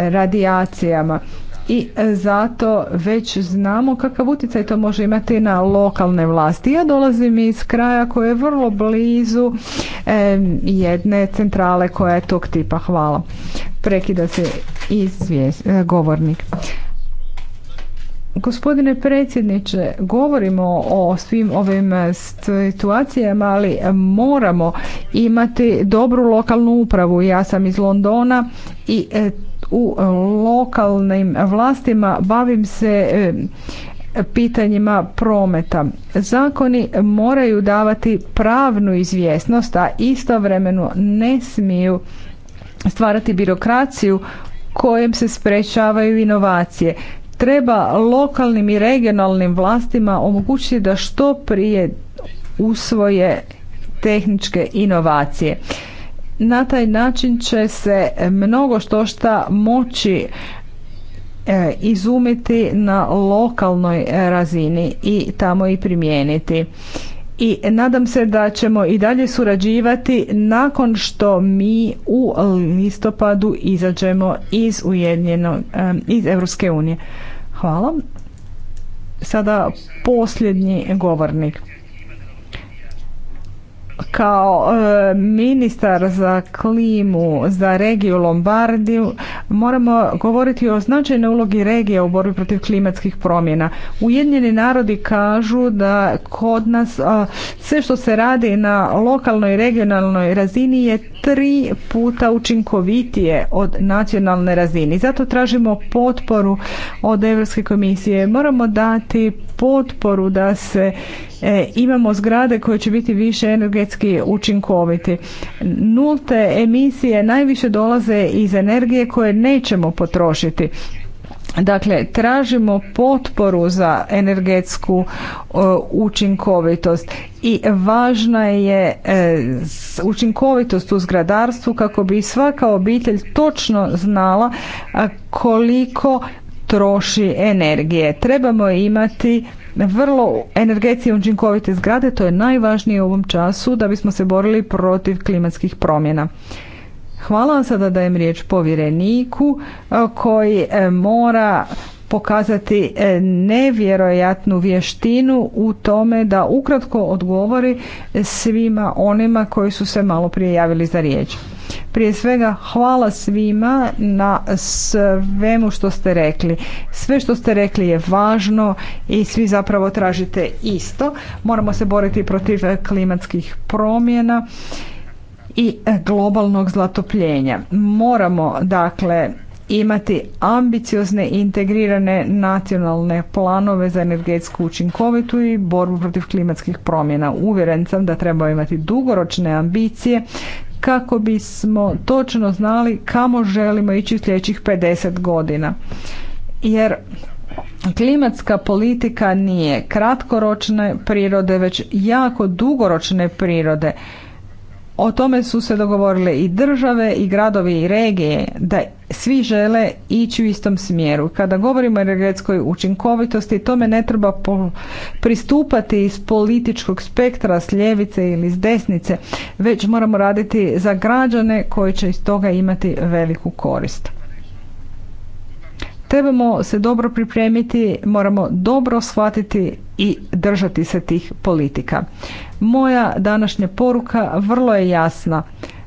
radijacijama i e, zato već znamo kakav utjecaj to može imati na lokalne vlasti. Ja dolazim iz kraja koji je vrlo blizu jedne centrale koja je tog tipa. Hvala. Prekida se govornik. Gospodine predsjedniče, govorimo o svim ovim situacijama, ali moramo imati dobru lokalnu upravu. Ja sam iz Londona i e, u lokalnim vlastima bavim se e, pitanjima prometa. Zakoni moraju davati pravnu izvjesnost, a istovremeno ne smiju stvarati birokraciju kojem se sprečavaju inovacije treba lokalnim i regionalnim vlastima omogućiti da što prije usvoje tehničke inovacije. Na taj način će se mnogo što šta moći e, izumiti na lokalnoj razini i tamo i primijeniti i nadam se da ćemo i dalje surađivati nakon što mi u listopadu izađemo iz Ujedinjenog, iz Europske unije. Hvala. Sada posljednji govornik kao e, ministar za klimu za regiju Lombardiju moramo govoriti o značajnoj ulogi regije u borbi protiv klimatskih promjena. Ujedinjeni narodi kažu da kod nas sve što se radi na lokalnoj i regionalnoj razini je tri puta učinkovitije od nacionalne razini. Zato tražimo potporu od Europske komisije. Moramo dati potporu da se E, imamo zgrade koje će biti više energetski učinkoviti. Nulte emisije najviše dolaze iz energije koje nećemo potrošiti. Dakle, tražimo potporu za energetsku e, učinkovitost i važna je e, učinkovitost u zgradarstvu kako bi svaka obitelj točno znala koliko troši energije. Trebamo imati vrlo energetski učinkovite zgrade, to je najvažnije u ovom času da bismo se borili protiv klimatskih promjena. Hvala vam sada dajem riječ povjereniku e, koji e, mora pokazati e, nevjerojatnu vještinu u tome da ukratko odgovori svima onima koji su se malo prije javili za riječ. Prije svega hvala svima na svemu što ste rekli. Sve što ste rekli je važno i svi zapravo tražite isto. Moramo se boriti protiv klimatskih promjena i globalnog zlatopljenja. Moramo dakle imati ambiciozne integrirane nacionalne planove za energetsku učinkovitu i borbu protiv klimatskih promjena. Uvjeren sam da treba imati dugoročne ambicije kako bismo točno znali kamo želimo ići u sljedećih 50 godina. Jer klimatska politika nije kratkoročne prirode, već jako dugoročne prirode o tome su se dogovorile i države i gradovi i regije da svi žele ići u istom smjeru. Kada govorimo o energetskoj učinkovitosti, tome ne treba pristupati iz političkog spektra s ljevice ili s desnice, već moramo raditi za građane koji će iz toga imati veliku korist. Trebamo se dobro pripremiti, moramo dobro shvatiti i držati se tih politika. Moja današnja poruka vrlo je jasna.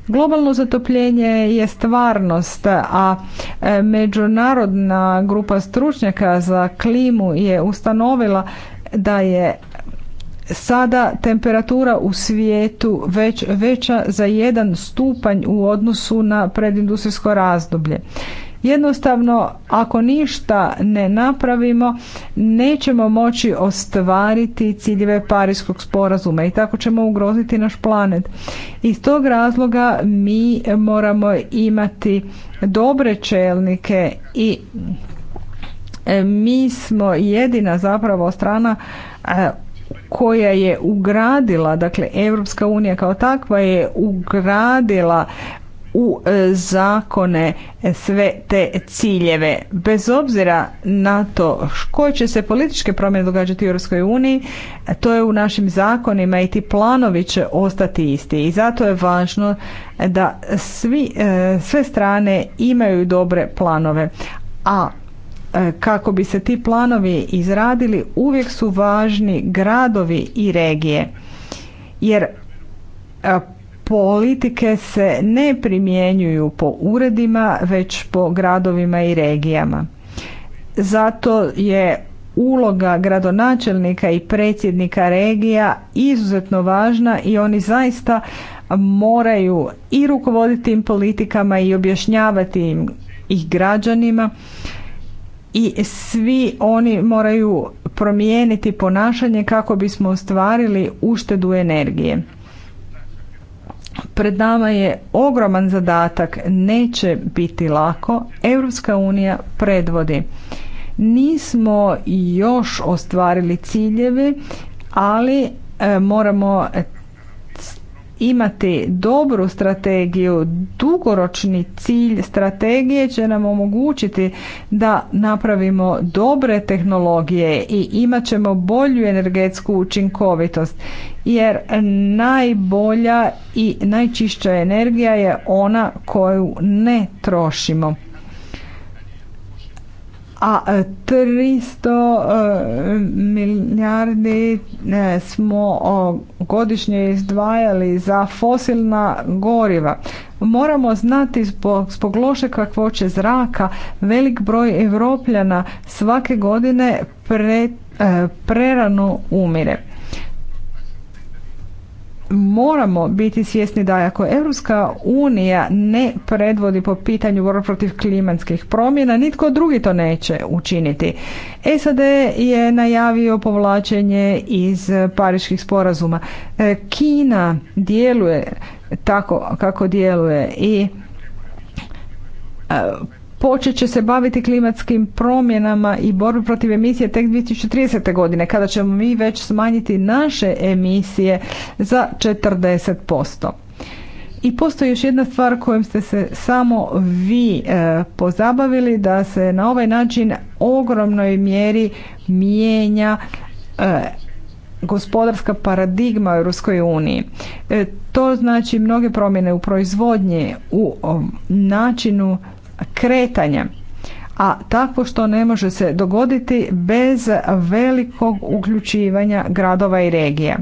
Globalno zatopljenje je stvarnost, a e, međunarodna grupa stručnjaka za klimu je ustanovila da je sada temperatura u svijetu već veća za jedan stupanj u odnosu na predindustrijsko razdoblje. Jednostavno, ako ništa ne napravimo, nećemo moći ostvariti ciljeve Parijskog sporazuma i tako ćemo ugroziti naš planet. Iz tog razloga mi moramo imati dobre čelnike i e, mi smo jedina zapravo strana e, koja je ugradila, dakle Europska unija kao takva je ugradila u e, zakone sve te ciljeve. Bez obzira na to koje će se političke promjene događati u Europskoj uniji, to je u našim zakonima i ti planovi će ostati isti. I zato je važno da svi, e, sve strane imaju dobre planove. A e, kako bi se ti planovi izradili uvijek su važni gradovi i regije. Jer politike se ne primjenjuju po uredima već po gradovima i regijama. Zato je uloga gradonačelnika i predsjednika regija izuzetno važna i oni zaista moraju i rukovoditi im politikama i objašnjavati im ih građanima i svi oni moraju promijeniti ponašanje kako bismo ostvarili uštedu energije. Pred nama je ogroman zadatak, neće biti lako. Europska unija predvodi. Nismo još ostvarili ciljeve, ali e, moramo imati dobru strategiju, dugoročni cilj strategije će nam omogućiti da napravimo dobre tehnologije i imat ćemo bolju energetsku učinkovitost jer najbolja i najčišća energija je ona koju ne trošimo a 300 e, e, milijardi e, smo godišnje izdvajali za fosilna goriva. Moramo znati zbog, loše kakvoće zraka velik broj Evropljana svake godine prerano umire moramo biti svjesni da ako Europska unija ne predvodi po pitanju borbe protiv klimatskih promjena, nitko drugi to neće učiniti. SAD je najavio povlačenje iz pariških sporazuma. E, Kina djeluje tako kako djeluje i e, počet će se baviti klimatskim promjenama i borbi protiv emisije tek 2030. godine kada ćemo mi već smanjiti naše emisije za 40%. I postoji još jedna stvar kojom ste se samo vi e, pozabavili da se na ovaj način ogromnoj mjeri mijenja e, gospodarska paradigma u Ruskoj uniji. E, to znači mnoge promjene u proizvodnji, u načinu kretanja, a takvo što ne može se dogoditi bez velikog uključivanja gradova i regija.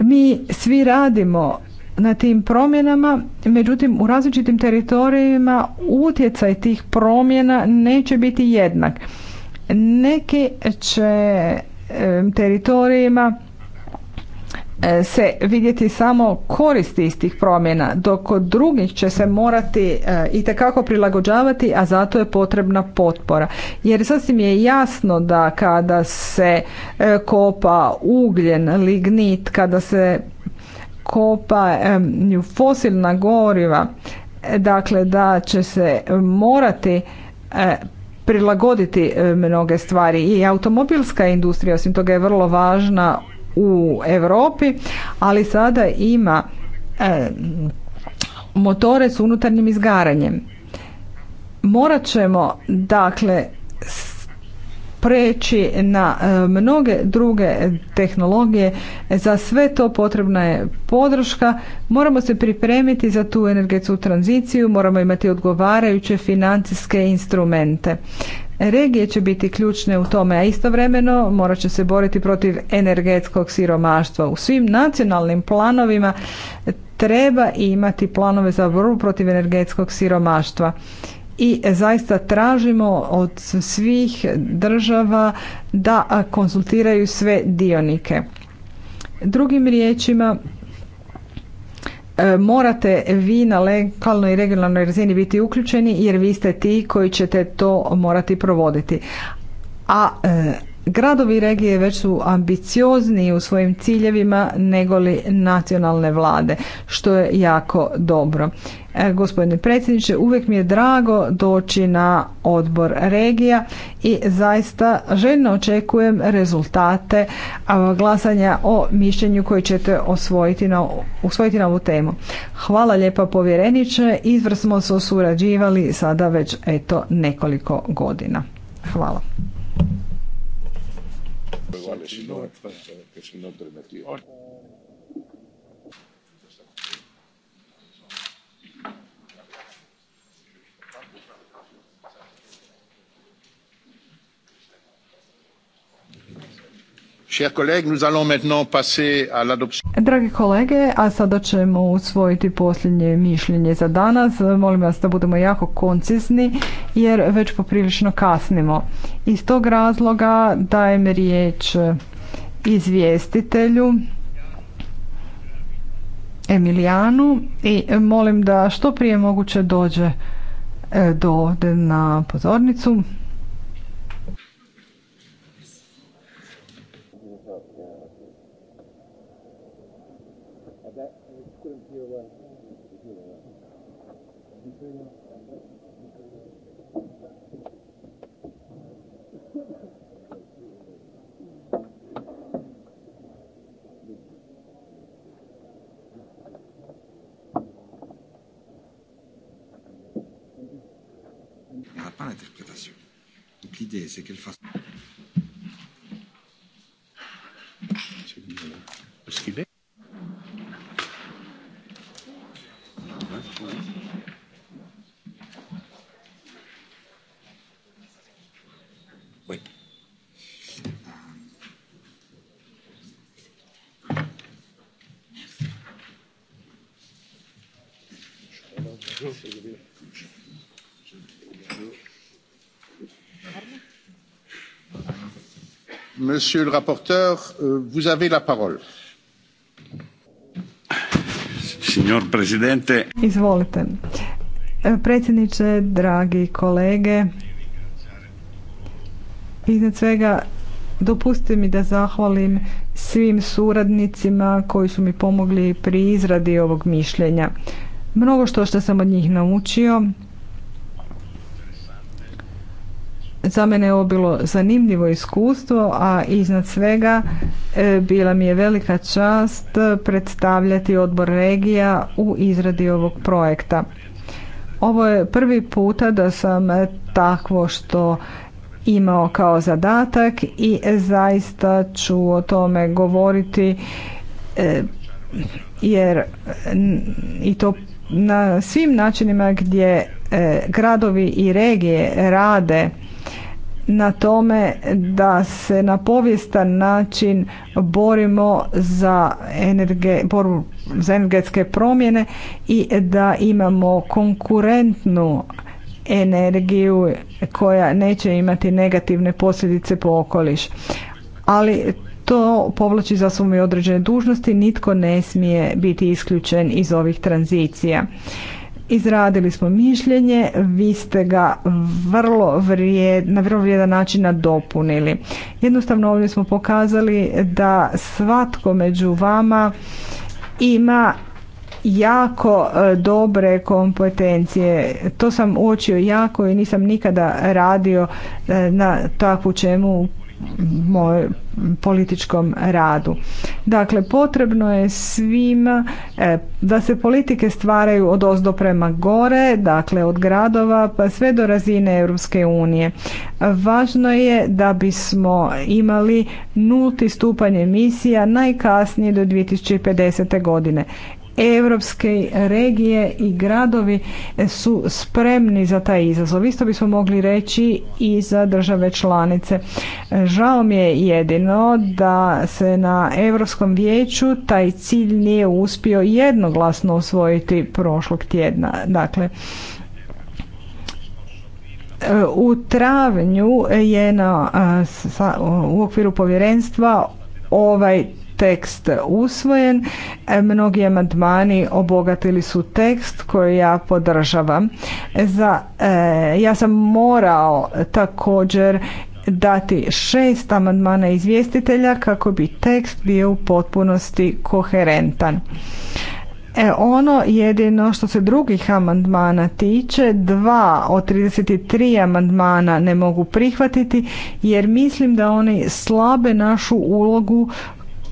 Mi svi radimo na tim promjenama, međutim u različitim teritorijima utjecaj tih promjena neće biti jednak. Neki će teritorijima E, se vidjeti samo koristi iz tih promjena, dok kod drugih će se morati e, i tekako prilagođavati, a zato je potrebna potpora. Jer sasvim je jasno da kada se e, kopa ugljen, lignit, kada se kopa fosilna goriva, dakle da će se morati prilagoditi mnoge stvari i automobilska industrija osim toga je vrlo važna u Europi, ali sada ima e, motore s unutarnjim izgaranjem. Morat ćemo dakle preći na e, mnoge druge tehnologije. Za sve to potrebna je podrška. Moramo se pripremiti za tu energetsku tranziciju, moramo imati odgovarajuće financijske instrumente. Regije će biti ključne u tome, a istovremeno morat će se boriti protiv energetskog siromaštva. U svim nacionalnim planovima treba imati planove za borbu protiv energetskog siromaštva. I zaista tražimo od svih država da konsultiraju sve dionike. Drugim riječima, E, morate vi na lokalnoj i regionalnoj razini biti uključeni jer vi ste ti koji ćete to morati provoditi. A e, Gradovi regije već su ambiciozniji u svojim ciljevima nego li nacionalne vlade, što je jako dobro. E, gospodine predsjedniče, uvijek mi je drago doći na odbor regija i zaista željno očekujem rezultate glasanja o mišljenju koje ćete osvojiti na, usvojiti na ovu temu. Hvala lijepa povjereniče, izvrsno smo surađivali sada već eto nekoliko godina. Hvala no es, una, es una alternativa. Dragi kolege, a sada ćemo usvojiti posljednje mišljenje za danas. Molim vas da budemo jako koncizni jer već poprilično kasnimo. Iz tog razloga dajem riječ izvjestitelju Emilijanu i molim da što prije moguće dođe e, do na pozornicu. l'idée, c'est qu'elle fasse. Oui. Merci. monsieur le rapporteur euh, e, Predsjedniče, dragi kolege, iznad svega dopustite mi da zahvalim svim suradnicima koji su mi pomogli pri izradi ovog mišljenja. Mnogo što sam od njih naučio, za mene je ovo bilo zanimljivo iskustvo, a iznad svega e, bila mi je velika čast predstavljati odbor regija u izradi ovog projekta. Ovo je prvi puta da sam takvo što imao kao zadatak i zaista ću o tome govoriti e, jer i to na svim načinima gdje e, gradovi i regije rade na tome da se na povijestan način borimo za, energe, za energetske promjene i da imamo konkurentnu energiju koja neće imati negativne posljedice po okoliš. Ali to povlači za svom određene dužnosti, nitko ne smije biti isključen iz ovih tranzicija. Izradili smo mišljenje, vi ste ga vrlo na vrlo vrijedan način nadopunili. Jednostavno ovdje smo pokazali da svatko među vama ima jako e, dobre kompetencije. To sam uočio jako i nisam nikada radio e, na takvu čemu moj političkom radu. Dakle, potrebno je svima e, da se politike stvaraju od ozdo prema gore, dakle od gradova pa sve do razine Europske unije. Važno je da bismo imali nulti stupanj emisija najkasnije do 2050. godine europske regije i gradovi su spremni za taj izazov. Isto bismo mogli reći i za države članice. Žao mi je jedino da se na Europskom vijeću taj cilj nije uspio jednoglasno osvojiti prošlog tjedna. Dakle, u travnju je na, u okviru povjerenstva ovaj tekst usvojen. E, mnogi amandmani obogatili su tekst koji ja podržavam. E, za, e, ja sam morao također dati šest amandmana izvjestitelja kako bi tekst bio u potpunosti koherentan. E, ono jedino što se drugih amandmana tiče, dva od 33 amandmana ne mogu prihvatiti jer mislim da oni slabe našu ulogu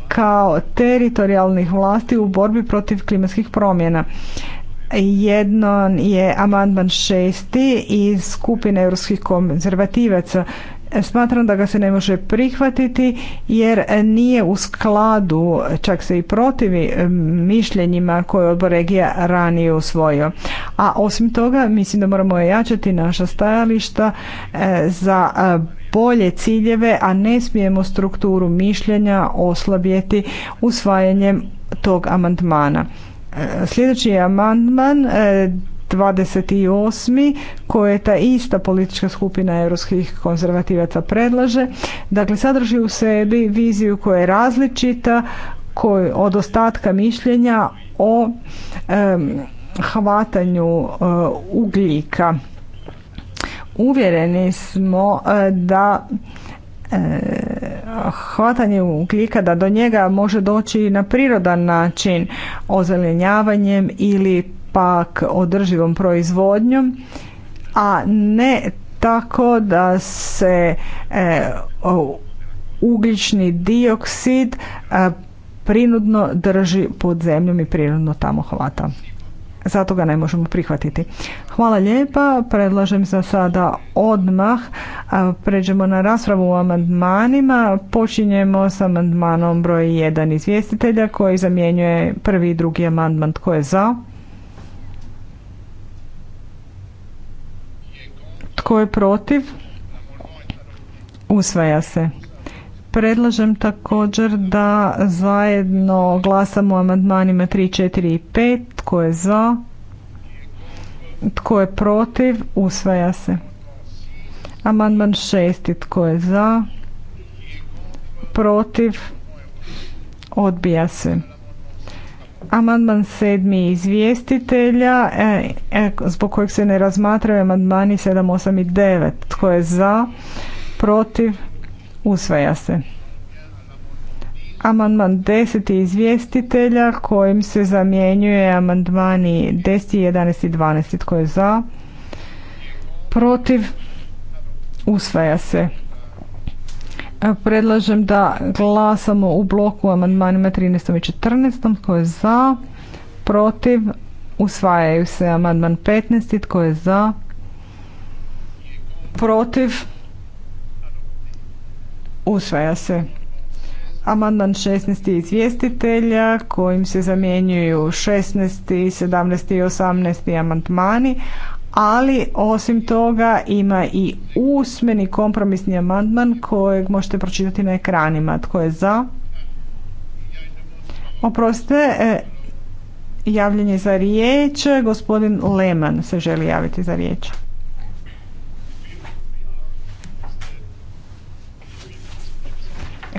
kao teritorijalnih vlasti u borbi protiv klimatskih promjena. Jedno je amandman šesti iz skupine europskih konzervativaca. Smatram da ga se ne može prihvatiti jer nije u skladu, čak se i protivi mišljenjima koje odbor regija ranije usvojio. A osim toga mislim da moramo ojačati naša stajališta e, za bolje ciljeve, a ne smijemo strukturu mišljenja oslabjeti usvajanjem tog amandmana. E, sljedeći je amandman 28. E, koje je ta ista politička skupina europskih konzervativaca predlaže. Dakle, sadrži u sebi viziju koja je različita koj, od ostatka mišljenja o um, hvatanju e, ugljika uvjereni smo e, da e, hvatanje ugljika da do njega može doći na prirodan način ozelenjavanjem ili pak održivom proizvodnjom a ne tako da se e, ugljični dioksid e, prinudno drži pod zemljom i prirodno tamo hvata zato ga ne možemo prihvatiti. Hvala lijepa, predlažem za sada odmah, pređemo na raspravu o amandmanima, počinjemo s amandmanom broj 1 izvjestitelja koji zamjenjuje prvi i drugi amandman, tko je za? Tko je protiv? Usvaja se. Predlažem također da zajedno glasamo o amandmanima 3, 4 i 5. Tko je za? Tko je protiv? Usvaja se. Amandman 6. Tko je za? Protiv? Odbija se. Amandman 7. izvjestitelja, e, e, zbog kojeg se ne razmatraju amandmani 7, 8 i 9. Tko je za? Protiv? Usvaja se. Amandman 10. izvjestitelja kojim se zamjenjuje amandmani 10, 11 i 12. Tko je za? Protiv? Usvaja se. E, predlažem da glasamo u bloku amandmanima 13. i 14. Tko je za? Protiv? Usvajaju se amandman 15. Tko je za? Protiv? Usvaja se. Amandman 16. izvjestitelja kojim se zamjenjuju 16., 17. i 18. amandmani, ali osim toga ima i usmeni kompromisni amandman kojeg možete pročitati na ekranima. Tko je za? Oprostite, e, javljanje za riječ. Gospodin Leman se želi javiti za riječ.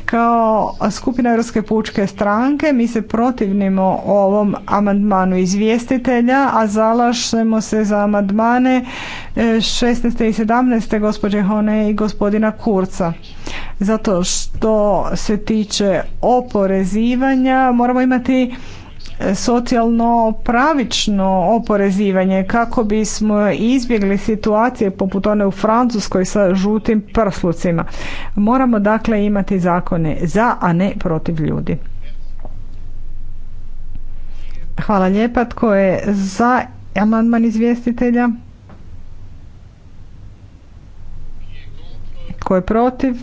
Kao skupina Europske pučke stranke mi se protivnimo ovom amandmanu izvjestitelja, a zalašemo se za amandmane 16. E, i 17. gospođe Hone i gospodina Kurca. Zato što se tiče oporezivanja moramo imati socijalno pravično oporezivanje kako bismo izbjegli situacije poput one u Francuskoj sa žutim prslucima. Moramo dakle imati zakone za, a ne protiv ljudi. Hvala lijepa. Tko je za amandman izvjestitelja? Tko je protiv?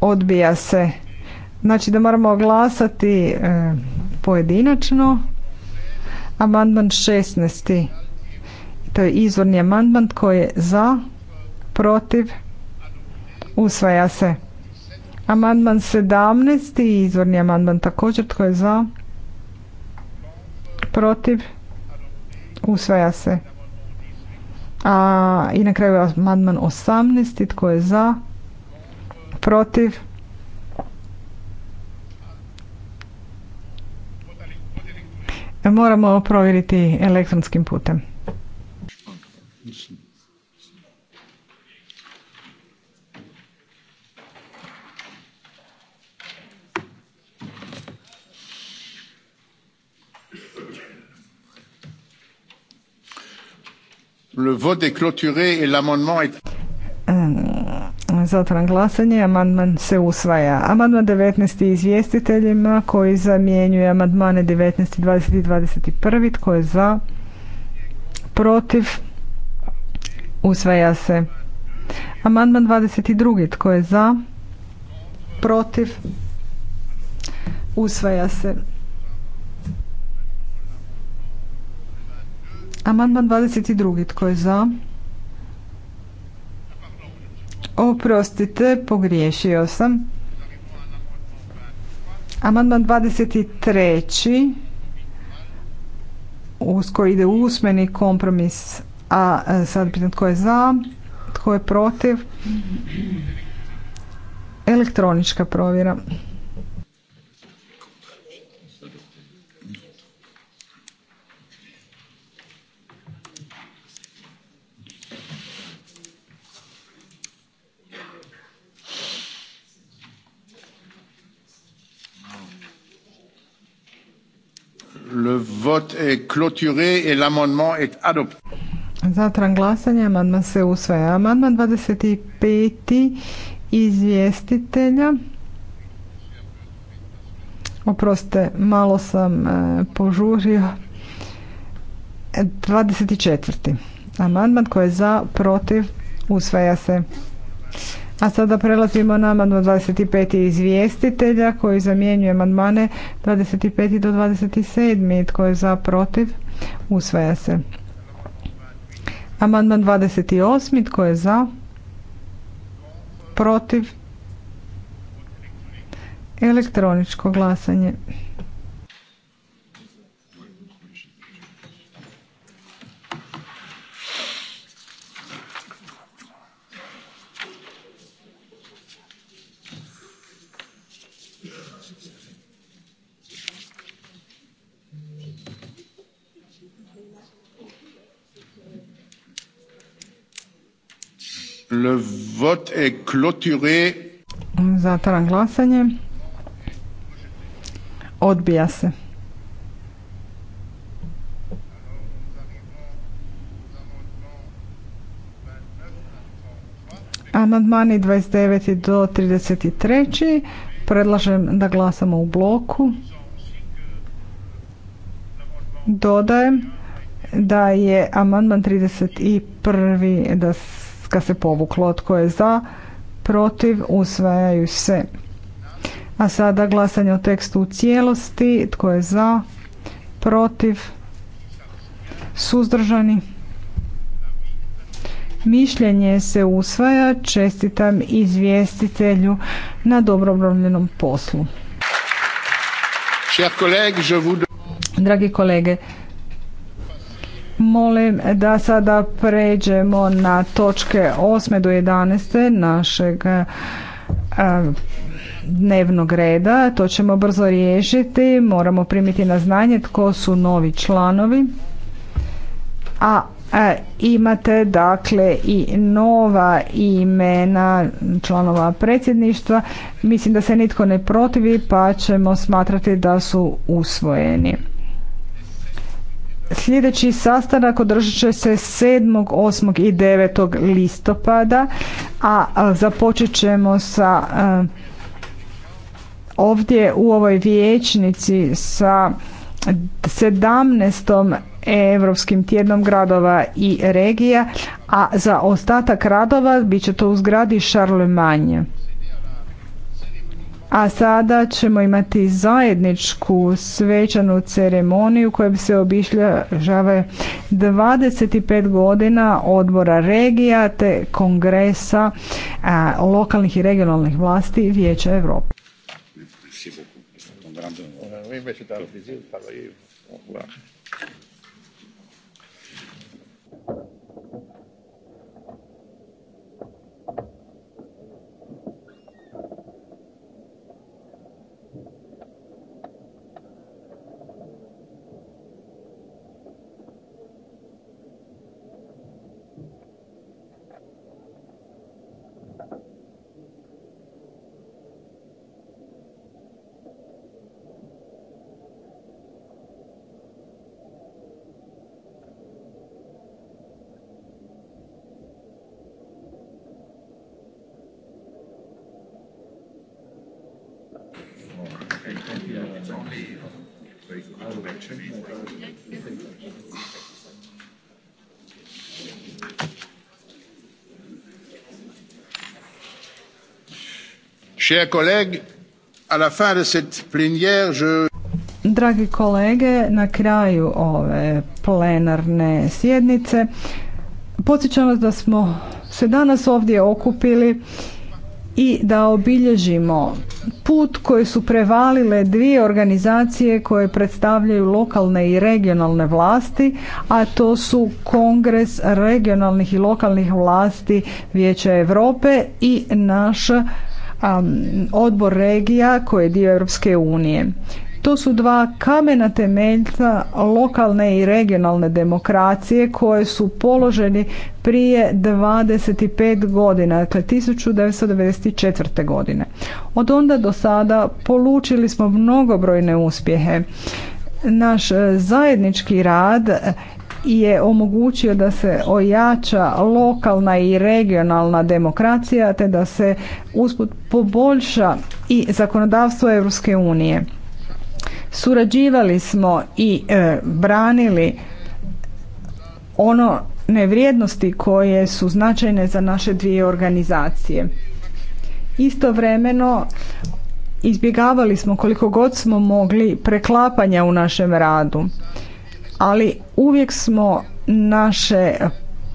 Odbija se. Znači da moramo glasati e, pojedinačno. Amandman 16. To je izvorni amandman koji je za, protiv, usvaja se. Amandman 17. Izvorni amandman također tko je za, protiv, usvaja se. A i na kraju amandman 18. Tko je za, protiv, moramo provjeriti elektronskim putem. Le vote est clôturé et l'amendement est euh, Zatvaram glasanje. Amandman se usvaja. Amandman 19. izvjestiteljima koji zamjenjuje amandmane 19. 20. i 21. Tko je za? Protiv? Usvaja se. Amandman 22. Tko je za? Protiv? Usvaja se. Amandman 22. Tko je za? Oprostite, pogriješio sam. Amandman 23. koji ide usmeni kompromis. A e, sad pitan tko je za, tko je protiv. Elektronička provjera. vote Zatran glasanje, amandman se usvaja. Amandman 25. izvjestitelja. Oprostite, malo sam e, požurio. 24. E, amandman koji je za, protiv, usvaja se. A sada prelazimo na amandman 25. izvjestitelja koji zamjenjuje amandmane 25. do 27. Tko je za protiv? Usvaja se. Amandman 28. Tko je za? Protiv? Elektroničko glasanje. Le Zatvaram glasanje. Odbija se. Amandmani 29. do 33. Predlažem da glasamo u bloku. Dodajem da je amandman 31. da se ga se povuklo. Tko je za? Protiv? Usvajaju se. A sada glasanje o tekstu u cijelosti. Tko je za? Protiv? Suzdržani? Mišljenje se usvaja. Čestitam izvjestitelju na dobrobrovljenom poslu. Dragi kolege, Molim da sada pređemo na točke 8. do 11. našeg eh, dnevnog reda. To ćemo brzo riješiti. Moramo primiti na znanje tko su novi članovi. A eh, imate dakle i nova imena članova predsjedništva. Mislim da se nitko ne protivi pa ćemo smatrati da su usvojeni. Sljedeći sastanak održat će se 7., 8. i 9. listopada, a započet ćemo sa e, ovdje u ovoj vijećnici sa 17. Europskim tjednom gradova i regija, a za ostatak radova bit će to u zgradi Charlemagne. A sada ćemo imati zajedničku svećanu ceremoniju koja se obišljava 25 godina odbora regija te kongresa lokalnih i regionalnih vlasti Vijeća Europe. Dragi kolege, na kraju ove plenarne sjednice podsjećam vas da smo se danas ovdje okupili i da obilježimo put koji su prevalile dvije organizacije koje predstavljaju lokalne i regionalne vlasti, a to su Kongres regionalnih i lokalnih vlasti Vijeća Europe i naš odbor regija koji je dio Europske unije. To su dva kamena temeljca lokalne i regionalne demokracije koje su položeni prije 25 godina, dakle 1994. godine. Od onda do sada polučili smo mnogobrojne uspjehe. Naš e, zajednički rad je omogućio da se ojača lokalna i regionalna demokracija te da se usput poboljša i zakonodavstvo Europske unije. Surađivali smo i e, branili ono nevrijednosti koje su značajne za naše dvije organizacije. Istovremeno izbjegavali smo koliko god smo mogli preklapanja u našem radu ali uvijek smo naše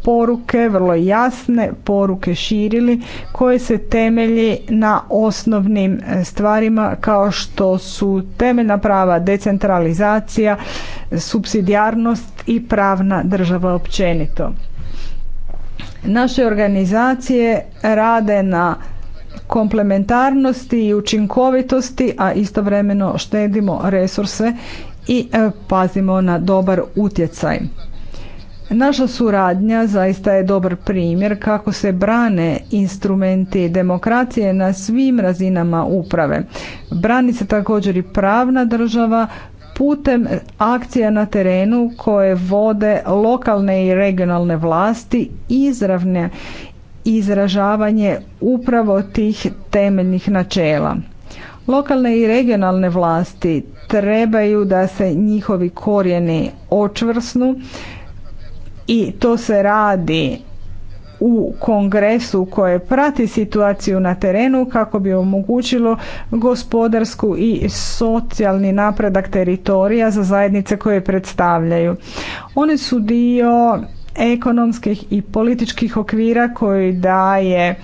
poruke, vrlo jasne poruke širili koje se temelji na osnovnim e, stvarima kao što su temeljna prava, decentralizacija, subsidijarnost i pravna država općenito. Naše organizacije rade na komplementarnosti i učinkovitosti, a istovremeno štedimo resurse i e, pazimo na dobar utjecaj. Naša suradnja zaista je dobar primjer kako se brane instrumenti demokracije na svim razinama uprave. Brani se također i pravna država putem akcija na terenu koje vode lokalne i regionalne vlasti izravne izražavanje upravo tih temeljnih načela. Lokalne i regionalne vlasti trebaju da se njihovi korijeni očvrsnu i to se radi u kongresu koje prati situaciju na terenu kako bi omogućilo gospodarsku i socijalni napredak teritorija za zajednice koje predstavljaju. One su dio ekonomskih i političkih okvira koji daje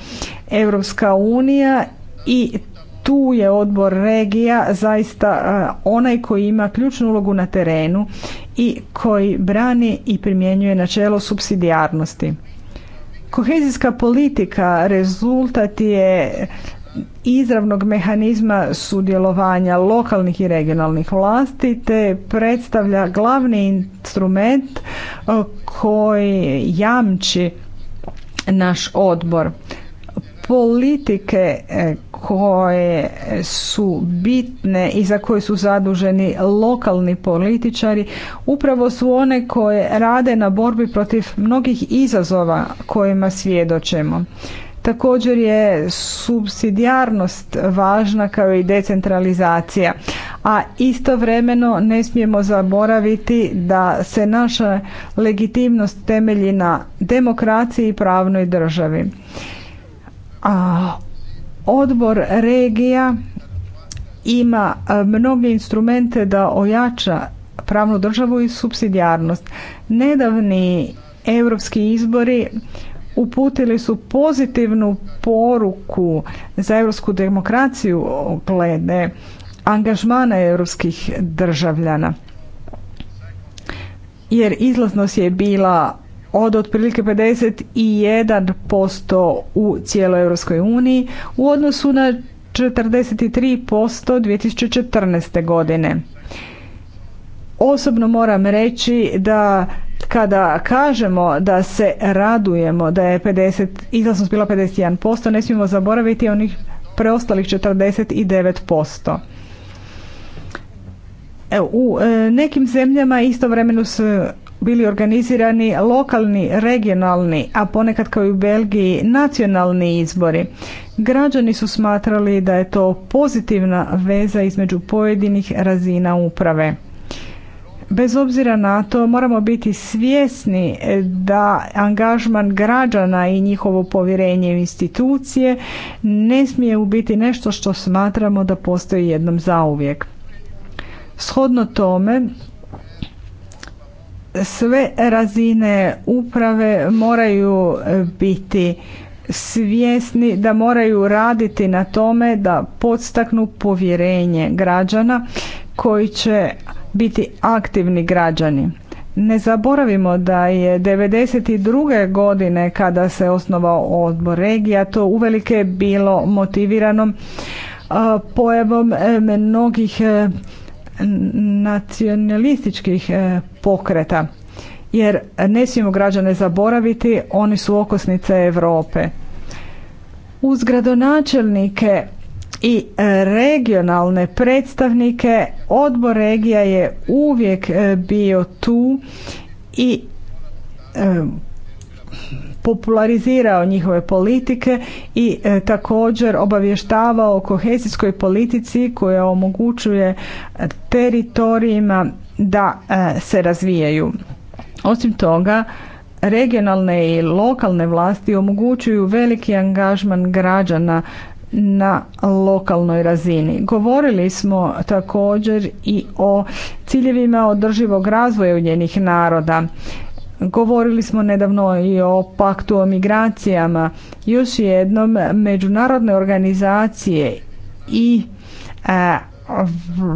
Europska unija i tu je odbor regija zaista e, onaj koji ima ključnu ulogu na terenu i koji brani i primjenjuje načelo subsidijarnosti. Kohezijska politika rezultat je izravnog mehanizma sudjelovanja lokalnih i regionalnih vlasti te predstavlja glavni instrument e, koji jamči naš odbor politike e, koje su bitne i za koje su zaduženi lokalni političari upravo su one koje rade na borbi protiv mnogih izazova kojima svjedočemo. Također je subsidijarnost važna kao i decentralizacija, a istovremeno ne smijemo zaboraviti da se naša legitimnost temelji na demokraciji i pravnoj državi a odbor regija ima mnoge instrumente da ojača pravnu državu i subsidijarnost. Nedavni europski izbori uputili su pozitivnu poruku za europsku demokraciju glede angažmana europskih državljana. Jer izlaznost je bila od otprilike 51% u cijeloj Europskoj uniji u odnosu na 43% 2014. godine. Osobno moram reći da kada kažemo da se radujemo da je 50, izlaznost bila 51%, ne smijemo zaboraviti onih preostalih 49%. Evo, u e, nekim zemljama istovremeno su bili organizirani lokalni, regionalni, a ponekad kao i u Belgiji nacionalni izbori. Građani su smatrali da je to pozitivna veza između pojedinih razina uprave. Bez obzira na to moramo biti svjesni da angažman građana i njihovo povjerenje u institucije ne smije biti nešto što smatramo da postoji jednom zauvijek. Shodno tome, sve razine uprave moraju e, biti svjesni da moraju raditi na tome da podstaknu povjerenje građana koji će biti aktivni građani. Ne zaboravimo da je 92. godine kada se osnovao odbor regija to uvelike bilo motiviranom pojavom e, mnogih e, nacionalističkih e, pokreta jer ne smijemo građane zaboraviti, oni su okosnice Europe. Uz gradonačelnike i e, regionalne predstavnike odbor regija je uvijek e, bio tu i popularizirao njihove politike i e, također obavještavao o kohezijskoj politici koja omogućuje e, teritorijima da e, se razvijaju. Osim toga, regionalne i lokalne vlasti omogućuju veliki angažman građana na lokalnoj razini. Govorili smo također i o ciljevima održivog razvoja njenih naroda Govorili smo nedavno i o paktu o migracijama. Još jednom, međunarodne organizacije i e,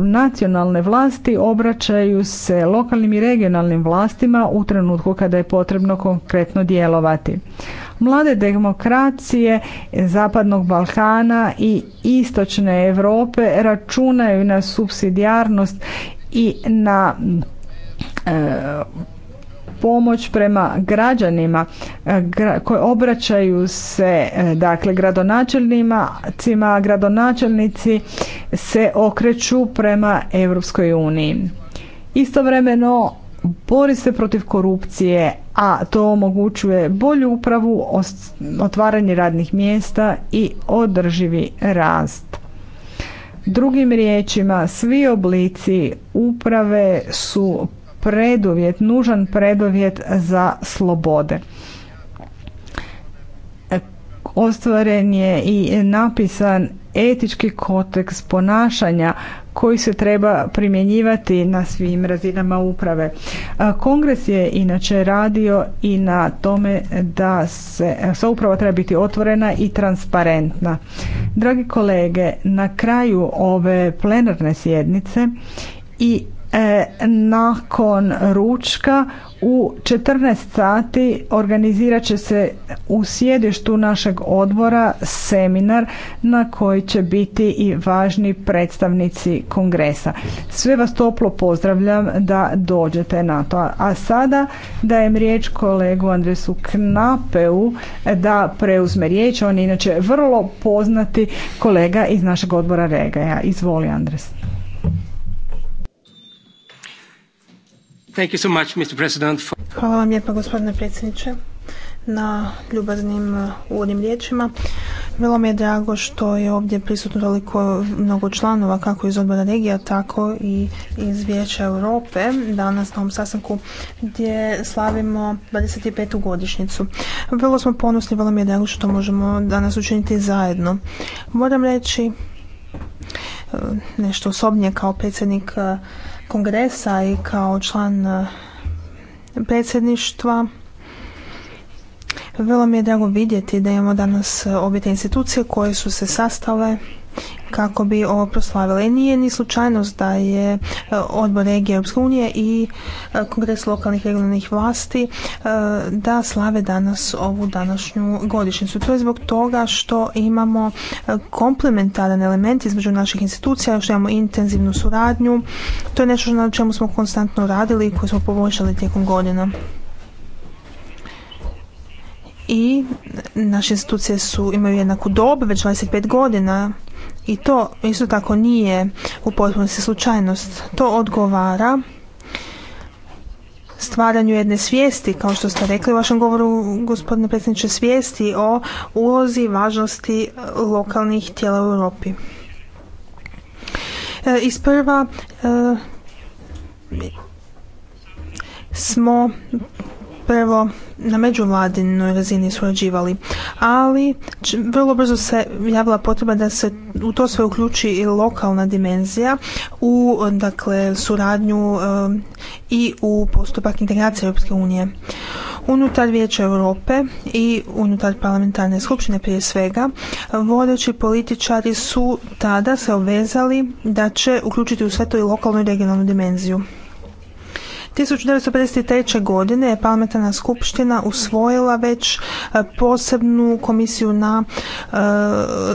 nacionalne vlasti obraćaju se lokalnim i regionalnim vlastima u trenutku kada je potrebno konkretno djelovati. Mlade demokracije Zapadnog Balkana i Istočne Europe računaju na subsidijarnost i na e, pomoć prema građanima e, koji obraćaju se e, dakle gradonačelnicima, gradonačelnici se okreću prema Europskoj uniji. Istovremeno bori se protiv korupcije, a to omogućuje bolju upravu, otvaranje radnih mjesta i održivi rast. Drugim riječima, svi oblici uprave su preduvjet, nužan preduvjet za slobode. E, ostvaren je i napisan etički kodeks ponašanja koji se treba primjenjivati na svim razinama uprave. E, kongres je inače radio i na tome da se sva uprava treba biti otvorena i transparentna. Dragi kolege, na kraju ove plenarne sjednice i E, nakon ručka u 14 sati organizirat će se u sjedištu našeg odbora seminar na koji će biti i važni predstavnici kongresa. Sve vas toplo pozdravljam da dođete na to. A sada dajem riječ kolegu Andresu Knapeu da preuzme riječ. On je inače vrlo poznati kolega iz našeg odbora Regaja. Izvoli Andres. Hvala vam lijepa gospodine predsjedniče na ljubaznim uh, uvodnim riječima. Vrlo mi je drago što je ovdje prisutno toliko mnogo članova kako iz odbora regija, tako i iz Vijeća Europe danas na ovom sastanku gdje slavimo 25. godišnjicu. Vrlo smo ponosni, vrlo mi je drago što možemo danas učiniti zajedno. Moram reći uh, nešto osobnije kao predsjednik uh, kongresa i kao član e, predsjedništva vrlo mi je drago vidjeti da imamo danas e, obje te institucije koje su se sastale kako bi ovo proslavile. Nije ni slučajnost da je e, odbor regije Europske unije i e, kongres lokalnih regionalnih vlasti e, da slave danas ovu današnju godišnjicu. To je zbog toga što imamo komplementaran element između naših institucija, što imamo intenzivnu suradnju. To je nešto na čemu smo konstantno radili i koje smo poboljšali tijekom godina i naše institucije su, imaju jednaku dobu, već 25 godina i to isto tako nije u potpunosti slučajnost. To odgovara stvaranju jedne svijesti, kao što ste rekli u vašem govoru, gospodine predsjedniče, svijesti o ulozi i važnosti lokalnih tijela u Europi. E, isprva e, smo prvo na međuvladinoj razini surađivali, ali vrlo brzo se javila potreba da se u to sve uključi i lokalna dimenzija u dakle suradnju um, i u postupak integracije Europske unije. Unutar Vijeća Europe i unutar parlamentarne skupštine prije svega, vodeći političari su tada se obvezali da će uključiti u sve to i lokalnu i regionalnu dimenziju. 1953. godine je parlamentarna skupština usvojila već e, posebnu komisiju na e,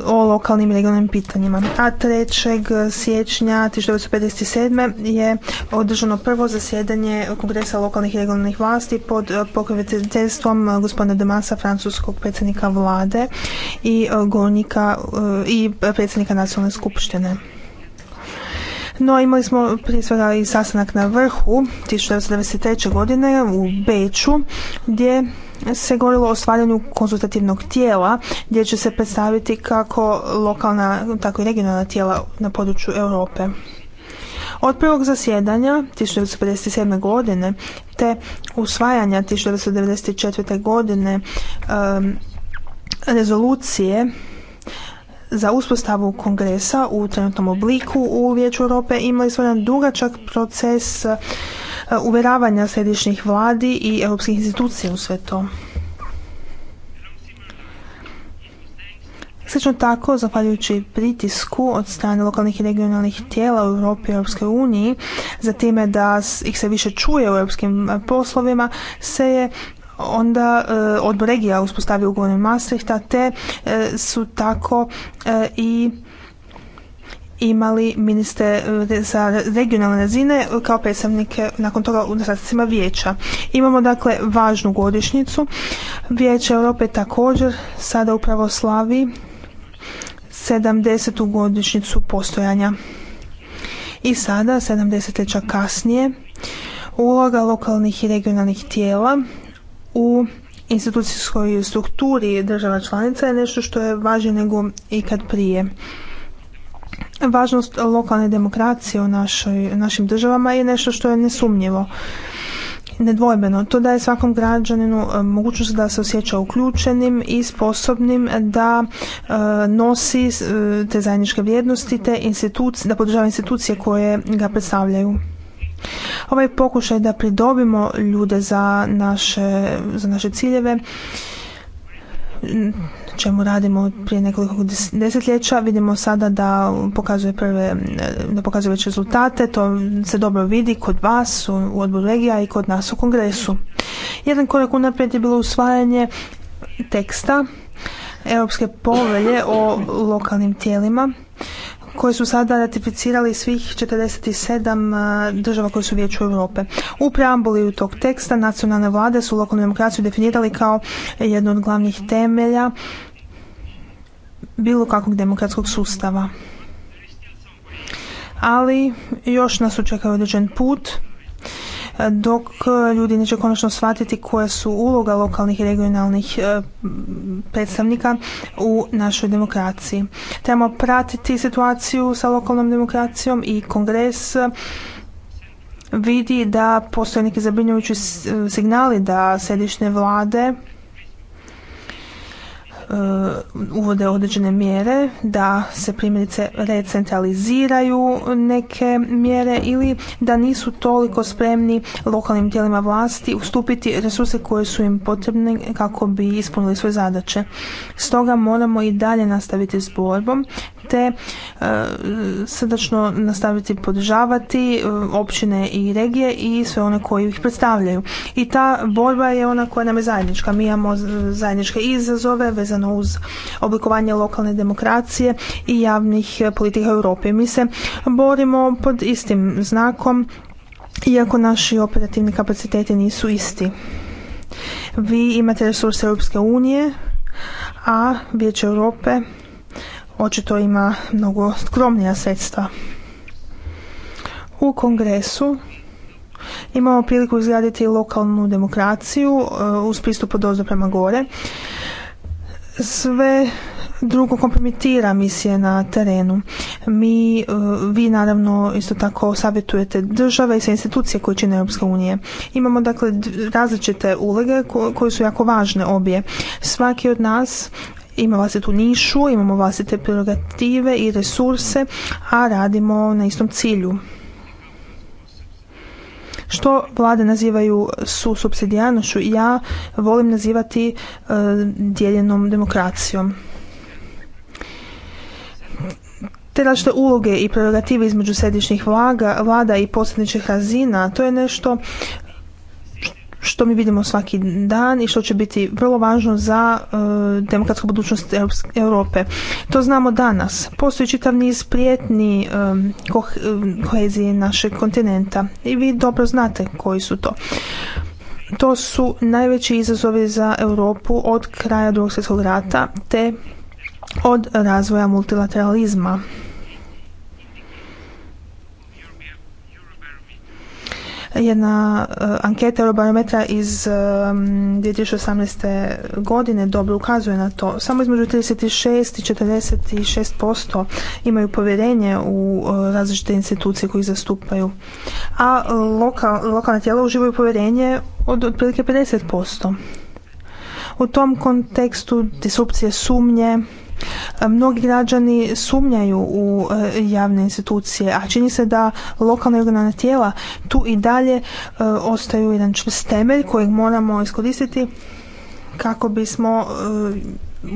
o lokalnim i regionalnim pitanjima. A 3. siječnja 1957. je održano prvo zasjedanje Kongresa lokalnih i regionalnih vlasti pod pokroviteljstvom gospodina Demasa, francuskog predsjednika vlade i e, i predsjednika nacionalne skupštine. No imali smo prije svega i sastanak na vrhu 1993. godine u Beču gdje se govorilo o stvaranju konzultativnog tijela gdje će se predstaviti kako lokalna, tako i regionalna tijela na području Europe. Od prvog zasjedanja 1957. godine te usvajanja 1994. godine rezolucije za uspostavu kongresa u trenutnom obliku u Vijeću Europe imali smo jedan dugačak proces e, uveravanja središnjih vladi i europskih institucija u sve to. Slično tako, zahvaljujući pritisku od strane lokalnih i regionalnih tijela u Europi i Europskoj uniji, za time da ih se više čuje u europskim e, poslovima, se je onda e, odbor regija uspostavio ugovor Maastrichta te e, su tako e, i imali ministre za regionalne razine kao predstavnike nakon toga u sastavcima vijeća. Imamo dakle važnu godišnjicu. Vijeće Europe također sada upravo slavi 70. godišnjicu postojanja. I sada, 70 kasnije, uloga lokalnih i regionalnih tijela u institucijskoj strukturi država članica je nešto što je važnije nego ikad prije. Važnost lokalne demokracije u našoj, našim državama je nešto što je nesumnjivo. Nedvojbeno, to daje svakom građaninu e, mogućnost da se osjeća uključenim i sposobnim da e, nosi e, te zajedničke vrijednosti, te institucije, da podržava institucije koje ga predstavljaju. Ovaj pokušaj da pridobimo ljude za naše, za naše ciljeve čemu radimo prije nekoliko desetljeća. Vidimo sada da pokazuje prve, da pokazuje već rezultate. To se dobro vidi kod vas u odboru regija i kod nas u kongresu. Jedan korak unaprijed je bilo usvajanje teksta Europske povelje o lokalnim tijelima koje su sada ratificirali svih 47 e, država koje su vijeću Europe. U preambuli tog teksta nacionalne vlade su lokalnu demokraciju definirali kao jednu od glavnih temelja bilo kakvog demokratskog sustava. Ali još nas očekuje određen put dok eh, ljudi neće konačno shvatiti koja su uloga lokalnih i regionalnih eh, predstavnika u našoj demokraciji. Trebamo pratiti situaciju sa lokalnom demokracijom i kongres eh, vidi da postoje neki zabrinjujući signali da središnje vlade E, uvode određene mjere, da se primjerice recentraliziraju neke mjere ili da nisu toliko spremni lokalnim tijelima vlasti ustupiti resurse koje su im potrebne kako bi ispunili svoje zadaće. Stoga moramo i dalje nastaviti s borbom te e, srdačno nastaviti podržavati e, općine i regije i sve one koji ih predstavljaju. I ta borba je ona koja nam je zajednička. Mi imamo zajedničke izazove vezano uz oblikovanje lokalne demokracije i javnih e, politika Europi. Mi se borimo pod istim znakom iako naši operativni kapaciteti nisu isti. Vi imate resurse Europske unije, a Vijeće Europe očito ima mnogo skromnija sredstva. U kongresu imamo priliku izgraditi lokalnu demokraciju e, uz pristup od ozdo prema gore. Sve drugo kompromitira misije na terenu. Mi, e, vi naravno isto tako savjetujete države i sve institucije koje čine Europske unije. Imamo dakle različite uloge koje su jako važne obje. Svaki od nas ima vlastitu nišu, imamo vlastite prerogative i resurse, a radimo na istom cilju. Što vlade nazivaju su ja volim nazivati e, dijeljenom demokracijom. Te različite uloge i prerogative između središnjih vlada i posljedničih razina, to je nešto što mi vidimo svaki dan i što će biti vrlo važno za e, demokratsku budućnost Europe. To znamo danas. Postoji čitav niz prijetni e, e, kohezije našeg kontinenta i vi dobro znate koji su to. To su najveći izazovi za Europu od kraja drugog svjetskog rata te od razvoja multilateralizma. jedna eh, anketa Eurobarometra iz 2018. Eh, godine dobro ukazuje na to. Samo između 36 i 46% imaju povjerenje u eh, različite institucije koji zastupaju. A lokalna tijela uživaju povjerenje od otprilike 50%. U tom kontekstu disrupcije sumnje, E, mnogi građani sumnjaju u e, javne institucije, a čini se da lokalna i regionalna tijela tu i dalje e, ostaju jedan čvrst temelj kojeg moramo iskoristiti kako bismo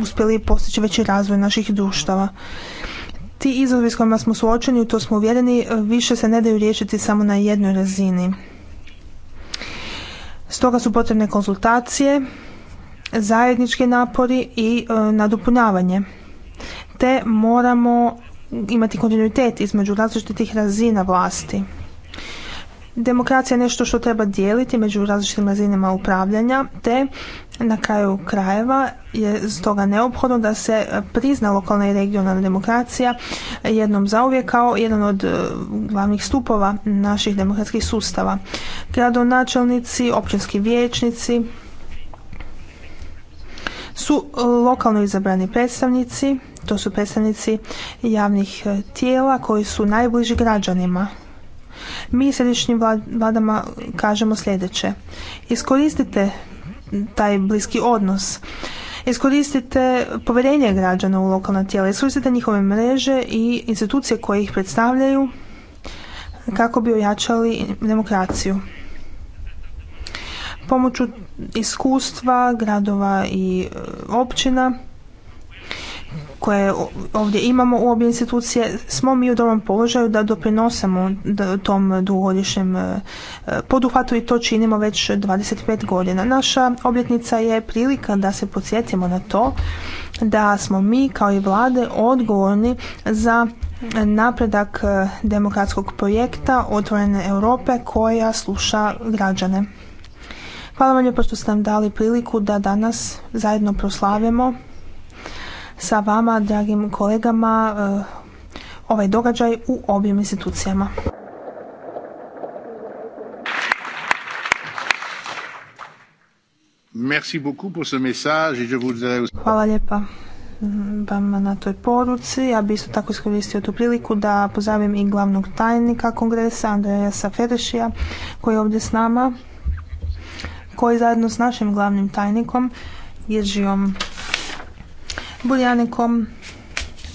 uspjeli postići veći razvoj naših društava. Ti izazovi s kojima smo suočeni, u to smo uvjereni, više se ne daju riješiti samo na jednoj razini. Stoga su potrebne konzultacije zajednički napori i e, nadopunjavanje. Te moramo imati kontinuitet između različitih razina vlasti. Demokracija je nešto što treba dijeliti među različitim razinama upravljanja, te na kraju krajeva je stoga neophodno da se prizna lokalna i regionalna demokracija jednom zauvijek kao jedan od e, glavnih stupova naših demokratskih sustava. Gradonačelnici, općinski vijećnici, su e, lokalno izabrani predstavnici, to su predstavnici javnih e, tijela koji su najbliži građanima. Mi središnjim vladama kažemo sljedeće. Iskoristite taj bliski odnos. Iskoristite povjerenje građana u lokalna tijela, iskoristite njihove mreže i institucije koje ih predstavljaju kako bi ojačali demokraciju pomoću iskustva gradova i e, općina koje ovdje imamo u obje institucije, smo mi u dobrom položaju da doprinosemo tom dugogodišnjem e, poduhvatu i to činimo već 25 godina. Naša obljetnica je prilika da se podsjetimo na to da smo mi kao i vlade odgovorni za napredak e, demokratskog projekta Otvorene Europe koja sluša građane. Hvala vam lijepo što ste nam dali priliku da danas zajedno proslavimo sa vama, dragim kolegama, eh, ovaj događaj u obim institucijama. Merci beaucoup pour ce message et je Hvala lijepa mm, vama na toj poruci. Ja bi isto tako iskoristio tu priliku da pozdravim i glavnog tajnika kongresa Andreja Saferešija koji je ovdje s nama koji zajedno s našim glavnim tajnikom Ježijom Buljanikom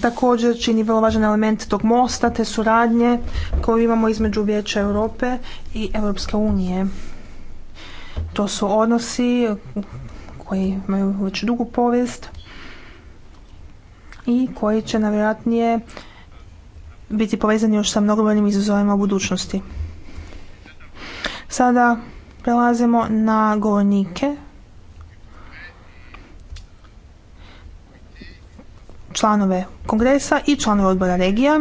također čini vrlo važan element tog mosta te suradnje koju imamo između Vijeća Europe i Europske unije. To su odnosi koji imaju već dugu povijest i koji će najvjerojatnije biti povezani još sa mnogobrojnim izazovima u budućnosti. Sada Prelazimo na govornike. Članove kongresa i članove odbora regija.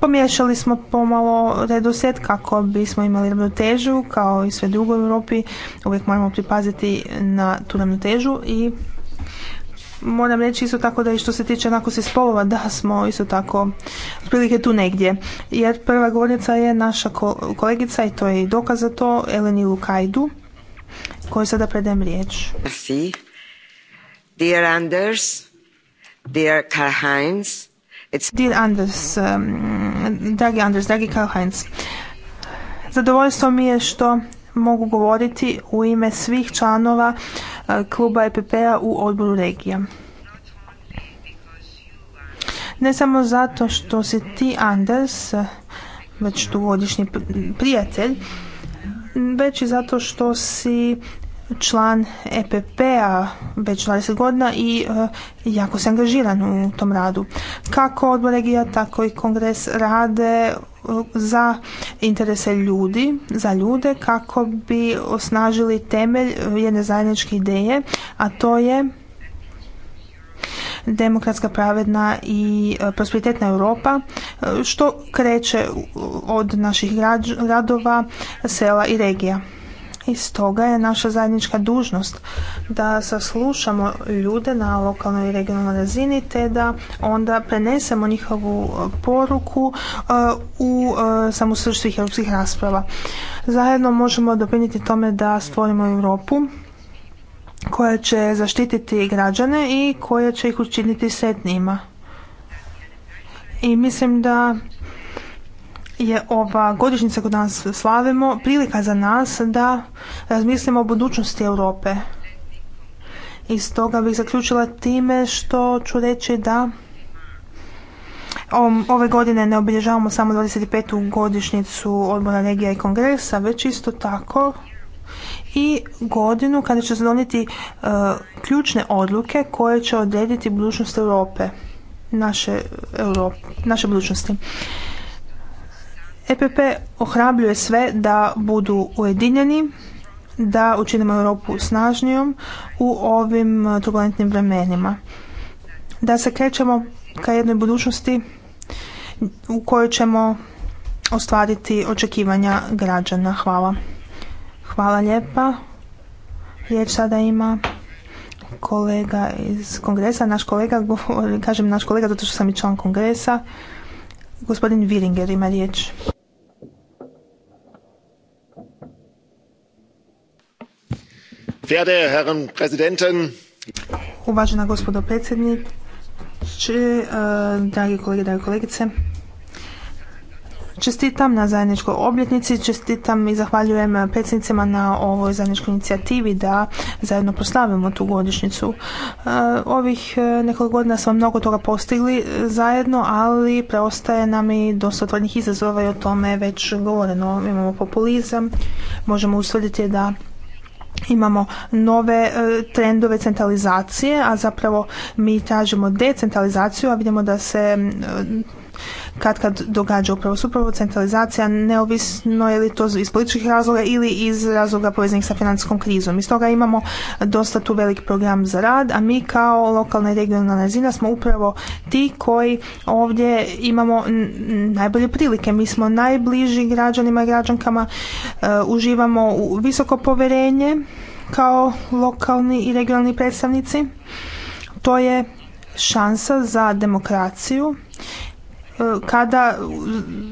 Pomiješali smo pomalo redoset kako bismo imali ravnotežu, kao i sve drugo u Europi. Uvijek moramo pripaziti na tu ravnotežu i moram reći isto tako da i što se tiče se spolova, da smo isto tako otprilike tu negdje. Jer prva govornica je naša kolegica i to je i dokaz za to, Eleni Lukajdu, kojoj sada predajem riječ. Merci. Dear Anders, dear Karl Heinz, Dear Anders, um, dragi Anders, dragi Karl Heinz, zadovoljstvo mi je što mogu govoriti u ime svih članova kluba EPP-a u odboru regija. Ne samo zato što si ti, Anders, već tu godišnji prijatelj, već i zato što si član EPP-a već 20 godina i e, jako se angažiran u tom radu. Kako odbor regija, tako i kongres rade e, za interese ljudi, za ljude, kako bi osnažili temelj jedne zajedničke ideje, a to je demokratska, pravedna i e, prosperitetna Europa, što kreće od naših gradova, sela i regija. I stoga je naša zajednička dužnost da saslušamo ljude na lokalnoj i regionalnoj razini te da onda prenesemo njihovu e, poruku e, u e, samu svih europskih rasprava. Zajedno možemo doprinijeti tome da stvorimo Europu koja će zaštititi građane i koja će ih učiniti sretnijima. I mislim da je ova godišnjica koju danas slavimo prilika za nas da razmislimo o budućnosti Europe. I stoga bih zaključila time što ću reći da ove godine ne obilježavamo samo 25. godišnjicu odbora regija i kongresa, već isto tako i godinu kada će se donijeti e, ključne odluke koje će odrediti budućnost Europe, naše, Europe, naše budućnosti. EPP ohrabljuje sve da budu ujedinjeni, da učinimo Europu snažnijom u ovim eh, turbulentnim vremenima. Da se krećemo ka jednoj budućnosti u kojoj ćemo ostvariti očekivanja građana. Hvala. Hvala lijepa. Riječ sada ima kolega iz kongresa, naš kolega, kažem naš kolega zato što sam i član kongresa, gospodin Viringer ima riječ. Uvažena gospodo predsjedniče, e, dragi kolege, dragi kolegice, čestitam na zajedničkoj obljetnici, čestitam i zahvaljujem predsjednicima na ovoj zajedničkoj inicijativi da zajedno proslavimo tu godišnjicu. E, ovih e, nekoliko godina smo mnogo toga postigli zajedno, ali preostaje nam i dosta otvornih izazova i o tome već govoreno. Imamo populizam, možemo ustvrditi da imamo nove e, trendove centralizacije, a zapravo mi tražimo decentralizaciju, a vidimo da se kad kad događa upravo supravo centralizacija, neovisno je li to iz političkih razloga ili iz razloga povezanih sa financijskom krizom. Iz toga imamo dosta tu velik program za rad, a mi kao lokalna i regionalna razina smo upravo ti koji ovdje imamo najbolje prilike. Mi smo najbliži građanima i građankama, e, uživamo u visoko povjerenje kao lokalni i regionalni predstavnici. To je šansa za demokraciju E, kada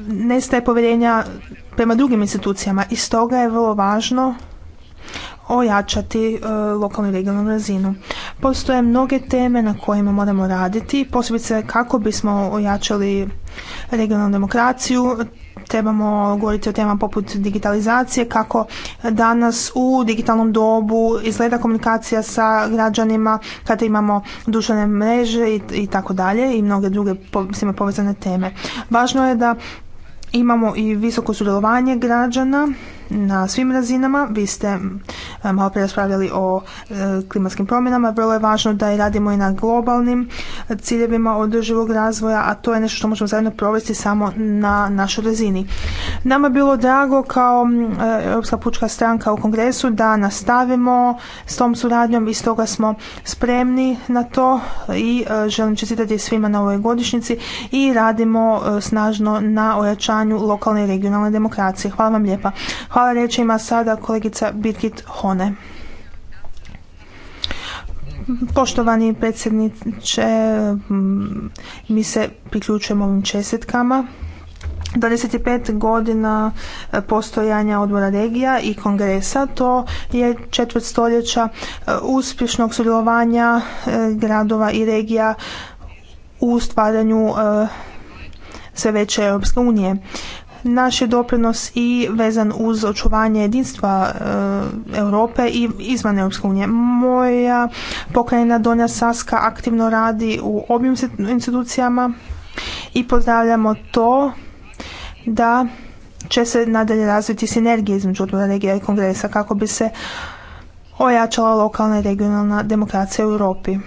nestaje povjerenja prema drugim institucijama i stoga je vrlo važno ojačati e, lokalnu i regionalnu razinu. Postoje mnoge teme na kojima moramo raditi, posebice kako bismo ojačali regionalnu demokraciju, trebamo govoriti o temama poput digitalizacije, kako danas u digitalnom dobu izgleda komunikacija sa građanima, kada imamo dušane mreže i tako dalje i mnoge druge s povezane teme. Važno je da imamo i visoko sudjelovanje građana na svim razinama. Vi ste malo prije raspravljali o e, klimatskim promjenama. Vrlo je važno da i radimo i na globalnim e, ciljevima održivog razvoja, a to je nešto što možemo zajedno provesti samo na našoj razini. Nama je bilo drago kao e, Europska pučka stranka u kongresu da nastavimo s tom suradnjom i stoga smo spremni na to i želim čestitati svima na ovoj godišnjici i radimo snažno na ojačanju lokalne i regionalne demokracije. Hvala vam lijepa. Hvala ima sada kolegica Birgit Hone. Poštovani predsjedniče, mm, mi se priključujemo ovim čestitkama. 25 godina e, postojanja odbora regija i kongresa, to je četvrt stoljeća e, uspješnog sudjelovanja e, gradova i regija u stvaranju sve veće Europske unije naš je doprinos i vezan uz očuvanje jedinstva e, Europe i izvan Europske unije. Moja pokrajina Donja Saska aktivno radi u obim institucijama i pozdravljamo to da će se nadalje razviti sinergija između odbora regija i kongresa kako bi se ojačala lokalna i regionalna demokracija u Europi.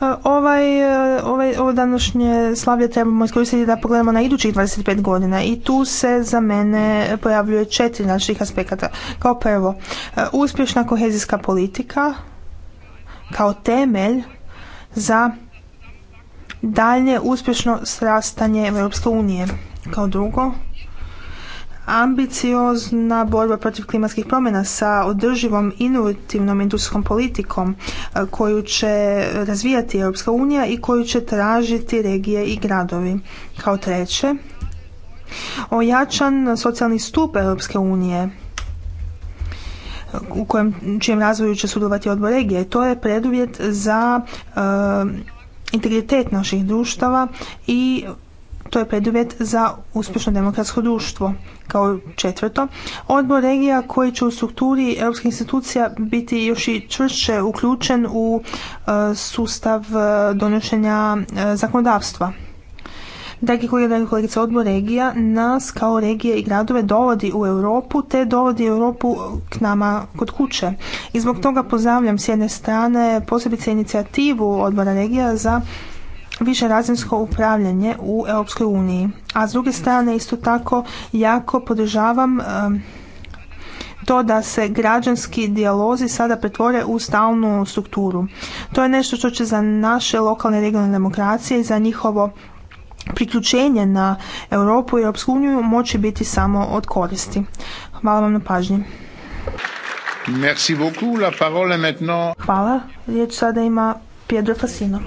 Ovaj, e, ovaj, ovo današnje slavlje trebamo iskoristiti da pogledamo na idućih 25 godina i tu se za mene pojavljuje četiri naših aspekata. Kao prvo, e, uspješna kohezijska politika kao temelj za dalje uspješno srastanje Europske unije. Kao drugo, ambiciozna borba protiv klimatskih promjena sa održivom inovativnom industrijskom politikom e, koju će razvijati Europska unija i koju će tražiti regije i gradovi. Kao treće, ojačan socijalni stup Europske unije u kojem, čijem razvoju će sudjelovati odbor regije. To je preduvjet za e, integritet naših društava i to je preduvjet za uspješno demokratsko društvo. Kao četvrto, odbor regija koji će u strukturi europskih institucija biti još i čvršće uključen u e, sustav e, donošenja e, zakonodavstva. Dragi kolega, dragi kolegice, odbor regija nas kao regije i gradove dovodi u Europu, te dovodi Europu k nama kod kuće. I zbog toga pozdravljam s jedne strane posebice inicijativu odbora regija za višerazinsko upravljanje u Europskoj uniji. A s druge strane isto tako jako podržavam to da se građanski dijalozi sada pretvore u stalnu strukturu. To je nešto što će za naše lokalne i regionalne demokracije i za njihovo priključenje na Europu i Europsku uniju moći biti samo od koristi. Hvala vam na pažnji. Hvala. Riječ sada ima Pedro Fasino.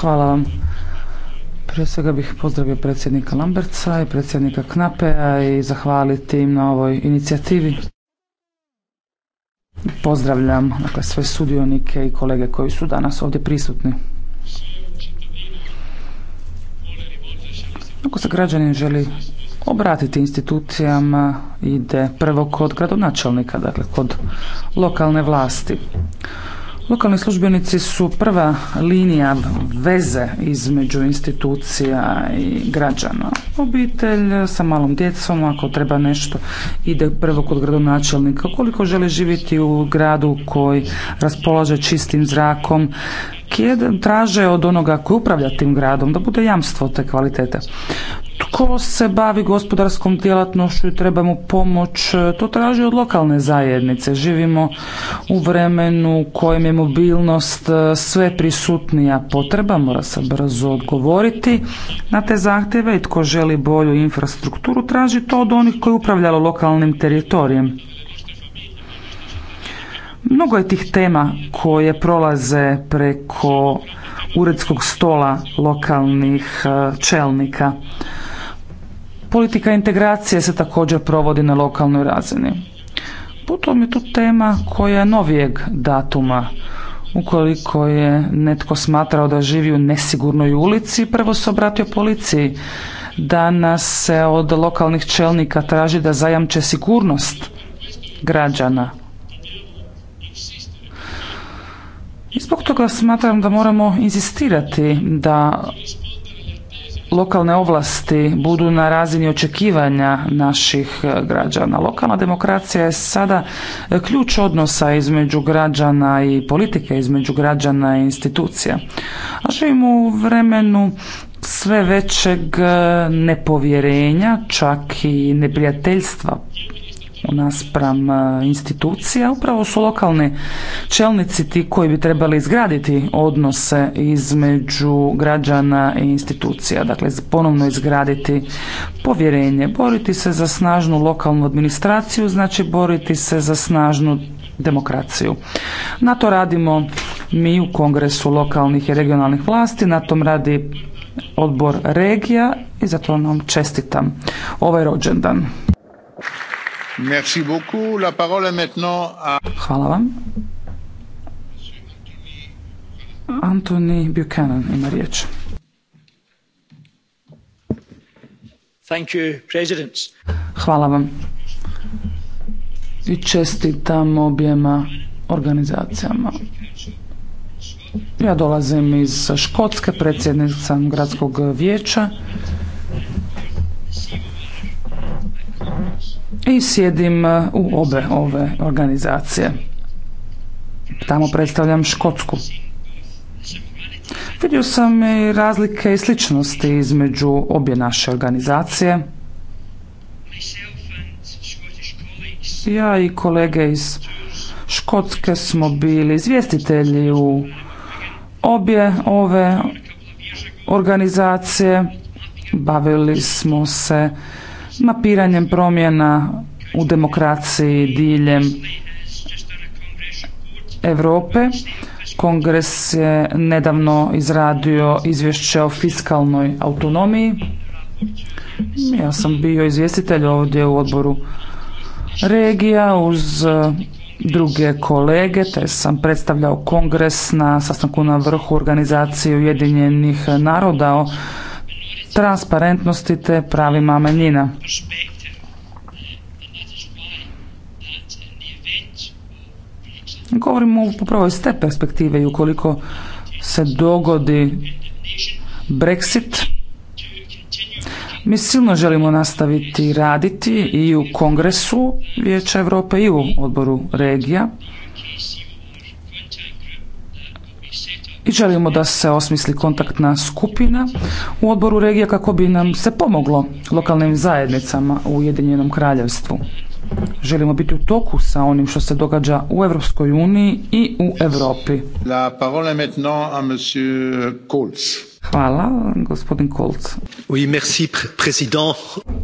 Hvala vam. Prije svega bih pozdravio predsjednika Lamberca i predsjednika Knapea i zahvaliti im na ovoj inicijativi. Pozdravljam dakle, sve sudionike i kolege koji su danas ovdje prisutni. Ako se građanin želi obratiti institucijama, ide prvo kod gradonačelnika, dakle kod lokalne vlasti. Lokalni službenici su prva linija veze između institucija i građana. Obitelj sa malom djecom, ako treba nešto, ide prvo kod gradonačelnika. Koliko žele živjeti u gradu koji raspolaže čistim zrakom, traže od onoga koji upravlja tim gradom da bude jamstvo te kvalitete tko se bavi gospodarskom djelatnošću i treba mu pomoć, e, to traži od lokalne zajednice. Živimo u vremenu u kojem je mobilnost e, sve prisutnija potreba, mora se brzo odgovoriti na te zahtjeve i tko želi bolju infrastrukturu traži to od onih koji upravljalo lokalnim teritorijem. Mnogo je tih tema koje prolaze preko uredskog stola lokalnih e, čelnika. Politika integracije se također provodi na lokalnoj razini. Potom je tu tema koja je novijeg datuma. Ukoliko je netko smatrao da živi u nesigurnoj ulici, prvo se obratio policiji. Danas se od lokalnih čelnika traži da zajamče sigurnost građana. I zbog toga smatram da moramo insistirati da lokalne ovlasti budu na razini očekivanja naših e, građana. Lokalna demokracija je sada e, ključ odnosa između građana i politike, između građana i institucija. A živimo u vremenu sve većeg e, nepovjerenja, čak i neprijateljstva naspram e, institucija, upravo su lokalni čelnici ti koji bi trebali izgraditi odnose između građana i institucija, dakle ponovno izgraditi povjerenje, boriti se za snažnu lokalnu administraciju, znači boriti se za snažnu demokraciju. Na to radimo mi u Kongresu lokalnih i regionalnih vlasti, na tom radi odbor regija i zato nam čestitam ovaj rođendan. Hvala vam. Anthony Buchanan ima riječ. Hvala vam. I čestitam objema organizacijama. Ja dolazim iz Škotske, predsjednica gradskog vijeća i sjedim e, u obe ove organizacije. Tamo predstavljam Škotsku. Vidio sam i razlike i sličnosti između obje naše organizacije. Ja i kolege iz Škotske smo bili izvjestitelji u obje ove organizacije. Bavili smo se mapiranjem promjena u demokraciji diljem Europe. Kongres je nedavno izradio izvješće o fiskalnoj autonomiji. Ja sam bio izvjestitelj ovdje u odboru regija uz e, druge kolege, te sam predstavljao kongres na sastanku na vrhu organizacije Ujedinjenih naroda o transparentnosti te pravima manjina. Govorimo upravo iz te perspektive i ukoliko se dogodi Brexit, mi silno želimo nastaviti raditi i u Kongresu Vijeća Europe i u odboru regija i želimo da se osmisli kontaktna skupina u odboru regija kako bi nam se pomoglo lokalnim zajednicama u Ujedinjenom kraljevstvu. Želimo biti u toku sa onim što se događa u Europskoj uniji i u Europi. La parole maintenant à monsieur Hvala, gospodin Kolc.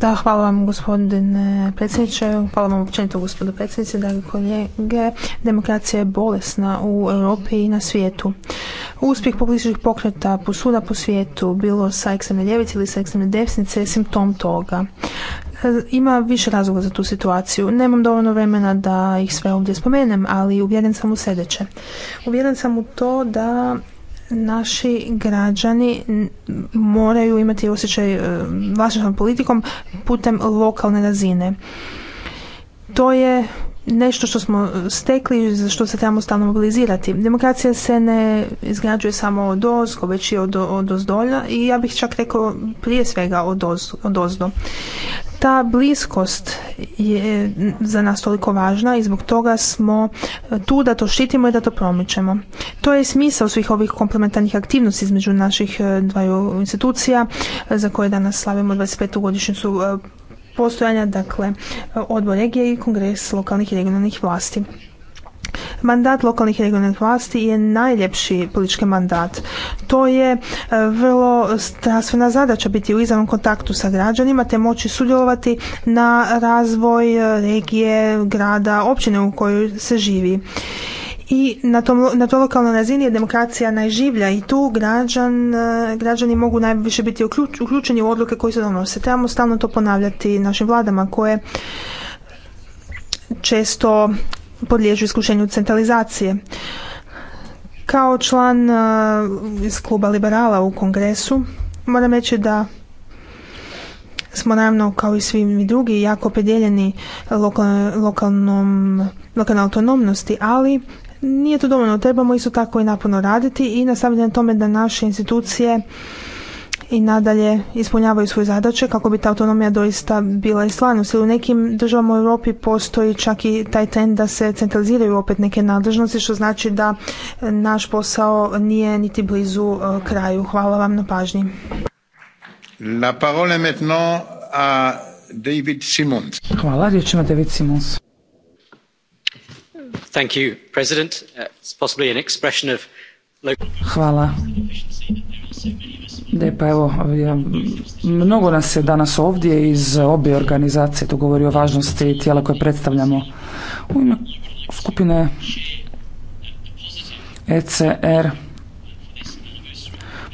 Da, hvala vam, gospodine predsjedniče. Hvala vam općenito, gospodine predsjednice, dragi kolege. Demokracija je bolesna u Europi i na svijetu. Uspjeh populističkih pokreta posuda po svijetu, bilo sa ekstremne ljevice ili sa ekstremne desnice, je simptom toga e, ima više razloga za tu situaciju. Nemam dovoljno vremena da ih sve ovdje spomenem, ali uvjeren sam u sljedeće. Uvjeren sam u to da naši građani moraju imati osjećaj e, vašom politikom putem lokalne razine. To je nešto što smo stekli, za što se trebamo stalno mobilizirati. Demokracija se ne izgrađuje samo od ozgo, već i od, od ozdolja i ja bih čak rekao prije svega od, oz, Ta bliskost je za nas toliko važna i zbog toga smo tu da to štitimo i da to promičemo. To je smisao svih ovih komplementarnih aktivnosti između naših e, dvaju institucija za koje danas slavimo 25. godišnjicu e, postojanja, dakle odbor regije i kongres lokalnih i regionalnih vlasti. Mandat lokalnih i regionalnih vlasti je najljepši politički mandat. To je e, vrlo strastvena zadaća biti u izravnom kontaktu sa građanima te moći sudjelovati na razvoj e, regije, grada, općine u kojoj se živi i na, na to lokalnoj razini je demokracija najživlja i tu građan, e, građani mogu najviše biti uključeni u odluke koje se donose. Trebamo stalno to ponavljati našim vladama koje često podliježu iskušenju centralizacije. Kao član e, iz kluba liberala u kongresu moram reći da smo naravno kao i svi mi drugi jako opredjeljeni lokal, lokalnom, lokalnoj autonomnosti, ali nije to dovoljno. Trebamo isto tako i napuno raditi i nastaviti na tome da naše institucije i nadalje ispunjavaju svoje zadaće kako bi ta autonomija doista bila i stvarnost. U nekim državama u Europi postoji čak i taj trend da se centraliziraju opet neke nadležnosti što znači da naš posao nije niti blizu e, kraju. Hvala vam na pažnji. La parole maintenant à David Hvala, riječ David Simons. Uh, Hvala. Lijepa, evo, mnogo nas je danas ovdje iz obje organizacije, to govori o važnosti tijela koje predstavljamo. U ime skupine ECR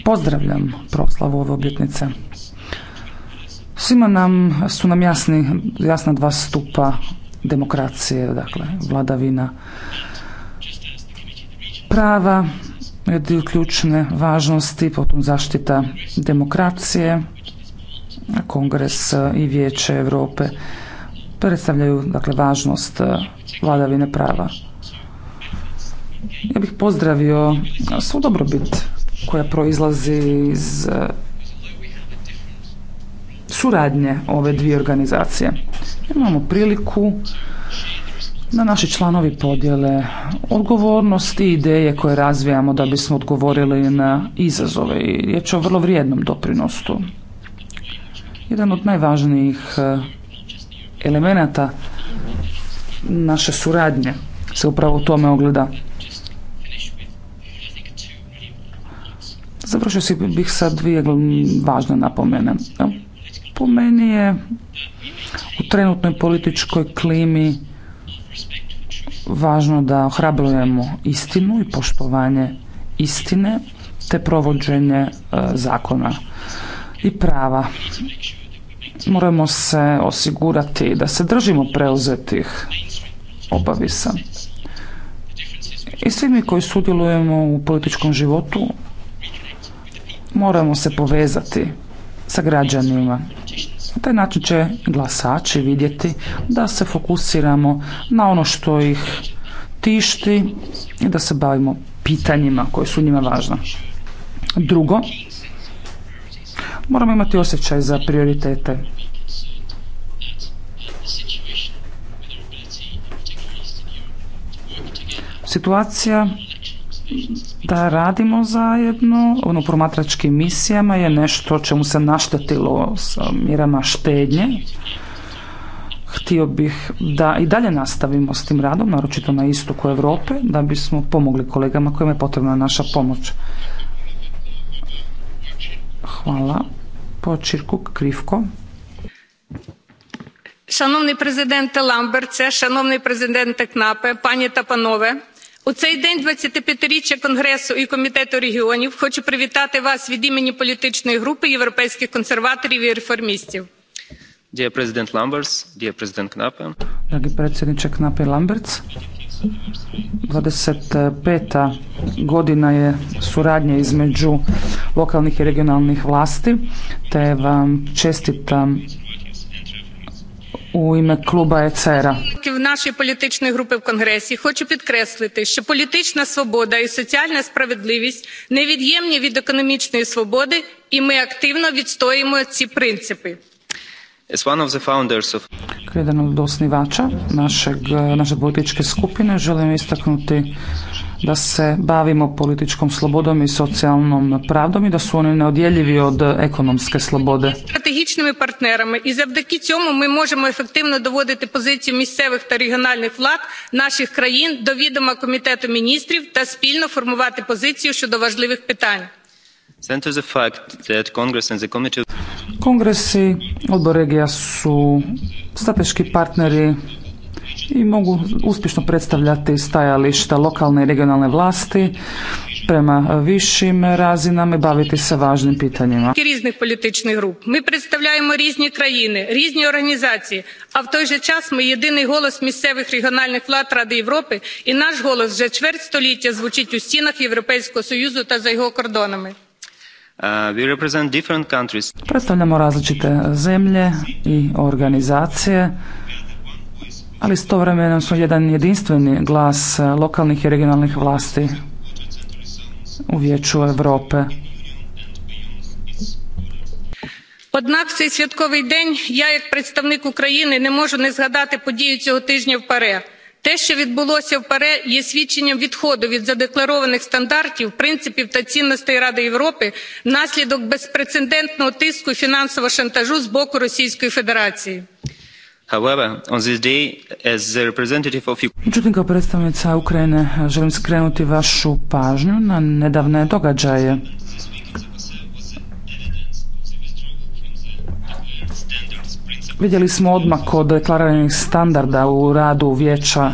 pozdravljam proslavu ove obljetnice. Svima nam su nam jasni, jasna dva stupa demokracije, dakle vladavina prava je dio ključne važnosti, potom zaštita demokracije, Kongres i Vijeće Europe predstavljaju dakle važnost eh, vladavine prava. Ja bih pozdravio svu dobrobit koja proizlazi iz eh, suradnje ove dvije organizacije. Imamo priliku da naši članovi podjele odgovornosti i ideje koje razvijamo da bismo odgovorili na izazove i riječ o vrlo vrijednom doprinostu. Jedan od najvažnijih e, elemenata naše suradnje se upravo u tome ogleda. Završio si bih sa dvije važne napomene. Po meni je u trenutnoj političkoj klimi važno da ohrabrujemo istinu i poštovanje istine te provođenje e, zakona i prava. Moramo se osigurati da se držimo preuzetih obavisa. I svi mi koji sudjelujemo u političkom životu moramo se povezati sa građanima na taj način će glasači vidjeti da se fokusiramo na ono što ih tišti i da se bavimo pitanjima koje su njima važna. Drugo, moramo imati osjećaj za prioritete. Situacija da radimo zajedno ono, u promatračkim misijama je nešto čemu se naštetilo sa um, mirama štednje. Htio bih da i dalje nastavimo s tim radom, naročito na istoku Europe, da bismo pomogli kolegama kojima je potrebna naša pomoć. Hvala. Počirku, Čirku Krivko. Šanovni prezidente Lamberce, šanovni prezidente Knape, panje Tapanove, у цей день двадцяти п'ятиріччя конгресу і комітету регіонів хочу привітати вас від імені політичної групи європейських консерваторів і реформістів Dear President Lambers, dear President Knappe. Dragi predsjedniče Knappe i Lamberts, 25. godina je suradnje između lokalnih i regionalnih vlasti, te vam čestitam u ime kluba ECR-a. U našoj političnoj grupi u kongresi hoću podkresliti što politična sloboda i socijalna spravedljivost nevidjemni od ekonomične slobode i mi aktivno odstojimo ci principi. Kao jedan od osnivača naše političke skupine želim istaknuti da se bavimo političkom slobodom i socijalnom pravdom i da su one neodjeljivi od ekonomske slobode. Strategičnimi partnerami i zavdaki cjomu mi možemo efektivno dovoditi poziciju mjesevih i regionalnih vlad naših krajin do vidoma komitetu ministriv ta spilno formovati poziciju što do važljivih pitanja. Kongres i odbor regija su strateški partneri i mogu uspješno predstavljati stajališta lokalne i regionalne vlasti prema višim razinama i baviti se važnim pitanjima. Riznih političnih grup. Mi predstavljamo rizne krajine, rizne organizacije, a v toj že čas smo jedini golos mjesevih regionalnih vlad Rade Evrope i naš golos že čvrt stoljeća zvučiti u stinah Evropejskog sojuzu ta za jeho kordonami. Uh, predstavljamo različite zemlje i organizacije ali istovremeno su jedan jedinstveni glas lokalnih i regionalnih vlasti u Vijeću Europe. Однак в цей святковий день я, як представник України, не можу не згадати подію цього тижня в ПАРЕ. Те, що відбулося в ПАРЕ, є свідченням відходу від задекларованих стандартів, принципів та цінностей Ради Європи внаслідок безпрецедентного тиску фінансового шантажу з боку Російської Федерації. However, Međutim, kao predstavnica Ukrajine želim skrenuti vašu pažnju na nedavne događaje. Vidjeli smo odmak od deklariranih standarda u radu Vijeća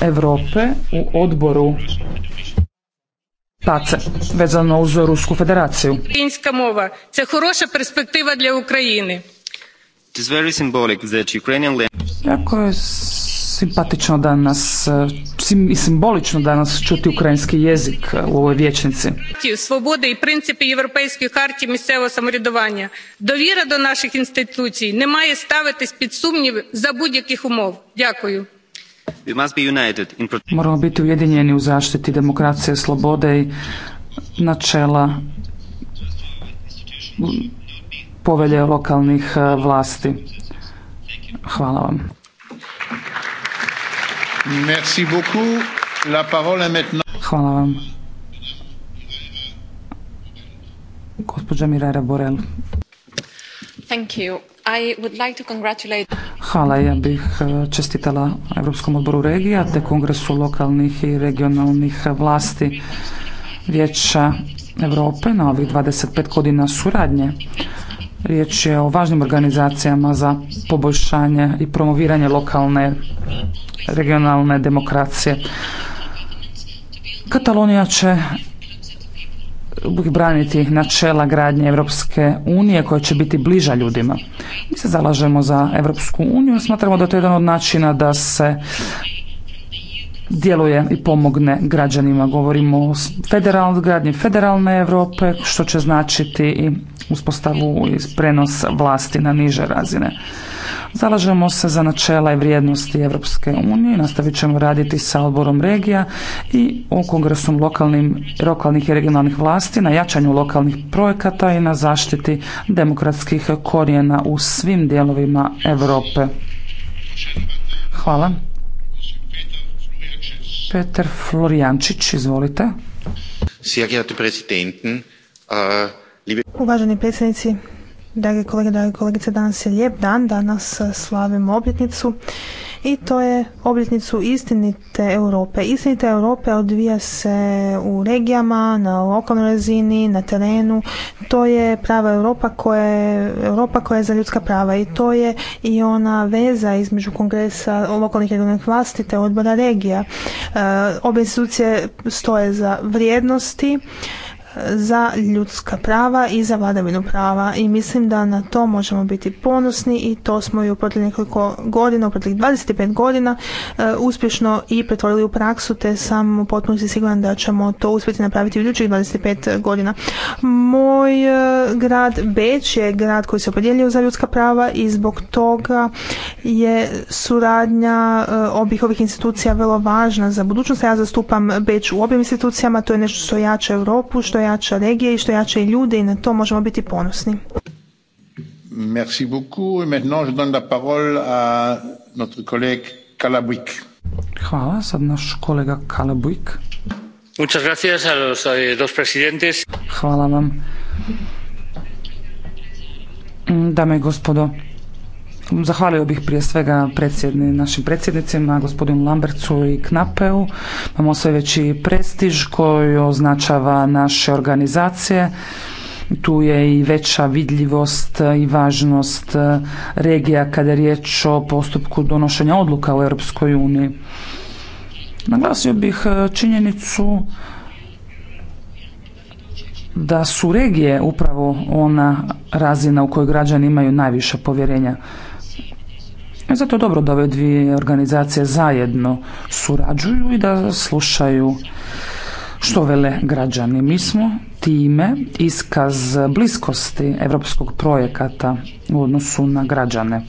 Europe u odboru PACE vezano uz Rusku federaciju. Українська мова – je хороша perspektiva za Ukrajinu. Jako je simpatično danas i simbolično danas čuti ukrajinski jezik u ovoj vječnici. Svobode i principi evropejske karti місцевого самоврядування. dovira do naših instituciji nemaje staviti ставитись під za за umov. Дякую. Moramo biti ujedinjeni u zaštiti demokracije, slobode i načela povelje lokalnih e, vlasti. Hvala vam. Merci beaucoup. La parole est maintenant... Hvala vam. Gospođa Mirara Borel. Thank you. I would like to congratulate... Hvala, ja bih e, čestitala Evropskom odboru regija te Kongresu lokalnih i regionalnih vlasti Vijeća Europe na ovih 25 godina suradnje. Riječ je o važnim organizacijama za poboljšanje i promoviranje lokalne regionalne demokracije. Katalonija će braniti načela gradnje Europske unije koja će biti bliža ljudima. Mi se zalažemo za Europsku uniju i smatramo da to je jedan od načina da se djeluje i pomogne građanima. Govorimo o federal, gradnji federalne Europe, što će značiti i uspostavu i prenos vlasti na niže razine. Zalažemo se za načela i vrijednosti Europske unije, nastavit ćemo raditi sa odborom regija i u kongresom lokalnim, lokalnih i regionalnih vlasti na jačanju lokalnih projekata i na zaštiti demokratskih korijena u svim dijelovima Europe. Hvala. Peter Florijančić, izvolite. Sehr geehrte uh... Uvaženi predsjednici, drage kolege, drage kolegice, danas je lijep dan, danas eh, slavimo obljetnicu i to je obljetnicu istinite Europe. Istinite Europe odvija se u regijama, na lokalnoj razini, na terenu. To je prava Europa koja je, Europa koja je za ljudska prava i to je i ona veza između kongresa lokalnih regionalnih vlasti te odbora regija. E, institucije stoje za vrijednosti za ljudska prava i za vladavinu prava i mislim da na to možemo biti ponosni i to smo i u proteklih nekoliko godina, u proteklih 25 godina eh, uspješno i pretvorili u praksu te sam u potpunosti siguran da ćemo to uspjeti napraviti u idućih 25 godina. Moj eh, grad Beč je grad koji se opredjelio za ljudska prava i zbog toga je suradnja eh, obih ovih institucija vrlo važna za budućnost. Ja zastupam Beč u obim institucijama, to je nešto što jače Europu, što što jača regije i što jače ljude i na to možemo biti ponosni. Merci beaucoup. Et maintenant je donne la parole à notre collègue Kalabujk. Hvala, sad naš kolega Kalabujk. Muchas gracias a los eh, dos presidentes. Hvala vam. Mm, dame i gospodo, Zahvalio bih prije svega predsjedni, našim predsjednicima, gospodinu Lambercu i Knapeu. Imamo sve veći prestiž koji označava naše organizacije. Tu je i veća vidljivost i važnost regija kada je riječ o postupku donošenja odluka u Europskoj uniji. Naglasio bih e, činjenicu da su regije upravo ona razina u kojoj građani imaju najviše povjerenja. E, zato je dobro da ove dvije organizacije zajedno surađuju i da slušaju što vele građani. Mi smo time iskaz bliskosti europskog projekata u odnosu na građane.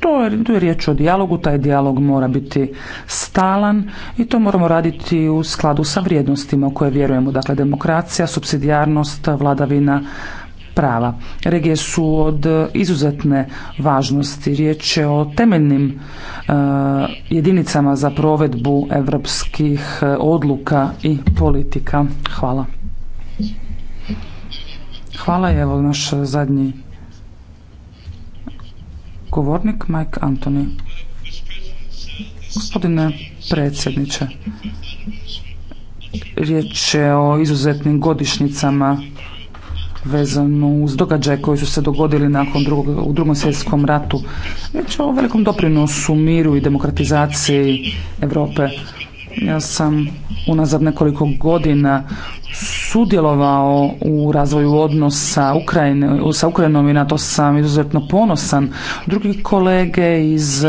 To je, riječ o dijalogu, taj dijalog mora biti stalan i to moramo raditi u skladu sa vrijednostima u koje vjerujemo, dakle demokracija, subsidijarnost, vladavina prava. Regije su od e, izuzetne važnosti. Riječ je o temeljnim e, jedinicama za provedbu europskih e, odluka i politika. Hvala. Hvala, evo naš zadnji govornik, Mike Antoni. Gospodine predsjedniče, riječ je o izuzetnim godišnjicama vezano uz događaje koji su se dogodili nakon drugog, u drugom svjetskom ratu. Već o velikom doprinosu miru i demokratizaciji Europe. Ja sam unazad nekoliko godina sudjelovao u razvoju odnosa Ukrajine, sa Ukrajinom i na to sam izuzetno ponosan. Drugi kolege iz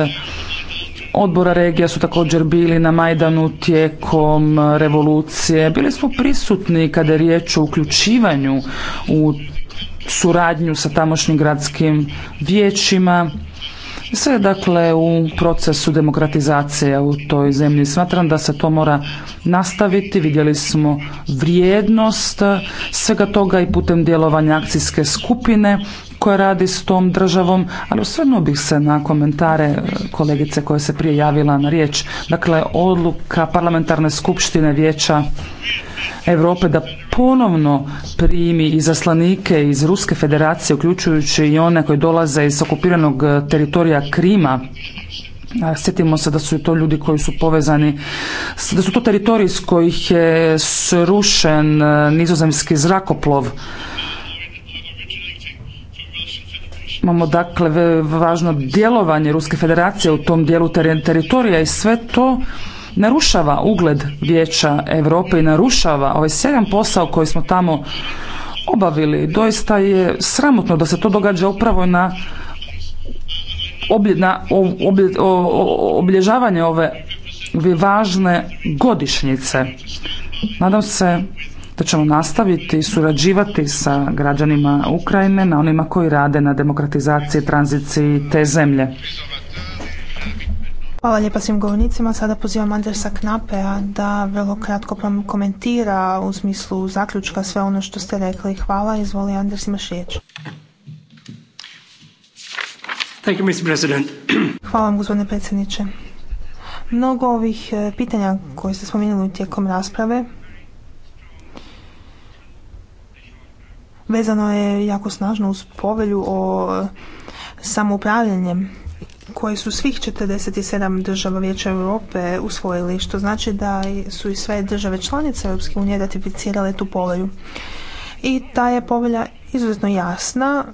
odbora regija su također bili na Majdanu tijekom e, revolucije. Bili smo prisutni kada je riječ o uključivanju u suradnju sa tamošnjim gradskim vijećima se dakle u procesu demokratizacije u toj zemlji. Smatram da se to mora nastaviti. Vidjeli smo vrijednost svega toga i putem djelovanja akcijske skupine koja radi s tom državom, ali osvrnuo bih se na komentare kolegice koja se prije javila na riječ. Dakle, odluka parlamentarne skupštine vijeća Europe da ponovno primi izaslanike iz Ruske federacije, uključujući i one koji dolaze iz okupiranog eh, teritorija Krima, Sjetimo se da su to ljudi koji su povezani, da su to teritoriji s kojih je srušen eh, nizozemski zrakoplov. Imamo dakle važno djelovanje Ruske federacije u tom dijelu teritorija i sve to narušava ugled Vijeća Europe i narušava ovaj sjajan posao koji smo tamo obavili. Doista je sramotno da se to događa upravo na obilježavanje ove važne godišnjice. Nadam se da ćemo nastaviti surađivati sa građanima Ukrajine na onima koji rade na demokratizaciji, tranziciji te zemlje. Hvala lijepa svim govornicima. Sada pozivam Andersa Knapea da vrlo kratko komentira u smislu zaključka sve ono što ste rekli. Hvala. Izvoli Anders, imaš riječ. Thank Mr. Hvala vam, gospodine predsjedniče. Mnogo ovih e, pitanja koje ste spominjali tijekom rasprave vezano je jako snažno uz povelju o e, samoupravljanjem koje su svih 47 država Vijeća Europe usvojili, što znači da su i sve države članice Europske unije ratificirale tu povelju. I ta je povelja izuzetno jasna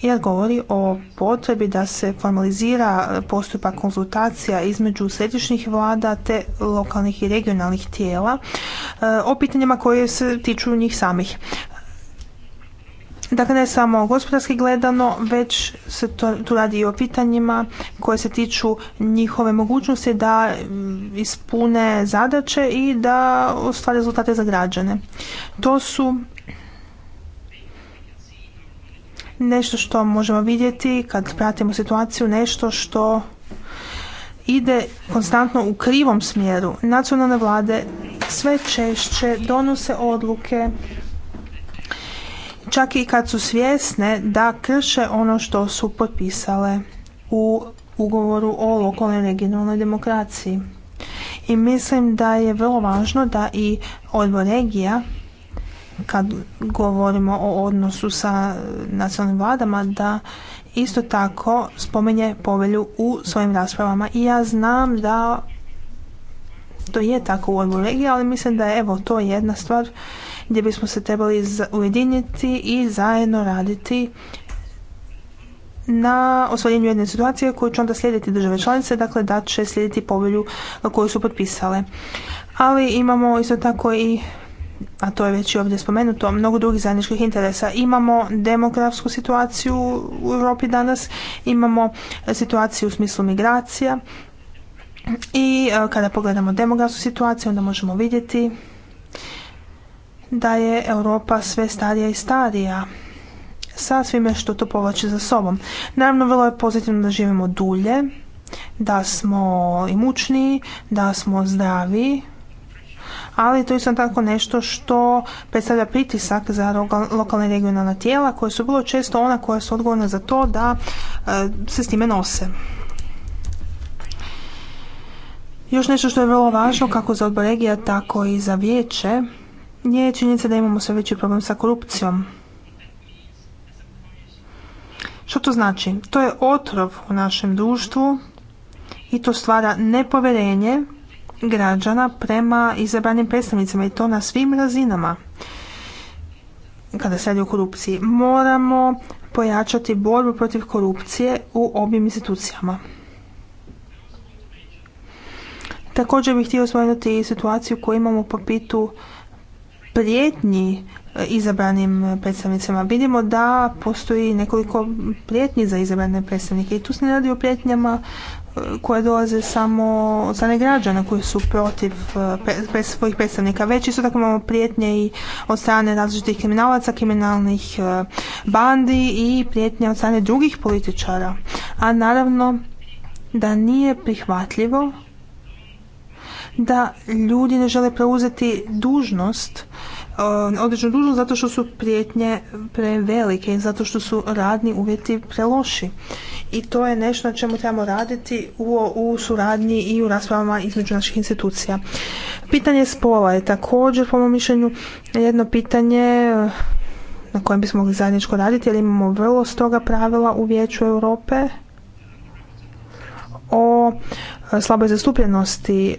jer govori o potrebi da se formalizira postupak konzultacija između središnjih vlada te lokalnih i regionalnih tijela e, o pitanjima koje se tiču njih samih. Dakle, ne samo gospodarski gledano, već se to, tu radi i o pitanjima koje se tiču njihove mogućnosti da mm, ispune zadaće i da ostvare rezultate za građane. To su nešto što možemo vidjeti kad pratimo situaciju, nešto što ide konstantno u krivom smjeru. Nacionalne vlade sve češće donose odluke čak i kad su svjesne da krše ono što su potpisale u ugovoru o lokalnoj regionalnoj demokraciji. I mislim da je vrlo važno da i odbor regija kad govorimo o odnosu sa nacionalnim vladama da isto tako spomenje povelju u svojim raspravama i ja znam da to je tako u odboru regija, ali mislim da je evo to jedna stvar gdje bismo se trebali ujediniti i zajedno raditi na osvaljenju jedne situacije koju će onda slijediti države članice, dakle da će slijediti povelju koju su potpisale. Ali imamo isto tako i a to je već i ovdje spomenuto, mnogo drugih zajedničkih interesa. Imamo demografsku situaciju u Europi danas, imamo situaciju u smislu migracija i e, kada pogledamo demografsku situaciju onda možemo vidjeti da je Europa sve starija i starija sa svime što to povlači za sobom. Naravno, vrlo je pozitivno da živimo dulje, da smo imućniji, da smo zdravi, ali to je isto tako nešto što predstavlja pritisak za lokalne i regionalna tijela koje su bilo često ona koja su odgovorna za to da e, se s time nose. Još nešto što je vrlo važno kako za odbor regija, tako i za vijeće nije činjenica da imamo sve veći problem sa korupcijom. Što to znači? To je otrov u našem društvu i to stvara nepoverenje građana prema izabranim predstavnicima i to na svim razinama. Kada se radi o korupciji, moramo pojačati borbu protiv korupcije u obim institucijama. Također bih htio spomenuti situaciju koju imamo po pitu prijetnji e, izabranim predstavnicima. Vidimo da postoji nekoliko prijetnji za izabrane predstavnike i tu se ne radi o prijetnjama e, koje dolaze samo od strane građana koji su protiv e, svojih predstavnika. Već isto tako imamo prijetnje i od strane različitih kriminalaca, kriminalnih bandi i prijetnje od strane drugih političara. A naravno da nije prihvatljivo da ljudi ne žele preuzeti dužnost um, određenu dužnost zato što su prijetnje prevelike i zato što su radni uvjeti preloši. I to je nešto na čemu trebamo raditi u, u suradnji i u raspravama između naših institucija. Pitanje spola je također, po mom mišljenju, jedno pitanje uh, na kojem bismo mogli zajedničko raditi, jer imamo vrlo stoga pravila u Vijeću Europe o slaboj zastupljenosti e,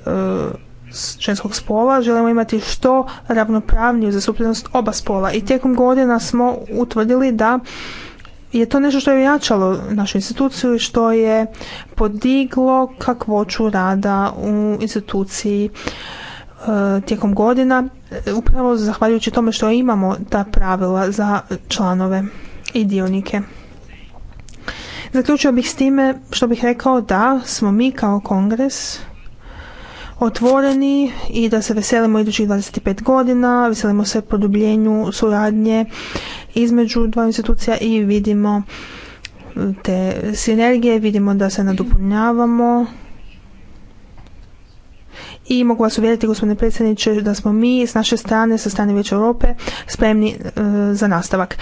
ženskog spola želimo imati što ravnopravniju zastupljenost oba spola i tijekom godina smo utvrdili da je to nešto što je ojačalo našu instituciju i što je podiglo kakvoću rada u instituciji e, tijekom godina upravo zahvaljujući tome što imamo ta pravila za članove i dionike. Zaključio bih s time što bih rekao da smo mi kao kongres otvoreni i da se veselimo idućih 25 godina, veselimo se produbljenju suradnje između dva institucija i vidimo te sinergije, vidimo da se nadopunjavamo i mogu vas uvjeriti gospodine predsjedniče da smo mi s naše strane, sa strane Vijeća Europe spremni e, za nastavak.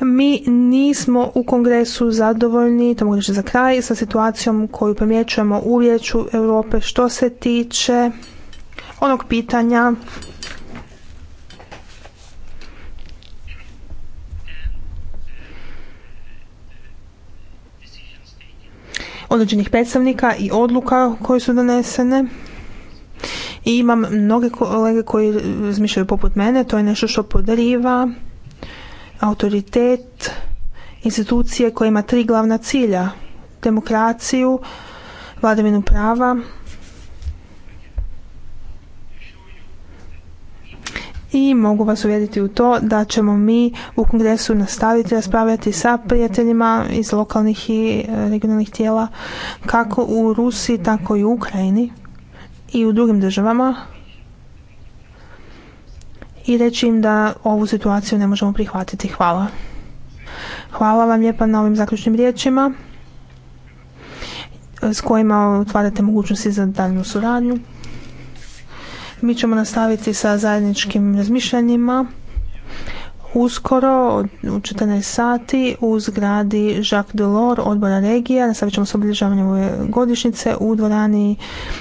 Mi nismo u kongresu zadovoljni, to mogu reći za kraj, sa situacijom koju primjećujemo u Vijeću Europe što se tiče onog pitanja određenih predstavnika i odluka koje su donesene i imam mnoge kolege koji razmišljaju poput mene, to je nešto što podriva autoritet institucije koja ima tri glavna cilja. Demokraciju, vladavinu prava i mogu vas uvjeriti u to da ćemo mi u kongresu nastaviti raspravljati sa prijateljima iz lokalnih i regionalnih tijela kako u Rusiji tako i u Ukrajini i u drugim državama i reći im da ovu situaciju ne možemo prihvatiti. Hvala. Hvala vam lijepa na ovim zaključnim riječima s kojima otvarate mogućnosti za daljnju suradnju. Mi ćemo nastaviti sa zajedničkim razmišljanjima uskoro u 14 sati u zgradi Jacques Delors odbora regija. Nastavit ćemo s obilježavanjem ove godišnjice u dvorani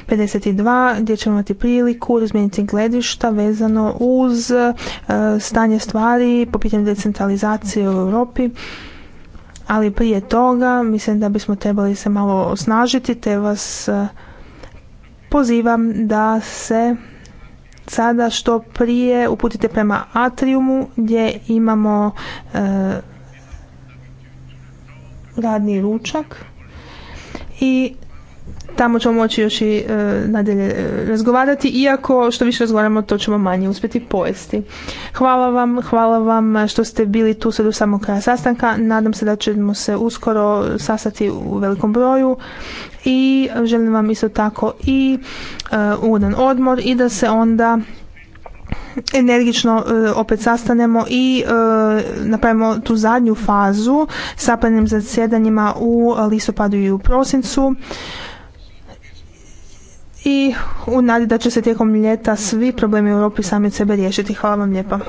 52 gdje ćemo imati priliku razmijeniti gledišta vezano uz e, stanje stvari po pitanju decentralizacije u Europi. Ali prije toga mislim da bismo trebali se malo osnažiti te vas e, pozivam da se sada što prije uputite prema atriumu gdje imamo e, radni ručak i tamo ćemo moći još i e, nadalje e, razgovarati, iako što više razgovaramo to ćemo manje uspjeti pojesti. Hvala vam, hvala vam što ste bili tu sve do samog kraja sastanka. Nadam se da ćemo se uskoro sastati u velikom broju i želim vam isto tako i e, ugodan odmor i da se onda energično e, opet sastanemo i e, napravimo tu zadnju fazu sa planim zasjedanjima u listopadu i u prosincu i u nadi da će se tijekom ljeta svi problemi u Europi sami od sebe riješiti. Hvala vam lijepa.